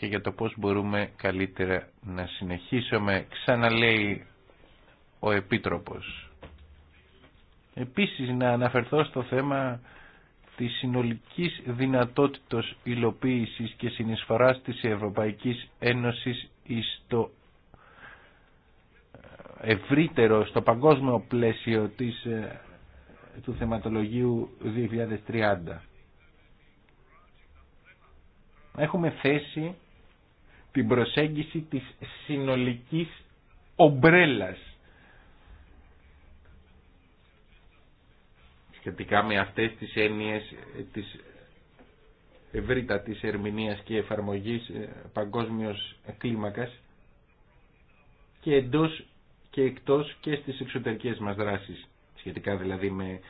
και για το πώς μπορούμε καλύτερα να συνεχίσουμε, ξαναλέει ο Επίτροπος. Επίσης να αναφερθώ στο θέμα της συνολικής δυνατότητος υλοποίησης και συνεισφοράς της Ευρωπαϊκής Ένωσης στο ευρύτερο, στο παγκόσμιο πλαίσιο της, ε, του θεματολογίου 2030. Έχουμε θέσει την προσέγγιση της συνολικής ομπρέλας σχετικά με αυτές τις έννοιες ε, της ευρύτατης ερμηνείας και εφαρμογής ε, παγκόσμιος κλίμακας και εντός και εκτός και στις εξωτερικές μας δράσεις σχετικά δηλαδή με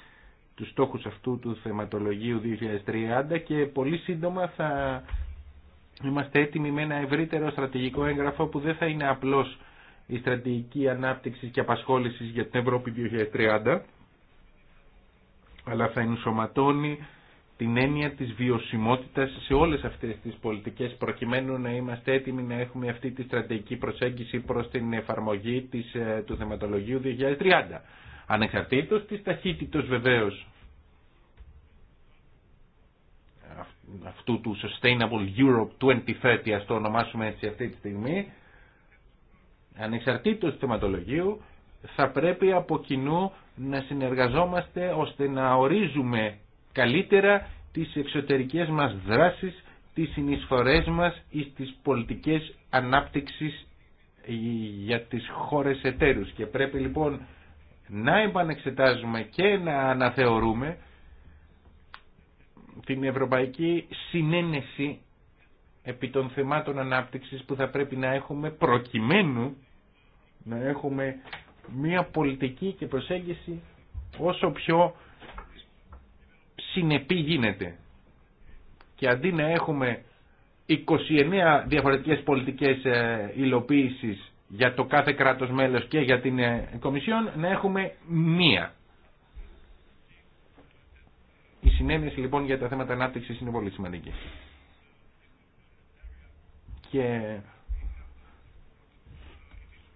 τους στόχους αυτού του θεματολογίου 2030 και πολύ σύντομα θα Είμαστε έτοιμοι με ένα ευρύτερο στρατηγικό έγγραφο που δεν θα είναι απλώς η στρατηγική ανάπτυξη και απασχόληση για την Ευρώπη 2030, αλλά θα ενσωματώνει την έννοια της βιωσιμότητας σε όλες αυτές τις πολιτικές προκειμένου να είμαστε έτοιμοι να έχουμε αυτή τη στρατηγική προσέγγιση προς την εφαρμογή της, ε, του θεματολογίου 2030. Ανεξαρτήτως της ταχύτητος βεβαίως αυτού του Sustainable Europe 2030, ας το ονομάσουμε έτσι αυτή τη στιγμή, ανεξαρτήτως θεματολογίου, θα πρέπει από κοινού να συνεργαζόμαστε ώστε να ορίζουμε καλύτερα τις εξωτερικές μας δράσεις, τις συνεισφορές μας ή τις πολιτικές ανάπτυξης για τις χώρες εταίρους. Και πρέπει λοιπόν να επανεξετάζουμε και να αναθεωρούμε την ευρωπαϊκή συνένεση επί των θεμάτων ανάπτυξης που θα πρέπει να έχουμε προκειμένου να έχουμε μια πολιτική και προσέγγιση όσο πιο συνεπή γίνεται. Και αντί να έχουμε 29 διαφορετικές πολιτικές ε, υλοποίησεις για το κάθε κράτος μέλος και για την ε, Κομισιόν, να έχουμε μία συνέντευξη, λοιπόν για τα θέματα ανάπτυξη είναι πολύ σημαντική. Και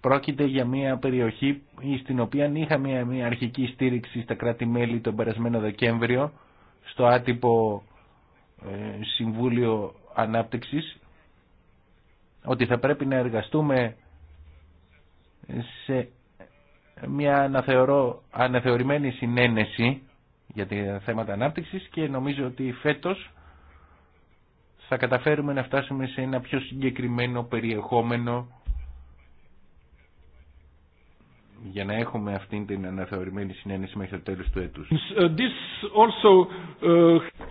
πρόκειται για μια περιοχή στην οποία είχαμε μια αρχική στήριξη στα κράτη-μέλη τον περασμένο Δεκέμβριο στο άτυπο ε, Συμβούλιο Ανάπτυξης ότι θα πρέπει να εργαστούμε σε μια αναθεωρημένη συνένεση για τα θέματα ανάπτυξης και νομίζω ότι φέτος θα καταφέρουμε να φτάσουμε σε ένα πιο συγκεκριμένο περιεχόμενο για να έχουμε αυτήν την αναθεωρημένη συνένεση μέχρι το τέλος του έτους. Uh, also, uh,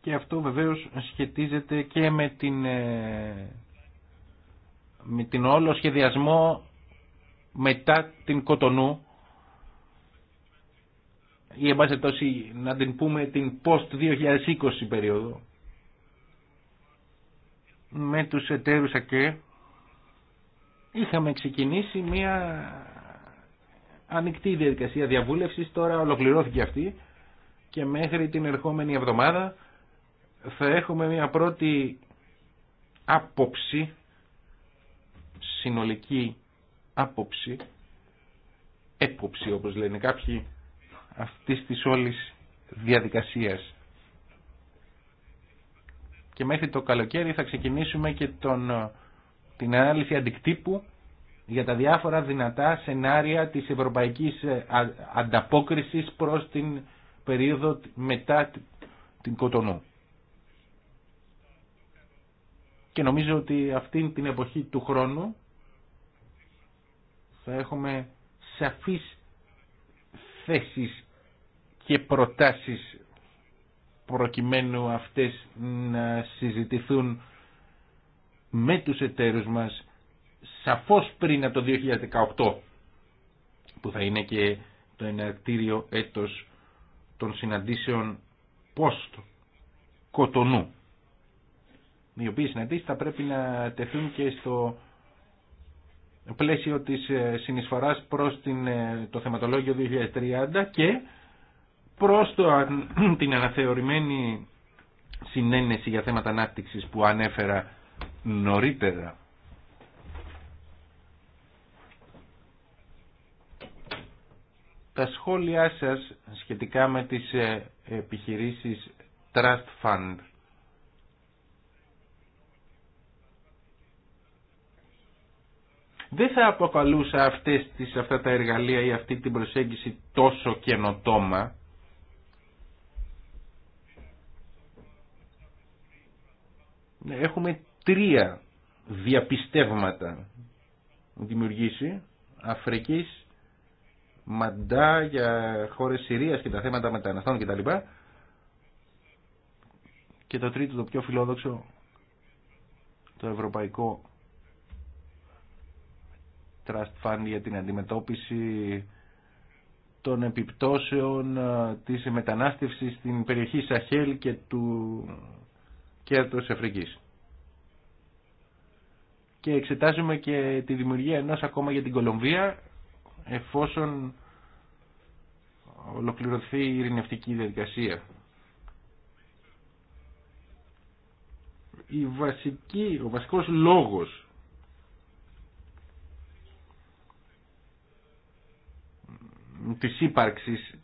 Και αυτό βεβαίως σχετίζεται και με την, ε, με την όλο σχεδιασμό μετά την Κοτονού ή εν πάση να την πούμε την post-2020 περίοδο με τους εταίρους ΑΚΕ είχαμε ξεκινήσει μια ανοιχτή διαδικασία διαβούλευσης, τώρα ολοκληρώθηκε αυτή και μέχρι την ερχόμενη εβδομάδα θα έχουμε μια πρώτη άποψη, συνολική άποψη, έποψη όπως λένε κάποιοι, αυτής της όλης διαδικασίας. Και μέχρι το καλοκαίρι θα ξεκινήσουμε και τον, την ανάλυση αντικτύπου για τα διάφορα δυνατά σενάρια της ευρωπαϊκής ε, ανταπόκρισης προς την περίοδο μετά την Κοτονού. Και νομίζω ότι αυτήν την εποχή του χρόνου θα έχουμε σαφείς θέσεις και προτάσεις προκειμένου αυτές να συζητηθούν με τους εταίρους μας σαφώς πριν από το 2018 που θα είναι και το εναρκτήριο έτος των συναντήσεων post κοτονού οι οποίες συναντήσεις θα πρέπει να τεθούν και στο πλαίσιο της ε, συνεισφοράς προς την, ε, το θεματολόγιο 2030 και προς το, την αναθεωρημένη συνένεση για θέματα ανάπτυξης που ανέφερα νωρίτερα. Τα σχόλιά σας σχετικά με τις ε, επιχειρήσεις Trust Fund δεν θα αποκαλούσα αυτές τις, αυτά τα εργαλεία ή αυτή την προσέγγιση τόσο καινοτόμα Ναι, έχουμε τρία διαπιστεύματα δημιουργήσει Αφρικής, Μαντά για χώρες Συρίας και τα θέματα μεταναστών κτλ. Και, και το τρίτο το πιο φιλόδοξο το Ευρωπαϊκό Trust Fund για την αντιμετώπιση των επιπτώσεων ε, της μετανάστευσης στην περιοχή Σαχέλ και του και εξετάζουμε και τη δημιουργία ενός ακόμα για την Κολομβία εφόσον ολοκληρωθεί η ειρηνευτική διαδικασία. Η βασική, ο βασικός λόγος της ύπαρξης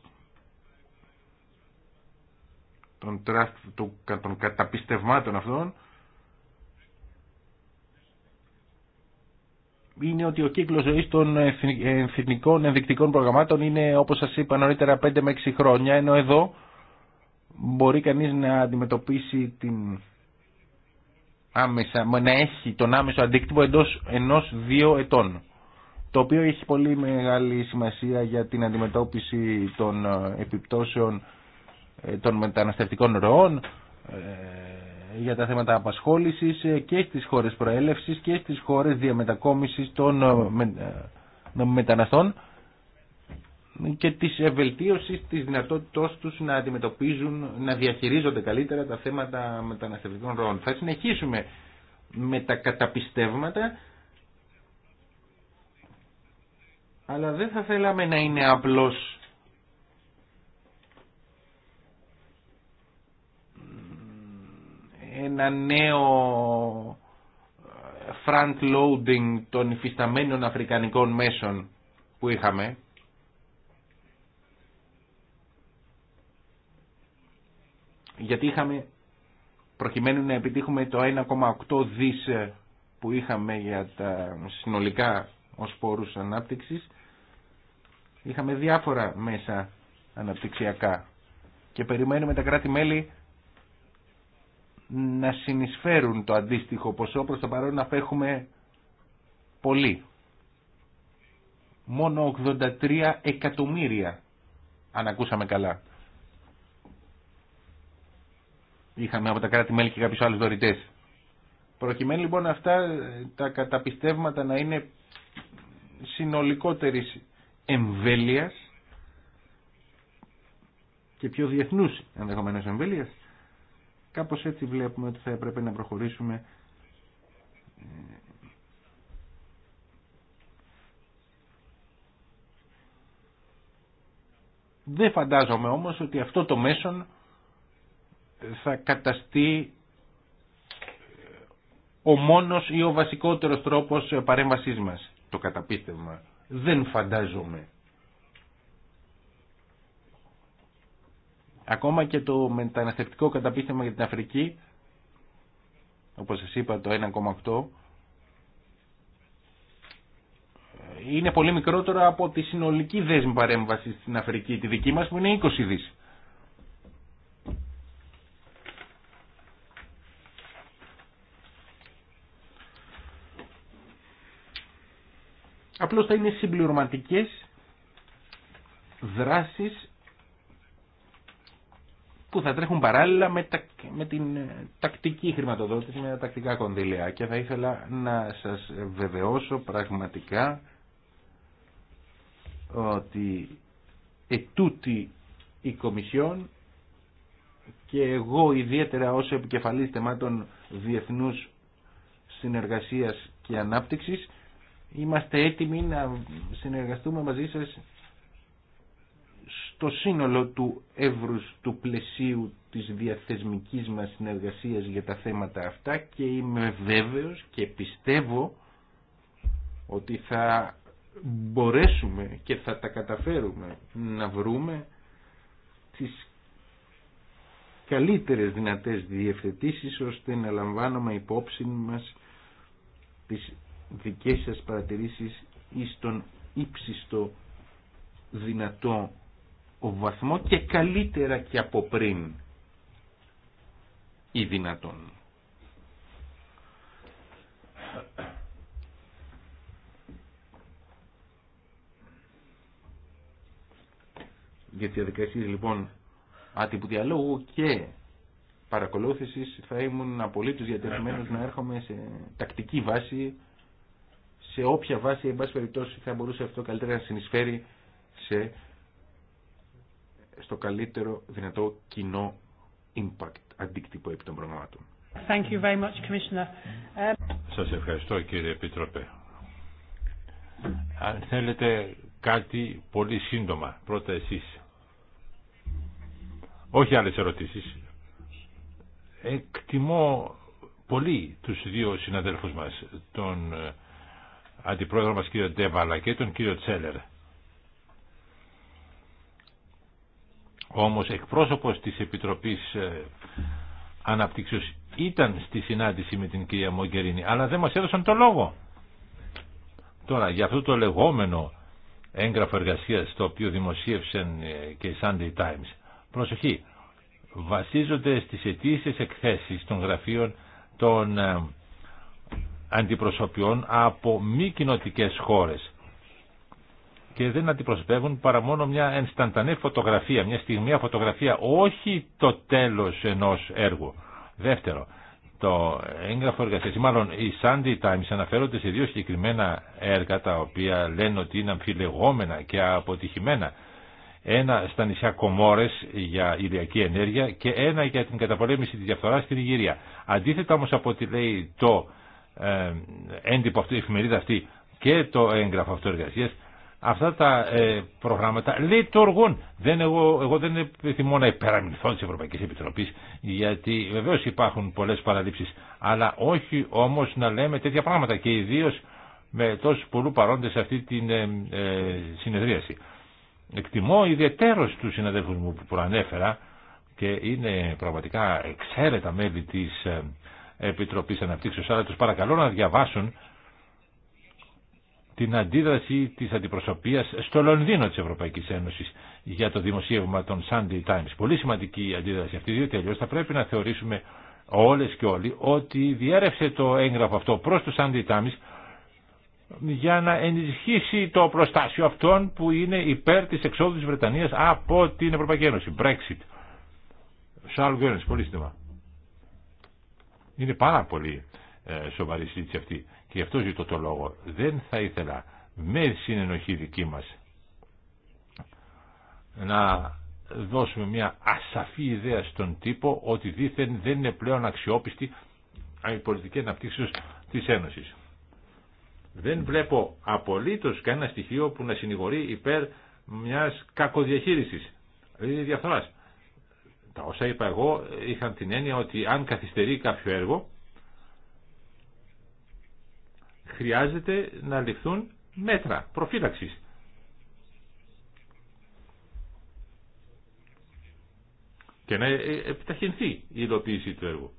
των, καταπιστευμάτων αυτών είναι ότι ο κύκλος ζωής των εθνικών ενδεικτικών προγραμμάτων είναι όπως σας είπα νωρίτερα 5 με 6 χρόνια ενώ εδώ μπορεί κανείς να αντιμετωπίσει την άμεσα, να έχει τον άμεσο αντίκτυπο εντός ενός δύο ετών το οποίο έχει πολύ μεγάλη σημασία για την αντιμετώπιση των ε, επιπτώσεων ε, των μεταναστευτικών ροών, ε, για τα θέματα απασχόλησης ε, και στις χώρες προέλευσης και στις χώρες διαμετακόμισης των μεταναστών και της ευελτίωσης της δυνατότητός τους να αντιμετωπίζουν, να διαχειρίζονται καλύτερα τα θέματα μεταναστευτικών ροών. Θα συνεχίσουμε με τα καταπιστεύματα, αλλά δεν θα θέλαμε να είναι απλώς ένα νέο ε, front loading των υφισταμένων αφρικανικών μέσων που είχαμε γιατί είχαμε προκειμένου να επιτύχουμε το 1,8 δις ε, που είχαμε για τα συνολικά ως πόρους ανάπτυξης είχαμε διάφορα μέσα αναπτυξιακά και περιμένουμε τα κράτη-μέλη να συνεισφέρουν το αντίστοιχο ποσό, προς το παρόν απέχουμε πολύ. Μόνο 83 εκατομμύρια, αν ακούσαμε καλά. Είχαμε από τα κράτη-μέλη και κάποιους άλλους δωρητές. Προκειμένου λοιπόν αυτά ε, τα καταπιστεύματα να είναι συνολικότερης εμβέλειας και πιο διεθνούς ενδεχομένως εμβέλειας Κάπως έτσι βλέπουμε ότι θα έπρεπε να προχωρήσουμε ε, Δεν φαντάζομαι όμως ότι αυτό το μέσον θα καταστεί ε, ο μόνος ή ο βασικότερος τρόπος παρέμβασής μας, το καταπίστευμα. Δεν φαντάζομαι Ακόμα και το μεταναστευτικό καταπίστευμα για την Αφρική, όπως σας είπα το 1,8, είναι πολύ μικρότερο από τη συνολική δέσμη παρέμβαση στην Αφρική, τη δική μας που είναι 20 δις. Απλώς θα είναι συμπληρωματικές δράσεις που θα τρέχουν παράλληλα με, την ε, τακτική χρηματοδότηση, με τα τακτικά κονδύλια. Και θα ήθελα να σας βεβαιώσω πραγματικά ότι ετούτη η Κομισιόν και εγώ ιδιαίτερα ως επικεφαλής θεμάτων διεθνούς συνεργασίας και ανάπτυξης είμαστε έτοιμοι να συνεργαστούμε μαζί σας το σύνολο του εύρους του πλαισίου της διαθεσμικής μας συνεργασίας για τα θέματα αυτά και είμαι βέβαιος και πιστεύω ότι θα μπορέσουμε και θα τα καταφέρουμε να βρούμε τις καλύτερες δυνατές διευθετήσεις ώστε να λαμβάνουμε υπόψη μας τις δικές σας παρατηρήσεις εις τον ύψιστο δυνατό βαθμό και καλύτερα και από πριν ή δυνατόν. Για τις διαδικασίες λοιπόν άτυπου διαλόγου και παρακολούθησης θα ήμουν απολύτως διατεθειμένος να έρχομαι σε τακτική βάση, σε όποια βάση, εν πάση περιπτώσει, θα μπορούσε αυτό καλύτερα να συνεισφέρει σε στο καλύτερο δυνατό κοινό impact, αντίκτυπο επί των προγραμμάτων. Thank you very much, Commissioner. Σας ευχαριστώ κύριε Επίτροπε. Αν θέλετε κάτι πολύ σύντομα, πρώτα εσείς. Όχι άλλες ερωτήσεις. Εκτιμώ πολύ τους δύο συναδέλφους μας, τον ε, αντιπρόεδρο μας κύριο Ντέβαλα και τον κύριο Τσέλερ Όμως εκπρόσωπος της Επιτροπής ε, Αναπτύξεως ήταν στη συνάντηση με την κυρία Μογκερίνη, αλλά δεν μας έδωσαν το λόγο. Τώρα, για αυτό το λεγόμενο έγγραφο εργασίας το οποίο δημοσίευσαν ε, και οι Sunday Times, προσοχή, βασίζονται στις αιτήσει εκθέσεις των γραφείων των ε, αντιπροσωπιών από μη κοινοτικέ χώρες και δεν αντιπροσωπεύουν παρά μόνο μια ενσταντανή φωτογραφία, μια στιγμή φωτογραφία, όχι το τέλος ενός έργου. Δεύτερο, το έγγραφο εργασία, ή μάλλον οι Sunday Times αναφέρονται σε δύο συγκεκριμένα έργα τα οποία λένε ότι είναι αμφιλεγόμενα και αποτυχημένα. Ένα στα νησιά Κομόρε για ηλιακή ενέργεια και ένα για την καταπολέμηση τη διαφθορά στην Ιγυρία. Αντίθετα όμω από ό,τι λέει το ε, έντυπο αυτή, η εφημερίδα αυτή και το έγγραφο αυτοεργασία, αυτά τα ε, προγράμματα λειτουργούν. Δεν, εγώ, εγώ δεν επιθυμώ να υπεραμεινθώ τη Ευρωπαϊκή Επιτροπή, γιατί βεβαίω υπάρχουν πολλέ παραλήψει. Αλλά όχι όμω να λέμε τέτοια πράγματα και ιδίω με τόσου πολλού παρόντε σε αυτή την ε, ε, συνεδρίαση. Εκτιμώ ιδιαίτερω του συναδέλφου μου που προανέφερα και είναι πραγματικά εξαίρετα μέλη τη Επιτροπή Αναπτύξεω, αλλά του παρακαλώ να διαβάσουν την αντίδραση της αντιπροσωπείας στο Λονδίνο της Ευρωπαϊκής Ένωσης για το δημοσίευμα των Sunday Times. Πολύ σημαντική η αντίδραση αυτή, διότι αλλιώς θα πρέπει να θεωρήσουμε όλες και όλοι ότι διέρευσε το έγγραφο αυτό προς το Sunday Times για να ενισχύσει το προστάσιο αυτών που είναι υπέρ της εξόδου της Βρετανίας από την Ευρωπαϊκή Ένωση. Brexit. Charles Goerens, πολύ σύντομα. Είναι πάρα πολύ ε, σοβαρή συζήτηση αυτή και γι' αυτό ζητώ το λόγο. Δεν θα ήθελα με συνενοχή δική μας να δώσουμε μια ασαφή ιδέα στον τύπο ότι δήθεν δεν είναι πλέον αξιόπιστη η πολιτική αναπτύξεως της Ένωσης. Δεν βλέπω απολύτως κανένα στοιχείο που να συνηγορεί υπέρ μιας κακοδιαχείρισης ή διαφθοράς. Τα όσα είπα εγώ είχαν την έννοια ότι αν καθυστερεί κάποιο έργο χρειάζεται να ληφθούν μέτρα προφύλαξης. Και να ε, επιταχυνθεί η υλοποίηση του έργου.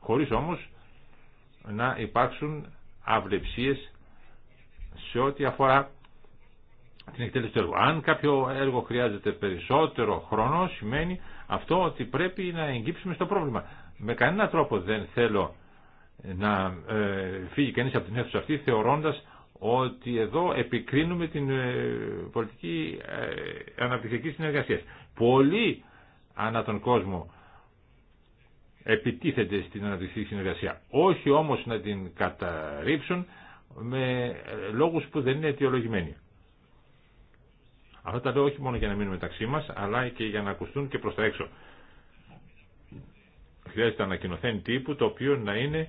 Χωρίς όμως να υπάρξουν αυλεψίες σε ό,τι αφορά την εκτέλεση του έργου. Αν κάποιο έργο χρειάζεται περισσότερο χρόνο, σημαίνει αυτό ότι πρέπει να εγγύψουμε στο πρόβλημα. Με κανένα τρόπο δεν θέλω να ε, φύγει κανείς από την αίθουσα αυτή θεωρώντας ότι εδώ επικρίνουμε την ε, πολιτική ε, αναπτυξιακή συνεργασία. Πολλοί ανά τον κόσμο επιτίθενται στην αναπτυξιακή συνεργασία. Όχι όμως να την καταρρύψουν με λόγους που δεν είναι αιτιολογημένοι. Αυτά τα λέω όχι μόνο για να μείνουμε μεταξύ μας, αλλά και για να ακουστούν και προς τα έξω. Χρειάζεται ανακοινωθέν τύπου, το οποίο να είναι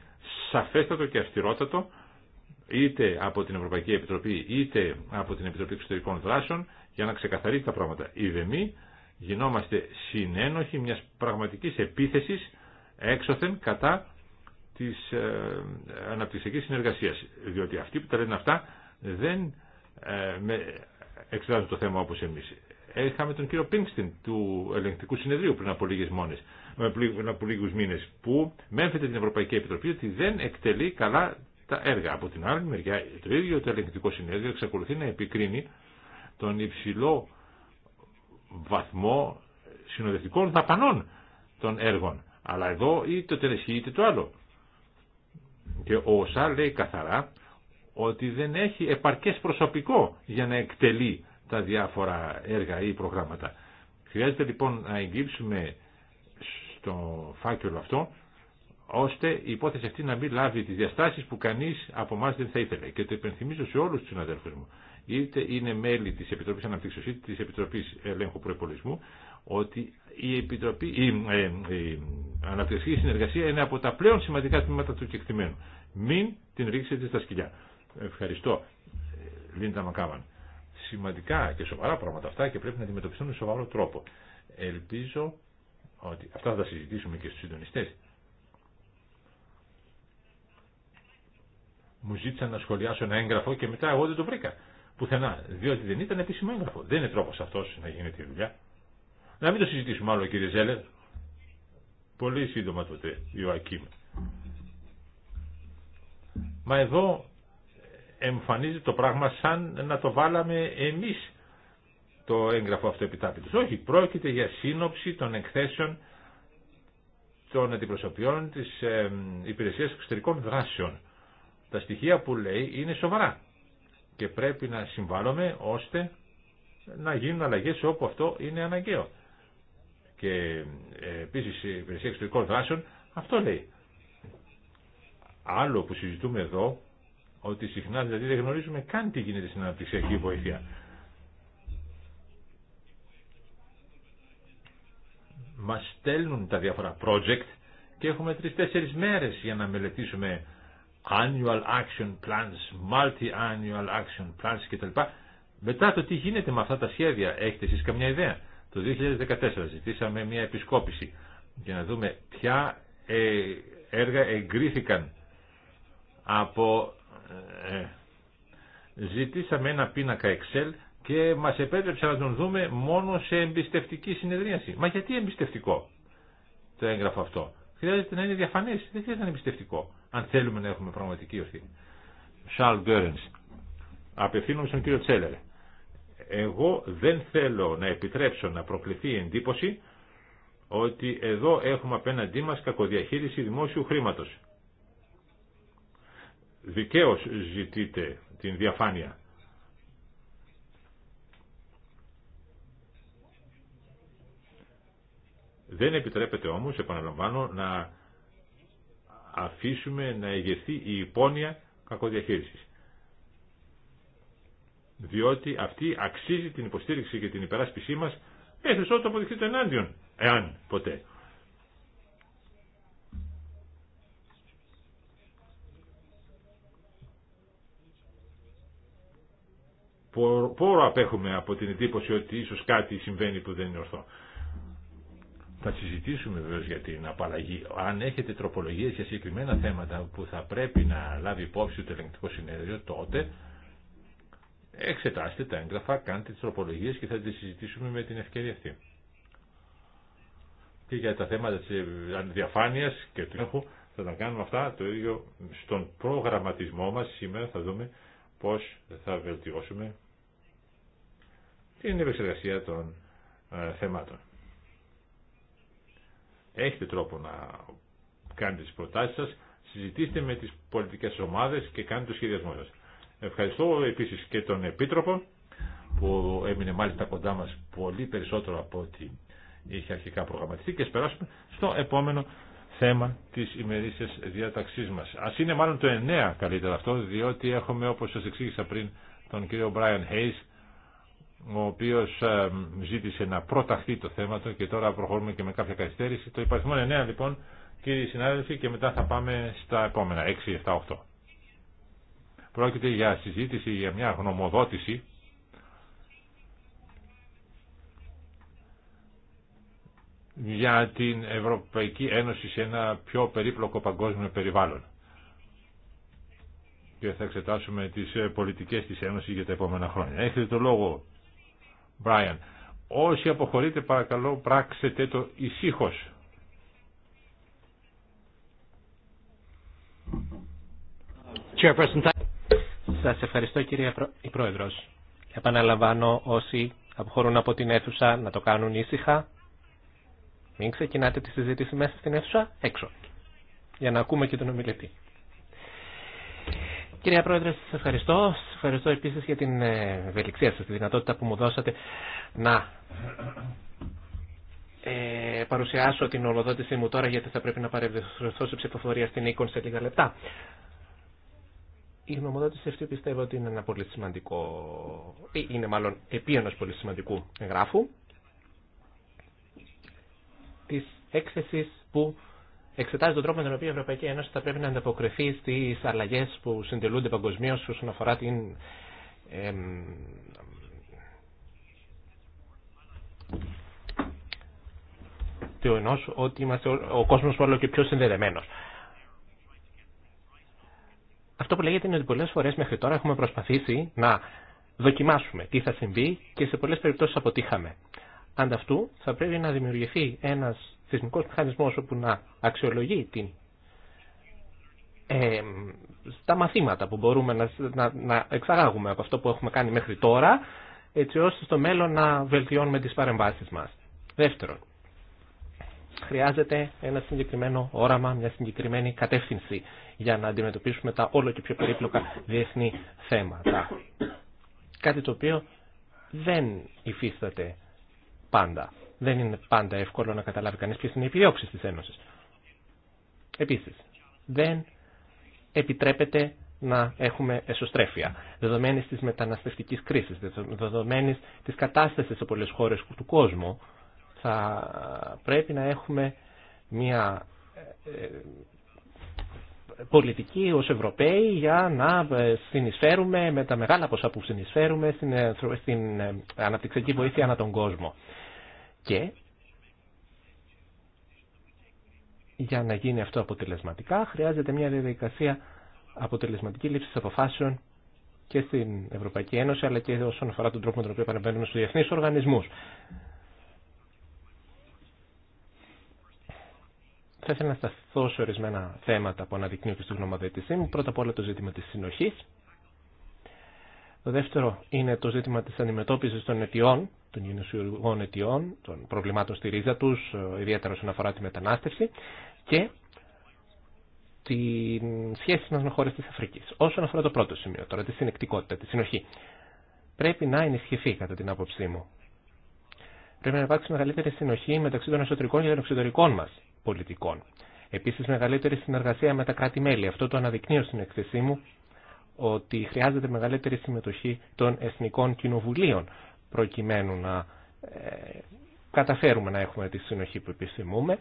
σαφέστατο και αυστηρότατο είτε από την Ευρωπαϊκή Επιτροπή είτε από την Επιτροπή Εξωτερικών Δράσεων για να ξεκαθαρίσει τα πράγματα. μη γινόμαστε συνένοχοι μιας πραγματικής επίθεσης έξωθεν κατά της ε, αναπτυξιακής συνεργασίας. Διότι αυτοί που τα λένε αυτά δεν ε, με εξετάζουν το θέμα όπως εμείς έχαμε τον κύριο Πίνκστιν του ελεγκτικού συνεδρίου πριν από λίγες μόνες, ε, πριν από λίγους μήνες, που μέμφεται την Ευρωπαϊκή Επιτροπή ότι δεν εκτελεί καλά τα έργα. Από την άλλη μεριά, το ίδιο το ελεγκτικό συνέδριο εξακολουθεί να επικρίνει τον υψηλό βαθμό συνοδευτικών δαπανών των έργων. Αλλά εδώ είτε το τελεσχεί είτε το άλλο. Και ο ΩΣΑ λέει καθαρά ότι δεν έχει επαρκές προσωπικό για να εκτελεί τα διάφορα έργα ή προγράμματα. Χρειάζεται λοιπόν να εγγύψουμε στο φάκελο αυτό ώστε η υπόθεση αυτή να μην λάβει τις διαστάσεις που κανείς από εμά δεν θα ήθελε. Και το υπενθυμίζω σε όλους τους συναδέλφους μου, είτε είναι μέλη της Επιτροπής Αναπτύξεως είτε της Επιτροπής Ελέγχου Προεπολισμού ότι η, Επιτροπή, η, ε, η αναπτυξιακή συνεργασία είναι από τα πλέον σημαντικά τμήματα του κεκτημένου. Μην την ρίξετε στα σκυλιά. Ευχαριστώ, Λίντα Μακάβαν σημαντικά και σοβαρά πράγματα αυτά και πρέπει να αντιμετωπιστούν με σοβαρό τρόπο. Ελπίζω ότι αυτά θα τα συζητήσουμε και στους συντονιστές. Μου ζήτησαν να σχολιάσω ένα έγγραφο και μετά εγώ δεν το βρήκα. Πουθενά. Διότι δεν ήταν επίσημο έγγραφο. Δεν είναι τρόπος αυτός να γίνεται η δουλειά. Να μην το συζητήσουμε άλλο κύριε Ζέλερ. Πολύ σύντομα τότε, Ιωακήμ. Μα εδώ εμφανίζει το πράγμα σαν να το βάλαμε εμείς το έγγραφο αυτό επιτάπητος. Όχι, πρόκειται για σύνοψη των εκθέσεων των αντιπροσωπιών της ε, Υπηρεσίας Εξωτερικών Δράσεων. Τα στοιχεία που λέει είναι σοβαρά και πρέπει να συμβάλλουμε ώστε να γίνουν αλλαγές όπου αυτό είναι αναγκαίο. Και ε, επίσης η Υπηρεσία Εξωτερικών Δράσεων αυτό λέει. Άλλο που συζητούμε εδώ ότι συχνά δηλαδή δεν γνωρίζουμε καν τι γίνεται στην αναπτυξιακή βοήθεια. Μας στέλνουν τα διάφορα project και εχουμε τρει τρει-τέσσερι μέρε για να μελετήσουμε annual action plans, multi-annual action plans κτλ. Μετά το τι γίνεται με αυτά τα σχέδια, έχετε εσεί καμιά ιδέα. Το 2014 ζητήσαμε μια επισκόπηση για να δούμε ποια ε, έργα εγκρίθηκαν από ε, ε, ζητήσαμε ένα πίνακα Excel και μας επέτρεψε να τον δούμε μόνο σε εμπιστευτική συνεδρίαση. Μα γιατί εμπιστευτικό το έγγραφο αυτό. Χρειάζεται να είναι διαφανές, δεν χρειάζεται να είναι εμπιστευτικό, αν θέλουμε να έχουμε πραγματική ορθή. Σαλ Γκέρενς, απευθύνομαι στον κύριο Τσέλερ. Εγώ δεν θέλω να επιτρέψω να προκληθεί η εντύπωση ότι εδώ έχουμε απέναντί μας κακοδιαχείριση δημόσιου χρήματος δικαίως ζητείτε την διαφάνεια. Δεν επιτρέπεται όμως, επαναλαμβάνω, να αφήσουμε να ηγεθεί η υπόνοια κακοδιαχείρισης. Διότι αυτή αξίζει την υποστήριξη και την υπεράσπισή μας, έθεσε ό,τι αποδειχθεί το ενάντιον, εάν ποτέ. πόρο απέχουμε από την εντύπωση ότι ίσως κάτι συμβαίνει που δεν είναι ορθό. Θα συζητήσουμε βεβαίω για την απαλλαγή. Αν έχετε τροπολογίε για συγκεκριμένα θέματα που θα πρέπει να λάβει υπόψη το ελεγκτικό συνέδριο, τότε εξετάστε τα έγγραφα, κάντε τι τροπολογίε και θα τι συζητήσουμε με την ευκαιρία αυτή. Και για τα θέματα τη ε, διαφάνεια και του έχω, θα τα κάνουμε αυτά το ίδιο στον προγραμματισμό μα. Σήμερα θα δούμε πώ θα βελτιώσουμε την επεξεργασία των ε, θεμάτων. Έχετε τρόπο να κάνετε τις προτάσεις σας, συζητήστε με τις πολιτικές ομάδες και κάντε το σχεδιασμό σας. Ευχαριστώ επίσης και τον Επίτροπο που έμεινε μάλιστα κοντά μας πολύ περισσότερο από ό,τι είχε αρχικά προγραμματιστεί και περάσουμε στο επόμενο θέμα της ημερήσιας διάταξής μας. Ας είναι μάλλον το 9 καλύτερα αυτό, διότι έχουμε όπως σας εξήγησα πριν τον κύριο Brian Hayes ο οποίος ε, ζήτησε να προταχθεί το θέμα του και τώρα προχωρούμε και με κάποια καθυστέρηση. Το υπαριθμό είναι 9 λοιπόν κύριοι συνάδελφοι και μετά θα πάμε στα επόμενα 6, 7, 8. Πρόκειται για συζήτηση, για μια γνωμοδότηση για την Ευρωπαϊκή Ένωση σε ένα πιο περίπλοκο παγκόσμιο περιβάλλον. Και θα εξετάσουμε τις ε, πολιτικές της Ένωσης για τα επόμενα χρόνια. Έχετε το λόγο Brian. Όσοι αποχωρείτε παρακαλώ πράξετε το ησύχω. Σας ευχαριστώ κύριε Πρόεδρος. Επαναλαμβάνω όσοι αποχωρούν από την αίθουσα να το κάνουν ήσυχα. Μην ξεκινάτε τη συζήτηση μέσα στην αίθουσα έξω. Για να ακούμε και τον ομιλητή. Κυρία Πρόεδρε, σα ευχαριστώ. Σα ευχαριστώ επίσης για την ε, ευελιξία σα, τη δυνατότητα που μου δώσατε να ε, παρουσιάσω την ολοδότησή μου τώρα γιατί θα πρέπει να παρευρεθώ σε ψηφοφορία στην οίκον σε λίγα λεπτά. Η γνωμοδότηση αυτή πιστεύω ότι είναι ένα πολύ σημαντικό, ε, είναι μάλλον επί ενό πολύ σημαντικού εγγράφου Τη έκθεση που εξετάζει τον τρόπο με τον οποίο η Ευρωπαϊκή Ένωση θα πρέπει να ανταποκριθεί στι αλλαγέ που συντελούνται παγκοσμίω όσον αφορά την. Ε, ότι είμαστε ο κόσμος όλο και πιο συνδεδεμένος. Αυτό που λέγεται είναι ότι πολλές φορές μέχρι τώρα έχουμε προσπαθήσει να δοκιμάσουμε τι θα συμβεί και σε πολλές περιπτώσεις αποτύχαμε. Ανταυτού θα πρέπει να δημιουργηθεί ένας θεσμικό μηχανισμό όπου να αξιολογεί την, ε, τα μαθήματα που μπορούμε να, να, να εξαγάγουμε από αυτό που έχουμε κάνει μέχρι τώρα, έτσι ώστε στο μέλλον να βελτιώνουμε τις παρεμβάσει μας. Δεύτερον, χρειάζεται ένα συγκεκριμένο όραμα, μια συγκεκριμένη κατεύθυνση για να αντιμετωπίσουμε τα όλο και πιο περίπλοκα διεθνή θέματα. Κάτι το οποίο δεν υφίσταται πάντα δεν είναι πάντα εύκολο να καταλάβει κανείς ποιες είναι οι επιδιώξεις της Ένωσης. Επίσης, δεν επιτρέπεται να έχουμε εσωστρέφεια, δεδομένη της μεταναστευτικής κρίσης, δεδομένης της κατάστασης σε πολλές χώρες του κόσμου, θα πρέπει να έχουμε μια ε, ε, πολιτική ως Ευρωπαίοι για να ε, συνεισφέρουμε με τα μεγάλα ποσά που συνεισφέρουμε στην αναπτυξιακή βοήθεια ανά τον κόσμο. Και για να γίνει αυτό αποτελεσματικά χρειάζεται μια διαδικασία αποτελεσματική λήψη αποφάσεων και στην Ευρωπαϊκή Ένωση αλλά και όσον αφορά τον τρόπο με τον οποίο παρεμβαίνουμε στους διεθνείς οργανισμούς. Θα ήθελα να σταθώ σε ορισμένα θέματα που αναδεικνύω και στο γνωμοδέτησή μου. Πρώτα απ' όλα το ζήτημα της συνοχής το δεύτερο είναι το ζήτημα της αντιμετώπισης των αιτιών, των γενεσιουργών αιτιών, των προβλημάτων στη ρίζα τους, ε, ιδιαίτερα όσον αφορά τη μετανάστευση και τη σχέση μας με χώρες της Αφρικής. Όσον αφορά το πρώτο σημείο τώρα, τη συνεκτικότητα, τη συνοχή, πρέπει να ενισχυθεί κατά την άποψή μου. Πρέπει να υπάρξει μεγαλύτερη συνοχή μεταξύ των εσωτερικών και των εξωτερικών μας πολιτικών. Επίσης μεγαλύτερη συνεργασία με τα κράτη-μέλη. Αυτό το αναδεικνύω στην εκθεσή μου ότι χρειάζεται μεγαλύτερη συμμετοχή των εθνικών κοινοβουλίων προκειμένου να ε, καταφέρουμε να έχουμε τη συνοχή που επιθυμούμε,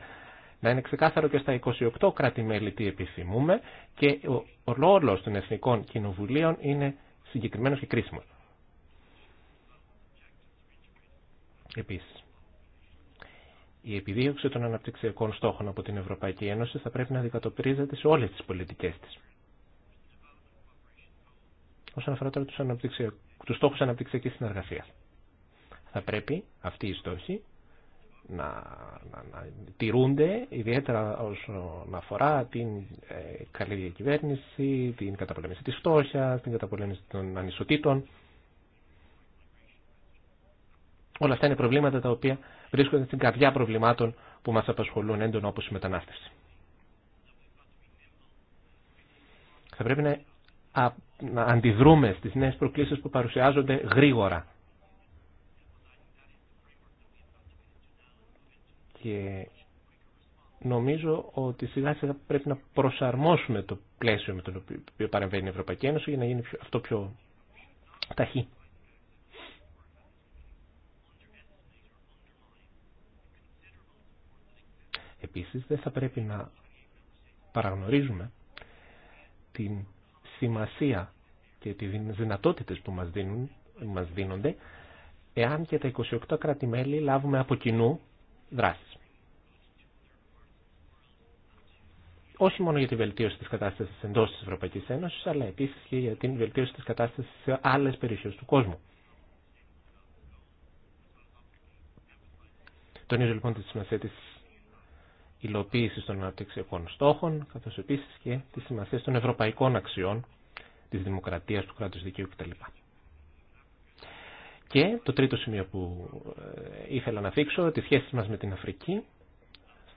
να είναι ξεκάθαρο και στα 28 κράτη-μέλη τι επιθυμούμε και ο ρόλος των εθνικών κοινοβουλίων είναι συγκεκριμένος και κρίσιμος. Επίσης, η επιδίωξη των αναπτυξιακών στόχων από την Ευρωπαϊκή Ένωση θα πρέπει να δικατοπτρίζεται σε όλες τις πολιτικές της όσον αφορά τώρα τους, στόχου τους στόχους αναπτυξιακής συνεργασίας. Θα πρέπει αυτοί οι στόχοι να, να, να τηρούνται, ιδιαίτερα όσον αφορά την ε, καλή διακυβέρνηση, την καταπολέμηση της φτώχειας, την καταπολέμηση των ανισοτήτων. Όλα αυτά είναι προβλήματα τα οποία βρίσκονται στην καρδιά προβλημάτων που μας απασχολούν έντονα όπως η μετανάστευση. Θα πρέπει να να αντιδρούμε στις νέες προκλήσεις που παρουσιάζονται γρήγορα. Και νομίζω ότι σιγά σιγά πρέπει να προσαρμόσουμε το πλαίσιο με το οποίο παρεμβαίνει η Ευρωπαϊκή Ένωση για να γίνει αυτό πιο ταχύ. Επίσης δεν θα πρέπει να παραγνωρίζουμε την σημασία και τις δυνατότητες που μας, δίνουν, μας δίνονται εάν και τα 28 κράτη-μέλη λάβουμε από κοινού δράσεις. όχι μόνο για τη βελτίωση της κατάστασης εντός της Ευρωπαϊκής Ένωσης, αλλά επίσης και για την βελτίωση της κατάστασης σε άλλες περιοχές του κόσμου. Τονίζω λοιπόν τη σημασία της υλοποίηση των αναπτυξιακών στόχων, καθώ επίση και τη σημασία των ευρωπαϊκών αξιών, της δημοκρατίας, του κράτους δικαίου κτλ. Και το τρίτο σημείο που ε, ήθελα να δείξω, τη σχέση μας με την Αφρική,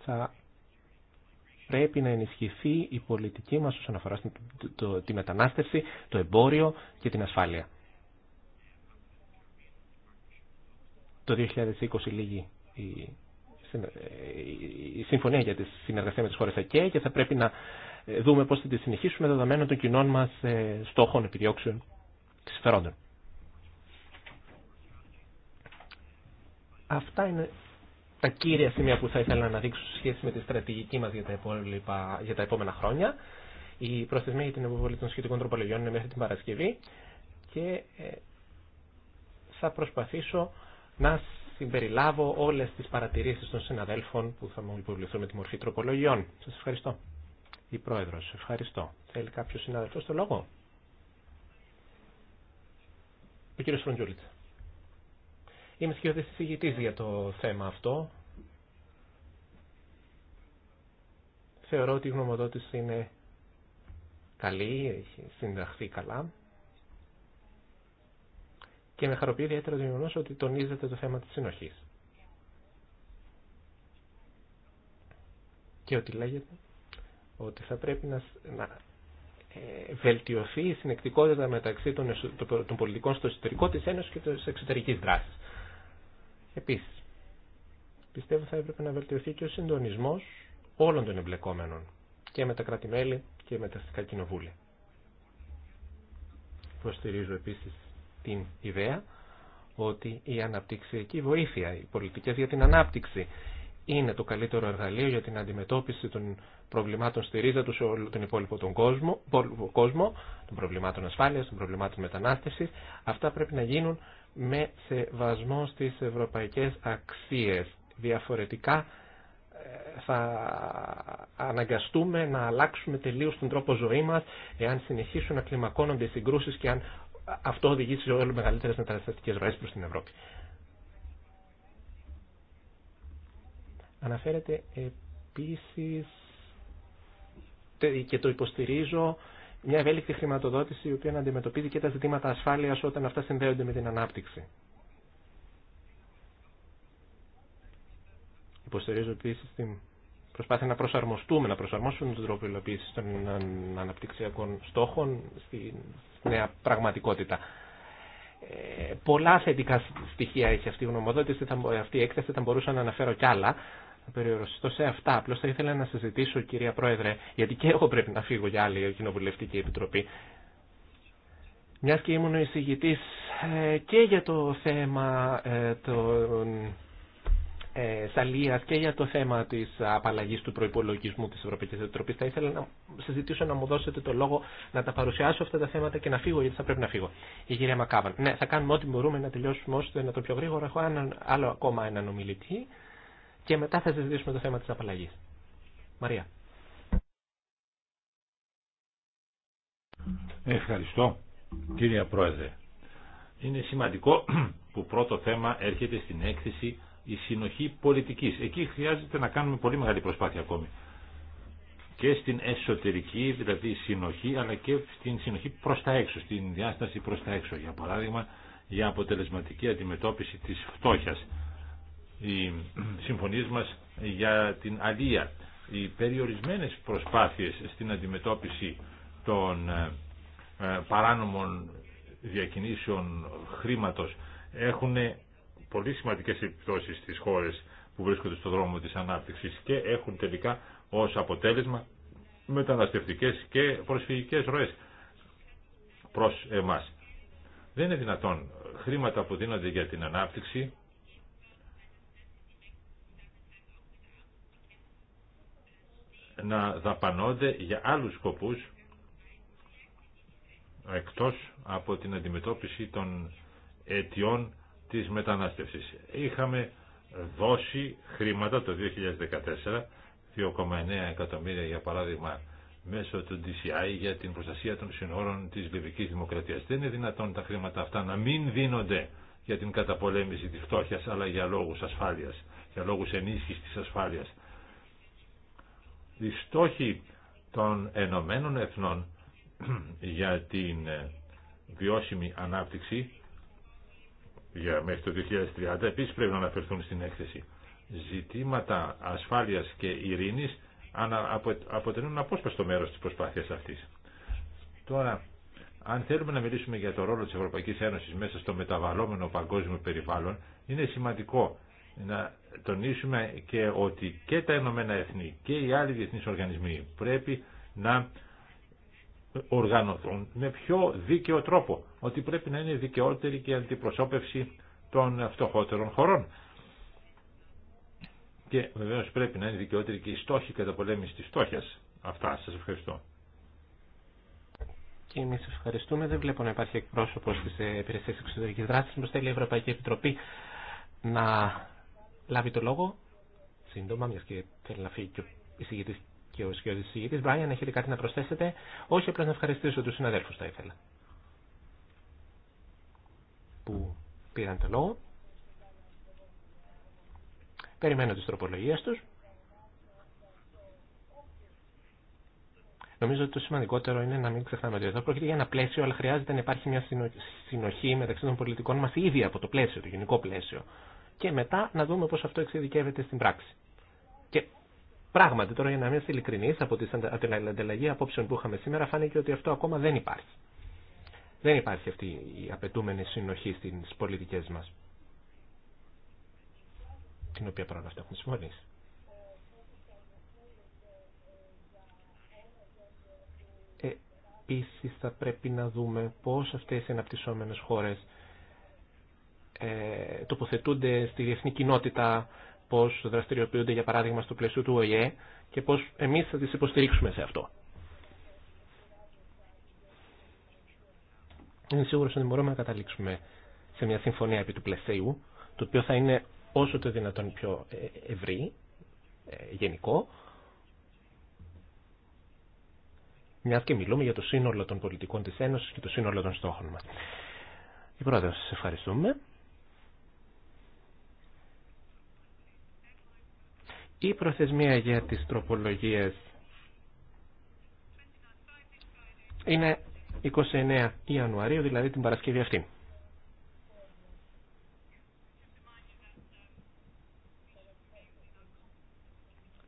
θα πρέπει να ενισχυθεί η πολιτική μας όσον αφορά τη μετανάστευση, το εμπόριο και την ασφάλεια. Το 2020 λίγη η ε, η συμφωνία για τη συνεργασία με τις χώρες ΑΚΕ και θα πρέπει να ε, δούμε πώς θα τη συνεχίσουμε δεδομένων των κοινών μας ε, στόχων, επιδιώξεων και συμφερόντων. Αυτά είναι τα κύρια σημεία που θα ήθελα να δείξω σχέση με τη στρατηγική μας για τα, για επόμενα χρόνια. Η προθεσμία για την υποβολή των σχετικών τροπολογιών είναι μέχρι την Παρασκευή και θα προσπαθήσω να συμπεριλάβω όλες τις παρατηρήσεις των συναδέλφων που θα μου υποβληθούν με τη μορφή τροπολογιών. Σας ευχαριστώ. Η Πρόεδρος, ευχαριστώ. Θέλει κάποιος συναδελφός το λόγο. Ο κύριος Φροντζούλητ. Είμαι σχεδόν συζητητής για το θέμα αυτό. Θεωρώ ότι η γνωμοδότηση είναι καλή, έχει συνταχθεί καλά και με χαροποιεί ιδιαίτερα το γεγονό ότι τονίζεται το θέμα της συνοχή. Και ότι λέγεται ότι θα πρέπει να, να ε, βελτιωθεί η συνεκτικότητα μεταξύ των, εσω, των πολιτικών στο εσωτερικό της Ένωση και τη εξωτερική δράση. Επίσης, πιστεύω θα έπρεπε να βελτιωθεί και ο συντονισμό όλων των εμπλεκόμενων και με τα κράτη-μέλη και με τα κοινοβούλια. Προστηρίζω επίσης την ιδέα ότι η αναπτυξιακή βοήθεια, οι πολιτικές για την ανάπτυξη είναι το καλύτερο εργαλείο για την αντιμετώπιση των προβλημάτων στη ρίζα του σε όλο τον υπόλοιπο τον κόσμο, κόσμο των προβλημάτων ασφάλειας, των προβλημάτων μετανάστευσης. Αυτά πρέπει να γίνουν με σεβασμό στις ευρωπαϊκές αξίες. Διαφορετικά ε, θα αναγκαστούμε να αλλάξουμε τελείως τον τρόπο ζωή μας εάν συνεχίσουν να κλιμακώνονται οι συγκρούσεις και αν αυτό οδηγεί σε όλο μεγαλύτερε μεταναστευτικέ ροέ προ την Ευρώπη. Αναφέρεται επίση και το υποστηρίζω μια ευέλικτη χρηματοδότηση η οποία να αντιμετωπίζει και τα ζητήματα ασφάλεια όταν αυτά συνδέονται με την ανάπτυξη. Υποστηρίζω επίσης την προσπάθεια να προσαρμοστούμε, να προσαρμόσουμε τον τρόπο υλοποίηση των αναπτυξιακών στόχων στη νέα πραγματικότητα. Ε, πολλά θετικά στοιχεία έχει αυτή η γνωμοδότηση, αυτή η έκθεση, θα μπορούσα να αναφέρω κι άλλα. Θα περιοριστώ σε αυτά. Απλώ θα ήθελα να συζητήσω, κυρία Πρόεδρε, γιατί και εγώ πρέπει να φύγω για άλλη κοινοβουλευτική επιτροπή. Μια και ήμουν εισηγητής ε, και για το θέμα ε, των ε, Σαλίας και για το θέμα της απαλλαγής του προϋπολογισμού της Ευρωπαϊκής Επιτροπής. Θα ήθελα να συζητήσω να μου δώσετε το λόγο να τα παρουσιάσω αυτά τα θέματα και να φύγω γιατί θα πρέπει να φύγω. Η κυρία Μακάβαν. Ναι, θα κάνουμε ό,τι μπορούμε να τελειώσουμε ώστε να το πιο γρήγορα. Έχω έναν, άλλο ακόμα έναν ομιλητή και μετά θα συζητήσουμε το θέμα της απαλλαγής. Μαρία. Ευχαριστώ κύριε Πρόεδρε. Είναι σημαντικό που πρώτο θέμα έρχεται στην έκθεση η συνοχή πολιτικής. Εκεί χρειάζεται να κάνουμε πολύ μεγάλη προσπάθεια ακόμη. Και στην εσωτερική, δηλαδή συνοχή, αλλά και στην συνοχή προ τα έξω, στην διάσταση προ τα έξω. Για παράδειγμα, για αποτελεσματική αντιμετώπιση της φτώχεια. Οι συμφωνίε μα για την αλία, οι περιορισμένες προσπάθειες στην αντιμετώπιση των ε, ε, παράνομων διακινήσεων χρήματος έχουν πολύ σημαντικές επιπτώσεις στις χώρες που βρίσκονται στον δρόμο της ανάπτυξης και έχουν τελικά ως αποτέλεσμα μεταναστευτικές και προσφυγικές ροές προς εμάς. Δεν είναι δυνατόν χρήματα που δίνονται για την ανάπτυξη να δαπανώνται για άλλους σκοπούς εκτός από την αντιμετώπιση των αιτιών της μετανάστευσης. Είχαμε δώσει χρήματα το 2014, 2,9 εκατομμύρια για παράδειγμα μέσω του DCI για την προστασία των συνόρων της Λιβικής Δημοκρατίας. Δεν είναι δυνατόν τα χρήματα αυτά να μην δίνονται για την καταπολέμηση της φτώχειας αλλά για λόγους ασφάλειας, για λόγους ενίσχυσης της ασφάλειας. Οι στόχοι των Ενωμένων Εθνών για την ε, βιώσιμη ανάπτυξη για μέχρι το 2030 επίσης πρέπει να αναφερθούν στην έκθεση. Ζητήματα ασφάλειας και ειρήνης αποτελούν απόσπαστο μέρος της προσπάθειας αυτής. Τώρα, αν θέλουμε να μιλήσουμε για το ρόλο της Ευρωπαϊκής Ένωσης μέσα στο μεταβαλλόμενο παγκόσμιο περιβάλλον, είναι σημαντικό να τονίσουμε και ότι και τα Ηνωμένα Εθνή και οι άλλοι διεθνείς οργανισμοί πρέπει να οργανωθούν με πιο δίκαιο τρόπο, ότι πρέπει να είναι δικαιότερη και αντιπροσώπευση των φτωχότερων χωρών. Και βεβαίω πρέπει να είναι δικαιότερη και η στόχη πολέμηση τη φτώχεια. Αυτά. Σα ευχαριστώ. Και εμεί ευχαριστούμε. Δεν βλέπω να υπάρχει εκπρόσωπο τη Υπηρεσία Εξωτερική Δράση. Μήπω θέλει η Ευρωπαϊκή Επιτροπή να λάβει το λόγο. Σύντομα, μια και θέλει να φύγει και ο εισηγητή και ο ηγητή. Μπράιαν, έχετε κάτι να προσθέσετε. Όχι, απλά να ευχαριστήσω τους συναδέλφους θα ήθελα. Που πήραν το λόγο. Περιμένω τις τροπολογίες τους. Νομίζω ότι το σημαντικότερο είναι να μην ξεχνάμε ότι εδώ πρόκειται για ένα πλαίσιο, αλλά χρειάζεται να υπάρχει μια συνοχή μεταξύ των πολιτικών μα ήδη από το πλαίσιο, το γενικό πλαίσιο. Και μετά να δούμε πώ αυτό εξειδικεύεται στην πράξη. Πράγματι, τώρα για να είμαστε ειλικρινεί, από την ανταλλαγή απόψεων που είχαμε σήμερα φάνηκε ότι αυτό ακόμα δεν υπάρχει. Δεν υπάρχει αυτή η απαιτούμενη συνοχή στι πολιτικέ μα. Την οποία παρόλα αυτά έχουμε συμφωνήσει. Ε, Επίση, θα πρέπει να δούμε πώ αυτέ οι αναπτυσσόμενε χώρε ε, τοποθετούνται στη διεθνή κοινότητα πώς δραστηριοποιούνται για παράδειγμα στο πλαίσιο του ΟΗΕ και πώς εμείς θα τις υποστηρίξουμε σε αυτό. Είναι σίγουρο ότι μπορούμε να καταλήξουμε σε μια συμφωνία επί του πλαισίου, το οποίο θα είναι όσο το δυνατόν πιο ε, ευρύ, ε, γενικό, μια και μιλούμε για το σύνολο των πολιτικών της Ένωσης και το σύνολο των στόχων μας. Η πρόεδρο, σας ευχαριστούμε. Η προθεσμία για τις τροπολογίες είναι 29 Ιανουαρίου, δηλαδή την Παρασκευή αυτή.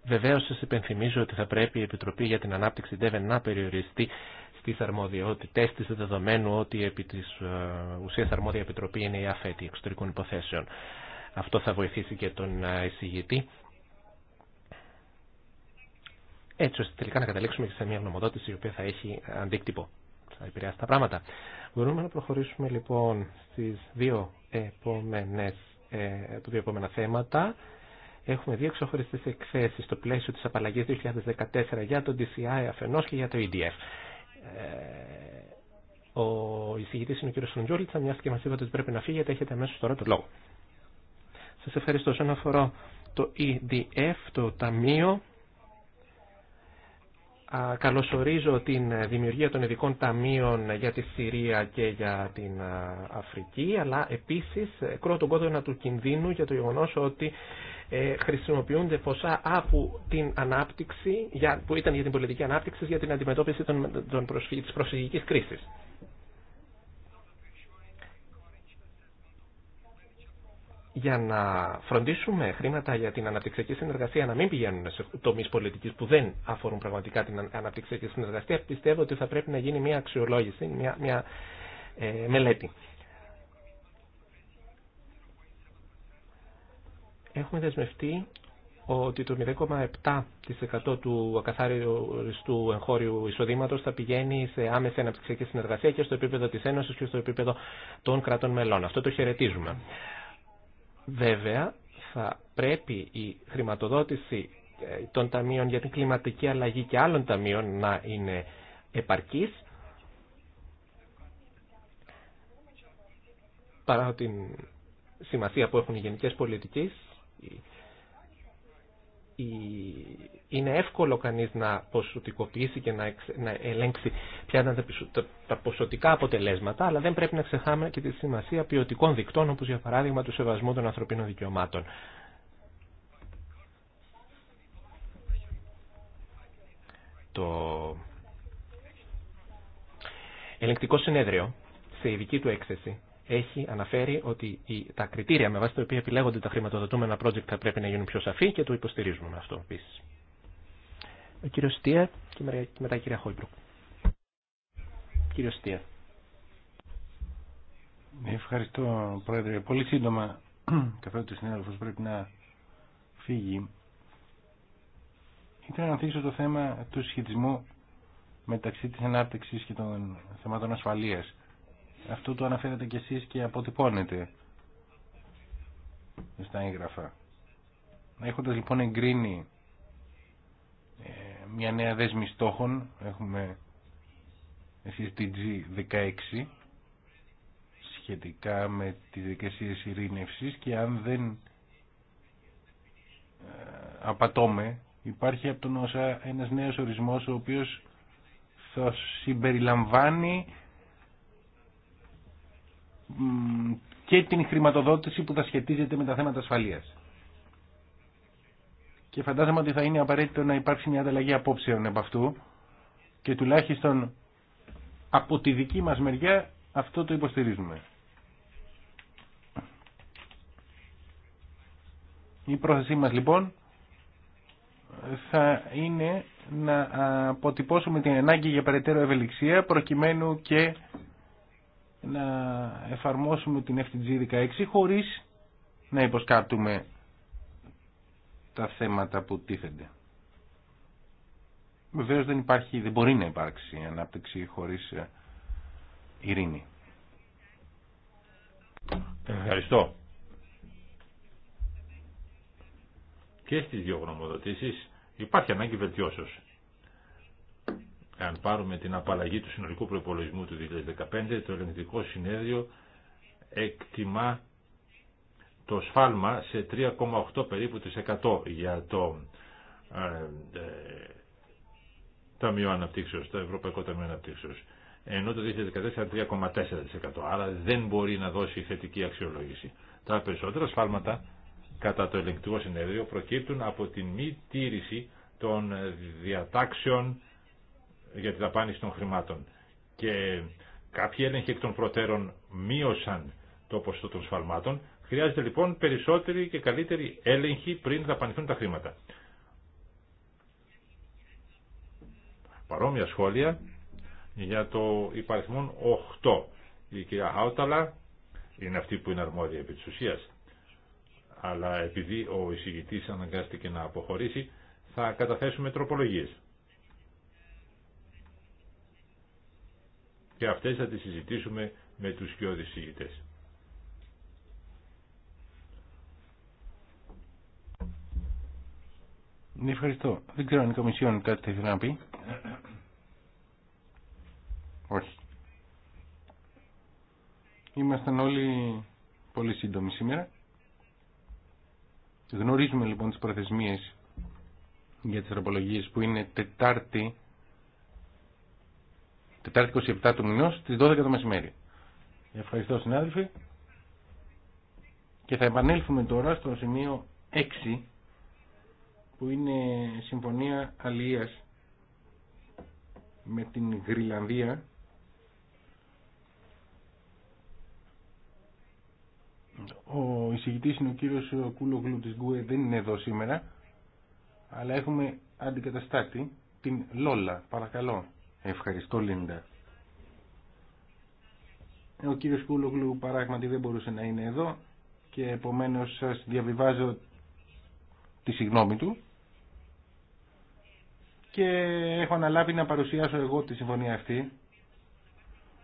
Βεβαίως σας υπενθυμίζω ότι θα πρέπει η Επιτροπή για την Ανάπτυξη ΔΕΒΕ να περιοριστεί στις αρμοδιότητες της δεδομένου ότι επί της ε, ουσίας αρμόδια επιτροπή είναι η αφέτη εξωτερικών υποθέσεων. Αυτό θα βοηθήσει και τον ε, εισηγητή έτσι ώστε τελικά να καταλήξουμε σε μια γνωμοδότηση η οποία θα έχει αντίκτυπο, θα επηρεάσει τα πράγματα. Μπορούμε να προχωρήσουμε λοιπόν στις δύο επόμενες, ε, δύο επόμενα θέματα. Έχουμε δύο ξεχωριστές εκθέσεις στο πλαίσιο της απαλλαγής 2014 για το DCI αφενός και για το EDF. Ε, ο εισηγητής είναι ο κ. Σοντζόλητσα, μιας και μας είπατε ότι πρέπει να φύγετε, έχετε αμέσως τώρα το λόγο. Σας ευχαριστώ. Σε το EDF, το Ταμείο Καλωσορίζω την δημιουργία των ειδικών ταμείων για τη Συρία και για την Αφρική, αλλά επίσης κρώ τον κόδωνα του κινδύνου για το γεγονό ότι ε, χρησιμοποιούνται ποσά από την ανάπτυξη, που ήταν για την πολιτική ανάπτυξη, για την αντιμετώπιση των, των προσφυγικής κρίσης. για να φροντίσουμε χρήματα για την αναπτυξιακή συνεργασία να μην πηγαίνουν σε τομεί πολιτική που δεν αφορούν πραγματικά την αναπτυξιακή συνεργασία, πιστεύω ότι θα πρέπει να γίνει μια αξιολόγηση, μια, μια ε, μελέτη. Έχουμε δεσμευτεί ότι το 0,7% του ακαθάριστου εγχώριου εισοδήματο θα πηγαίνει σε άμεση αναπτυξιακή συνεργασία και στο επίπεδο τη Ένωση και στο επίπεδο των κρατών μελών. Αυτό το χαιρετίζουμε. Βέβαια, θα πρέπει η χρηματοδότηση ε, των ταμείων για την κλιματική αλλαγή και άλλων ταμείων να είναι επαρκής, παρά την σημασία που έχουν οι γενικές πολιτικές, είναι εύκολο κανείς να ποσοτικοποιήσει και να, να ελέγξει ποια ήταν τα, ποσοτικά αποτελέσματα, αλλά δεν πρέπει να ξεχάμε και τη σημασία ποιοτικών δικτών, όπως για παράδειγμα του σεβασμού των ανθρωπίνων δικαιωμάτων. Το ελεγκτικό συνέδριο, σε ειδική του έκθεση, έχει αναφέρει ότι τα κριτήρια με βάση τα οποία επιλέγονται τα χρηματοδοτούμενα project θα πρέπει να γίνουν πιο σαφή και το υποστηρίζουμε αυτό επίση. Ο κύριο Στία και μετά η κυρία Χόιμπρουκ. Κύριο Στία. Ευχαριστώ Πρόεδρε. Πολύ σύντομα, καθότι ο συνάδελφο πρέπει να φύγει, ήθελα να θίξω το θέμα του σχετισμού μεταξύ της ανάπτυξης και των θεμάτων ασφαλείας. Αυτό το αναφέρετε κι εσείς και αποτυπώνετε στα έγγραφα. Έχοντας λοιπόν εγκρίνει ε, μια νέα δέσμη στόχων, έχουμε g 16 σχετικά με τις δικασίες ειρήνευσης και αν δεν ε, απατώμε υπάρχει από τον ΩΣΑ ένας νέος ορισμός ο οποίος θα συμπεριλαμβάνει και την χρηματοδότηση που θα σχετίζεται με τα θέματα ασφαλείας. Και φαντάζομαι ότι θα είναι απαραίτητο να υπάρξει μια ανταλλαγή απόψεων από αυτού και τουλάχιστον από τη δική μας μεριά αυτό το υποστηρίζουμε. Η πρόθεσή μας λοιπόν θα είναι να αποτυπώσουμε την ανάγκη για περαιτέρω ευελιξία προκειμένου και να εφαρμόσουμε την FTG16 χωρίς να υποσκάπτουμε τα θέματα που τίθενται. Βεβαίως δεν υπάρχει, δεν μπορεί να υπάρξει ανάπτυξη χωρίς ε, ειρήνη. Ευχαριστώ. Και στις δύο γνωμοδοτήσεις υπάρχει ανάγκη βελτιώσεως αν πάρουμε την απαλλαγή του συνολικού προπολογισμού του 2015, το ελεγκτικό συνέδριο εκτιμά το σφάλμα σε 3,8 περίπου το 100 για το ε, ε, Ταμείο Αναπτύξεως, το Ευρωπαϊκό Ταμείο Αναπτύξεως, ενώ το 2014 3,4%. Άρα δεν μπορεί να δώσει θετική αξιολόγηση. Τα περισσότερα σφάλματα κατά το ελεγκτικό συνέδριο προκύπτουν από την μη τήρηση των διατάξεων για τη δαπάνηση των χρημάτων. Και κάποιοι έλεγχοι εκ των προτέρων μείωσαν το ποσοστό των σφαλμάτων. Χρειάζεται λοιπόν περισσότερη και καλύτερη έλεγχη πριν δαπανηθούν τα χρήματα. Παρόμοια σχόλια για το υπαριθμόν 8. Η κυρία Χάουταλα είναι αυτή που είναι αρμόδια επί της ουσίας. Αλλά επειδή ο εισηγητής αναγκάστηκε να αποχωρήσει, θα καταθέσουμε τροπολογίες. και αυτές θα τις συζητήσουμε με τους κοιόδης Ναι, Ευχαριστώ. Δεν ξέρω αν η Κομισιόν κάτι θα ήθελα να πει. Όχι. Ήμασταν όλοι πολύ σύντομοι σήμερα. Γνωρίζουμε λοιπόν τις προθεσμίες για τις τροπολογίες που είναι Τετάρτη Τετάρτη 27 του μηνός στις 12 το μεσημέρι. Ευχαριστώ συνάδελφοι. Και θα επανέλθουμε τώρα στο σημείο 6 που είναι συμφωνία αλληλείας με την Γρυλανδία Ο εισηγητής είναι ο κύριος Κούλογλου της Γκουε, δεν είναι εδώ σήμερα αλλά έχουμε αντικαταστάτη την Λόλα, παρακαλώ Ευχαριστώ Λίντα. Ο κύριος Κούλογλου παράγματι δεν μπορούσε να είναι εδώ και επομένως σας διαβιβάζω τη συγνώμη του και έχω αναλάβει να παρουσιάσω εγώ τη συμφωνία αυτή.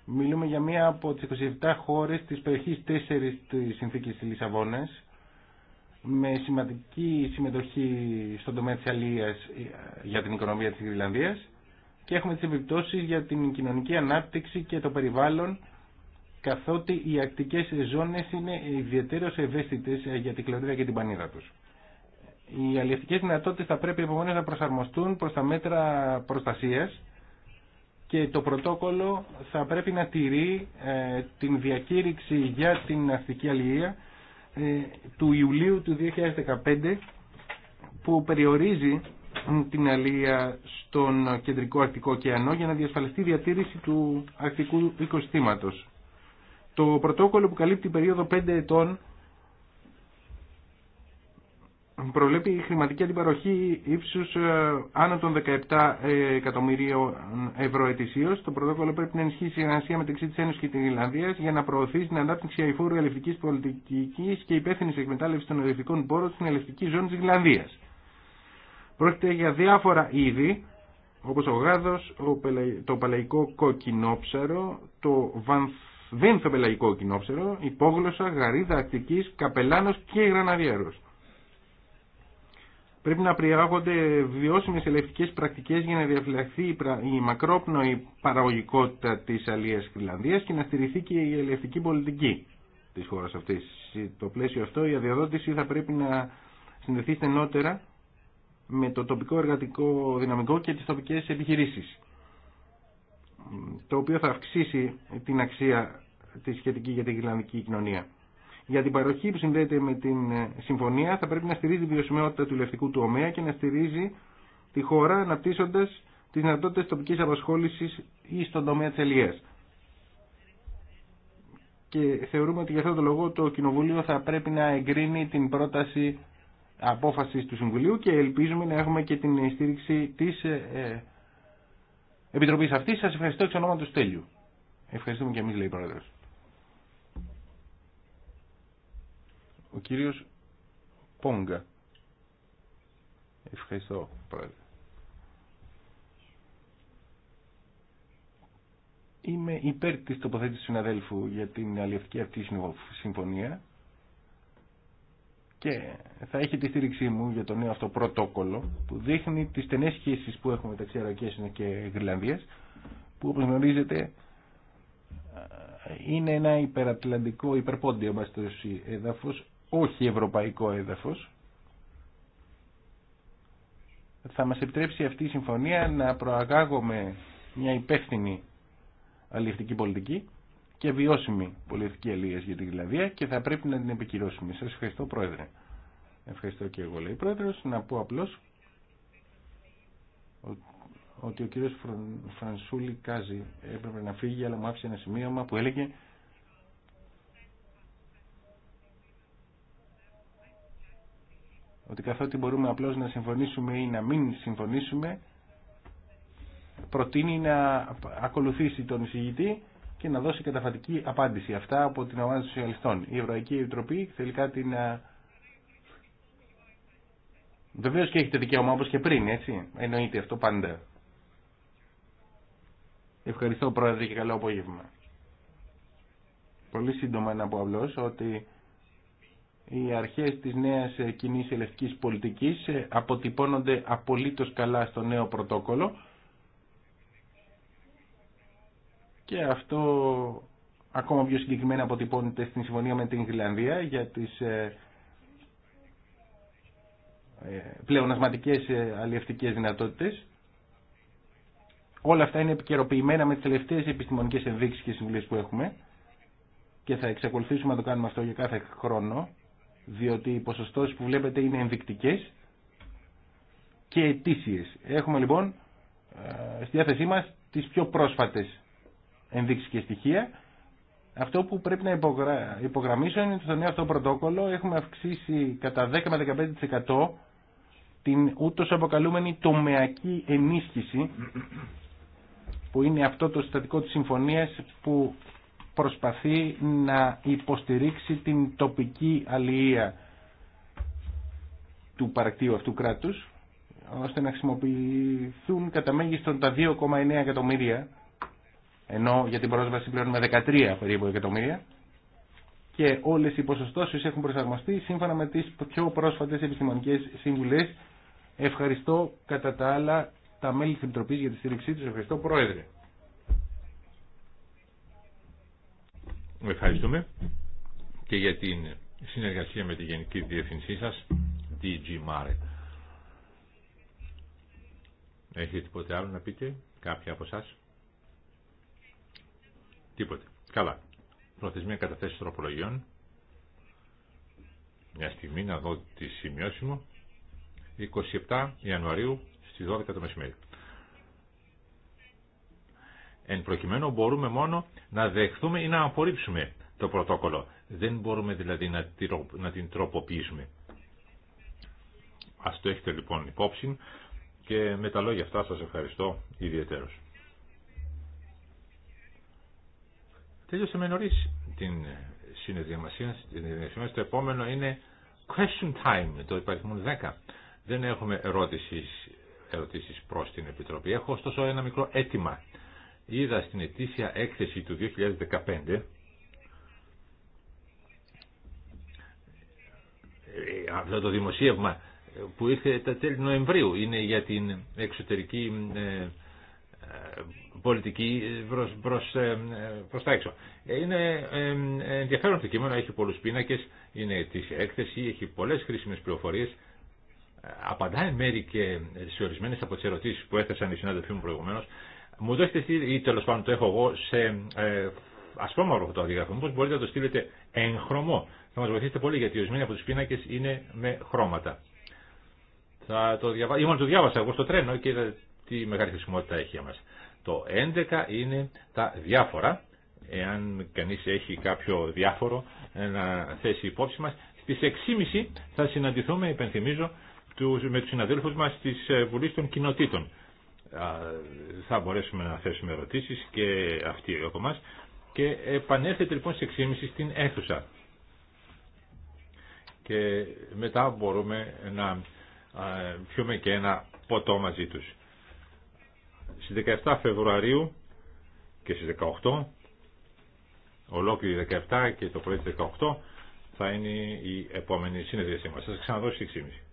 Μιλούμε για μία από τις 27 χώρες της περιοχής 4 της συνθήκης της Λισαβόνας με σημαντική συμμετοχή στον τομέα της αλίας για την οικονομία της Γρυλανδίας και έχουμε τις επιπτώσεις για την κοινωνική ανάπτυξη και το περιβάλλον καθότι οι ακτικές ζώνες είναι ιδιαίτερως ευαίσθητες ε, για την κλωδία και την πανίδα τους. Οι αλληλευτικές δυνατότητες θα πρέπει επομένως να προσαρμοστούν προς τα μέτρα προστασίας και το πρωτόκολλο θα πρέπει να τηρεί ε, την διακήρυξη για την αστική αλληλεία ε, του Ιουλίου του 2015 που περιορίζει την αλία στον κεντρικό Αρκτικό ωκεανό για να διασφαλιστεί η διατήρηση του αρκτικού οικοστήματος. Το πρωτόκολλο που καλύπτει περίοδο 5 ετών προβλέπει χρηματική αντιπαροχή ύψους ε, άνω των 17 εκατομμυρίων ευρώ ετησίως. Το πρωτόκολλο πρέπει να ενισχύσει συνεργασία μεταξύ της Ένωσης και της Ιλλανδίας για να προωθήσει την ανάπτυξη αηφόρου ελευτικής πολιτικής και υπεύθυνης εκμετάλλευσης των ελευτικών πόρων στην ελευτική ζώνη της Ιλλανδίας. Πρόκειται για διάφορα είδη, όπως ο γάδος, το παλαϊκό κοκκινόψαρο, το πελαϊκό κοκκινόψαρο, υπόγλωσσα, γαρίδα ακτικής, καπελάνος και γραναδιέρος. Πρέπει να πριάγονται βιώσιμες ελευτικές πρακτικές για να διαφυλαχθεί η μακρόπνοη παραγωγικότητα της αλίας Κρυλανδίας και να στηριχθεί και η ελευτική πολιτική της χώρας αυτής. Το πλαίσιο αυτό η αδειοδότηση θα πρέπει να συνδεθεί στενότερα με το τοπικό εργατικό δυναμικό και τις τοπικές επιχειρήσεις το οποίο θα αυξήσει την αξία τη σχετική για την κοινωνική κοινωνία. Για την παροχή που συνδέεται με την ε, συμφωνία θα πρέπει να στηρίζει τη βιωσιμότητα του λευτικού του ομέα και να στηρίζει τη χώρα αναπτύσσοντα τι δυνατότητε τοπική απασχόληση ή στον τομέα τη αλληλεία. Και θεωρούμε ότι για αυτόν τον λόγο το Κοινοβούλιο θα πρέπει να εγκρίνει την πρόταση Απόφαση του Συμβουλίου και ελπίζουμε να έχουμε και την στήριξη της ε, ε, Επιτροπής αυτής. Σας ευχαριστώ εξ ονόματος Τέλειου. Ευχαριστούμε και εμείς λέει η Ο κύριος Πόγκα. Ευχαριστώ Πρόεδρε. Είμαι υπέρ της τοποθέτησης του συναδέλφου για την αλληλευτική αυτή συμφωνία και θα έχει τη στήριξή μου για το νέο αυτό πρωτόκολλο που δείχνει τις στενές σχέσεις που έχουμε μεταξύ Αρακέσινου και Γρυλανδίας που όπως γνωρίζετε είναι ένα υπερατλαντικό υπερπόντιο μας το έδαφος όχι ευρωπαϊκό έδαφος θα μας επιτρέψει αυτή η συμφωνία να προαγάγουμε μια υπεύθυνη αλληλευτική πολιτική και βιώσιμη πολιτική αλληλεία για την Γλαδία και θα πρέπει να την επικυρώσουμε. Σα ευχαριστώ Πρόεδρε. Ευχαριστώ και εγώ λέει πρόεδρο. Να πω απλώ ότι ο κύριος Φρανσούλη Κάζη έπρεπε να φύγει αλλά μου άφησε ένα σημείωμα που έλεγε ότι καθότι μπορούμε απλώς να συμφωνήσουμε ή να μην συμφωνήσουμε προτείνει να ακολουθήσει τον εισηγητή και να δώσει καταφατική απάντηση. Αυτά από την ομάδα των Σοσιαλιστών. Η Ευρωπαϊκή Επιτροπή τελικά την. Βεβαίω και έχετε δικαίωμα όπω και πριν, έτσι. Εννοείται αυτό πάντα. Ευχαριστώ Πρόεδρε και καλό απόγευμα. Πολύ σύντομα να πω απλώ ότι οι αρχέ τη νέα κοινή ελευθερικής πολιτική ε, αποτυπώνονται απολύτω καλά στο νέο πρωτόκολλο και αυτό ακόμα πιο συγκεκριμένα αποτυπώνεται στην συμφωνία με την Ιγλανδία για τις ε, ε, πλεονασματικές ε, αλλιευτικές δυνατότητες. Όλα αυτά είναι επικαιροποιημένα με τις τελευταίες επιστημονικές ενδείξεις και συμβουλές που έχουμε και θα εξακολουθήσουμε να το κάνουμε αυτό για κάθε χρόνο διότι οι ποσοστώσεις που βλέπετε είναι ενδεικτικές και αιτήσιες. Έχουμε λοιπόν στη διάθεσή μας τις πιο πρόσφατες ενδείξει και στοιχεία. Αυτό που πρέπει να υπογραμμίσω είναι ότι στο νέο αυτό πρωτόκολλο έχουμε αυξήσει κατά 10 με 15% την ούτως αποκαλούμενη τομεακή ενίσχυση που είναι αυτό το συστατικό της συμφωνίας που προσπαθεί να υποστηρίξει την τοπική αλληλεία του παρακτήου αυτού κράτους ώστε να χρησιμοποιηθούν κατά μέγιστον τα 2,9 εκατομμύρια ενώ για την πρόσβαση πλέον με 13 περίπου εκατομμύρια και όλες οι ποσοστώσεις έχουν προσαρμοστεί σύμφωνα με τις πιο πρόσφατες επιστημονικές σύμβουλες. Ευχαριστώ κατά τα άλλα τα μέλη της Επιτροπής για τη στήριξή τους. Ευχαριστώ Πρόεδρε. Ευχαριστούμε και για την συνεργασία με τη Γενική Διευθυνσή σας, DG Mare. Έχετε τίποτε άλλο να πείτε, κάποια από εσάς. Τίποτε. Καλά. Προθεσμία καταθέσεις τροπολογιών. Μια στιγμή να δω τη σημειώση μου. 27 Ιανουαρίου στις 12 το μεσημέρι. Εν προκειμένου μπορούμε μόνο να δεχθούμε ή να απορρίψουμε το πρωτόκολλο. Δεν μπορούμε δηλαδή να την τροποποιήσουμε. Ας το έχετε λοιπόν υπόψη και με τα λόγια αυτά σας ευχαριστώ ιδιαίτερως. Τελειώσαμε νωρί την συνεδριασία μα. Το επόμενο είναι question time, το υπαριθμό 10. Δεν έχουμε ερώτησεις, ερωτήσεις προς την Επιτροπή. Έχω ωστόσο ένα μικρό αίτημα. Είδα στην ετήσια έκθεση του 2015 ε, αυτό το δημοσίευμα που ήρθε τα τέλη Νοεμβρίου είναι για την εξωτερική ε, πολιτική προς, προς, ε, προς τα έξω. Είναι ε, ε, ενδιαφέρον το κείμενο, έχει πολλούς πίνακες, είναι της έκθεση, έχει πολλές χρήσιμες πληροφορίες. Απαντάει μέρη και σε ορισμένες από τις ερωτήσεις που έθεσαν οι συνάδελφοί μου προηγουμένως. Μου το έχετε ή τέλο πάντων το έχω εγώ, σε ασπρόμαυρο το αντίγραφο. Μήπως μπορείτε να το στείλετε εν χρωμό. Θα μας βοηθήσετε πολύ γιατί ορισμένοι από τους πίνακες είναι με χρώματα. Θα το διαβα... Ήμουν το διάβασα εγώ στο τρένο και τι μεγάλη χρησιμότητα έχει για μας. Το 11 είναι τα διάφορα, εάν κανείς έχει κάποιο διάφορο ε, να θέσει υπόψη μας. Στις 6.30 θα συναντηθούμε, υπενθυμίζω, με τους συναδέλφους μας της ε, βουλή των Κοινοτήτων. Θα μπορέσουμε να θέσουμε ερωτήσεις και αυτοί από μας. Και επανέρχεται λοιπόν στις 6.30 στην αίθουσα. Και μετά μπορούμε να ε, πιούμε και ένα ποτό μαζί τους. Στις 17 Φεβρουαρίου και στις 18, ολόκληρη 17 και το πρωί 18, θα είναι η επόμενη συνεδρίασή μας. Σας ξαναδώ στις 6.30.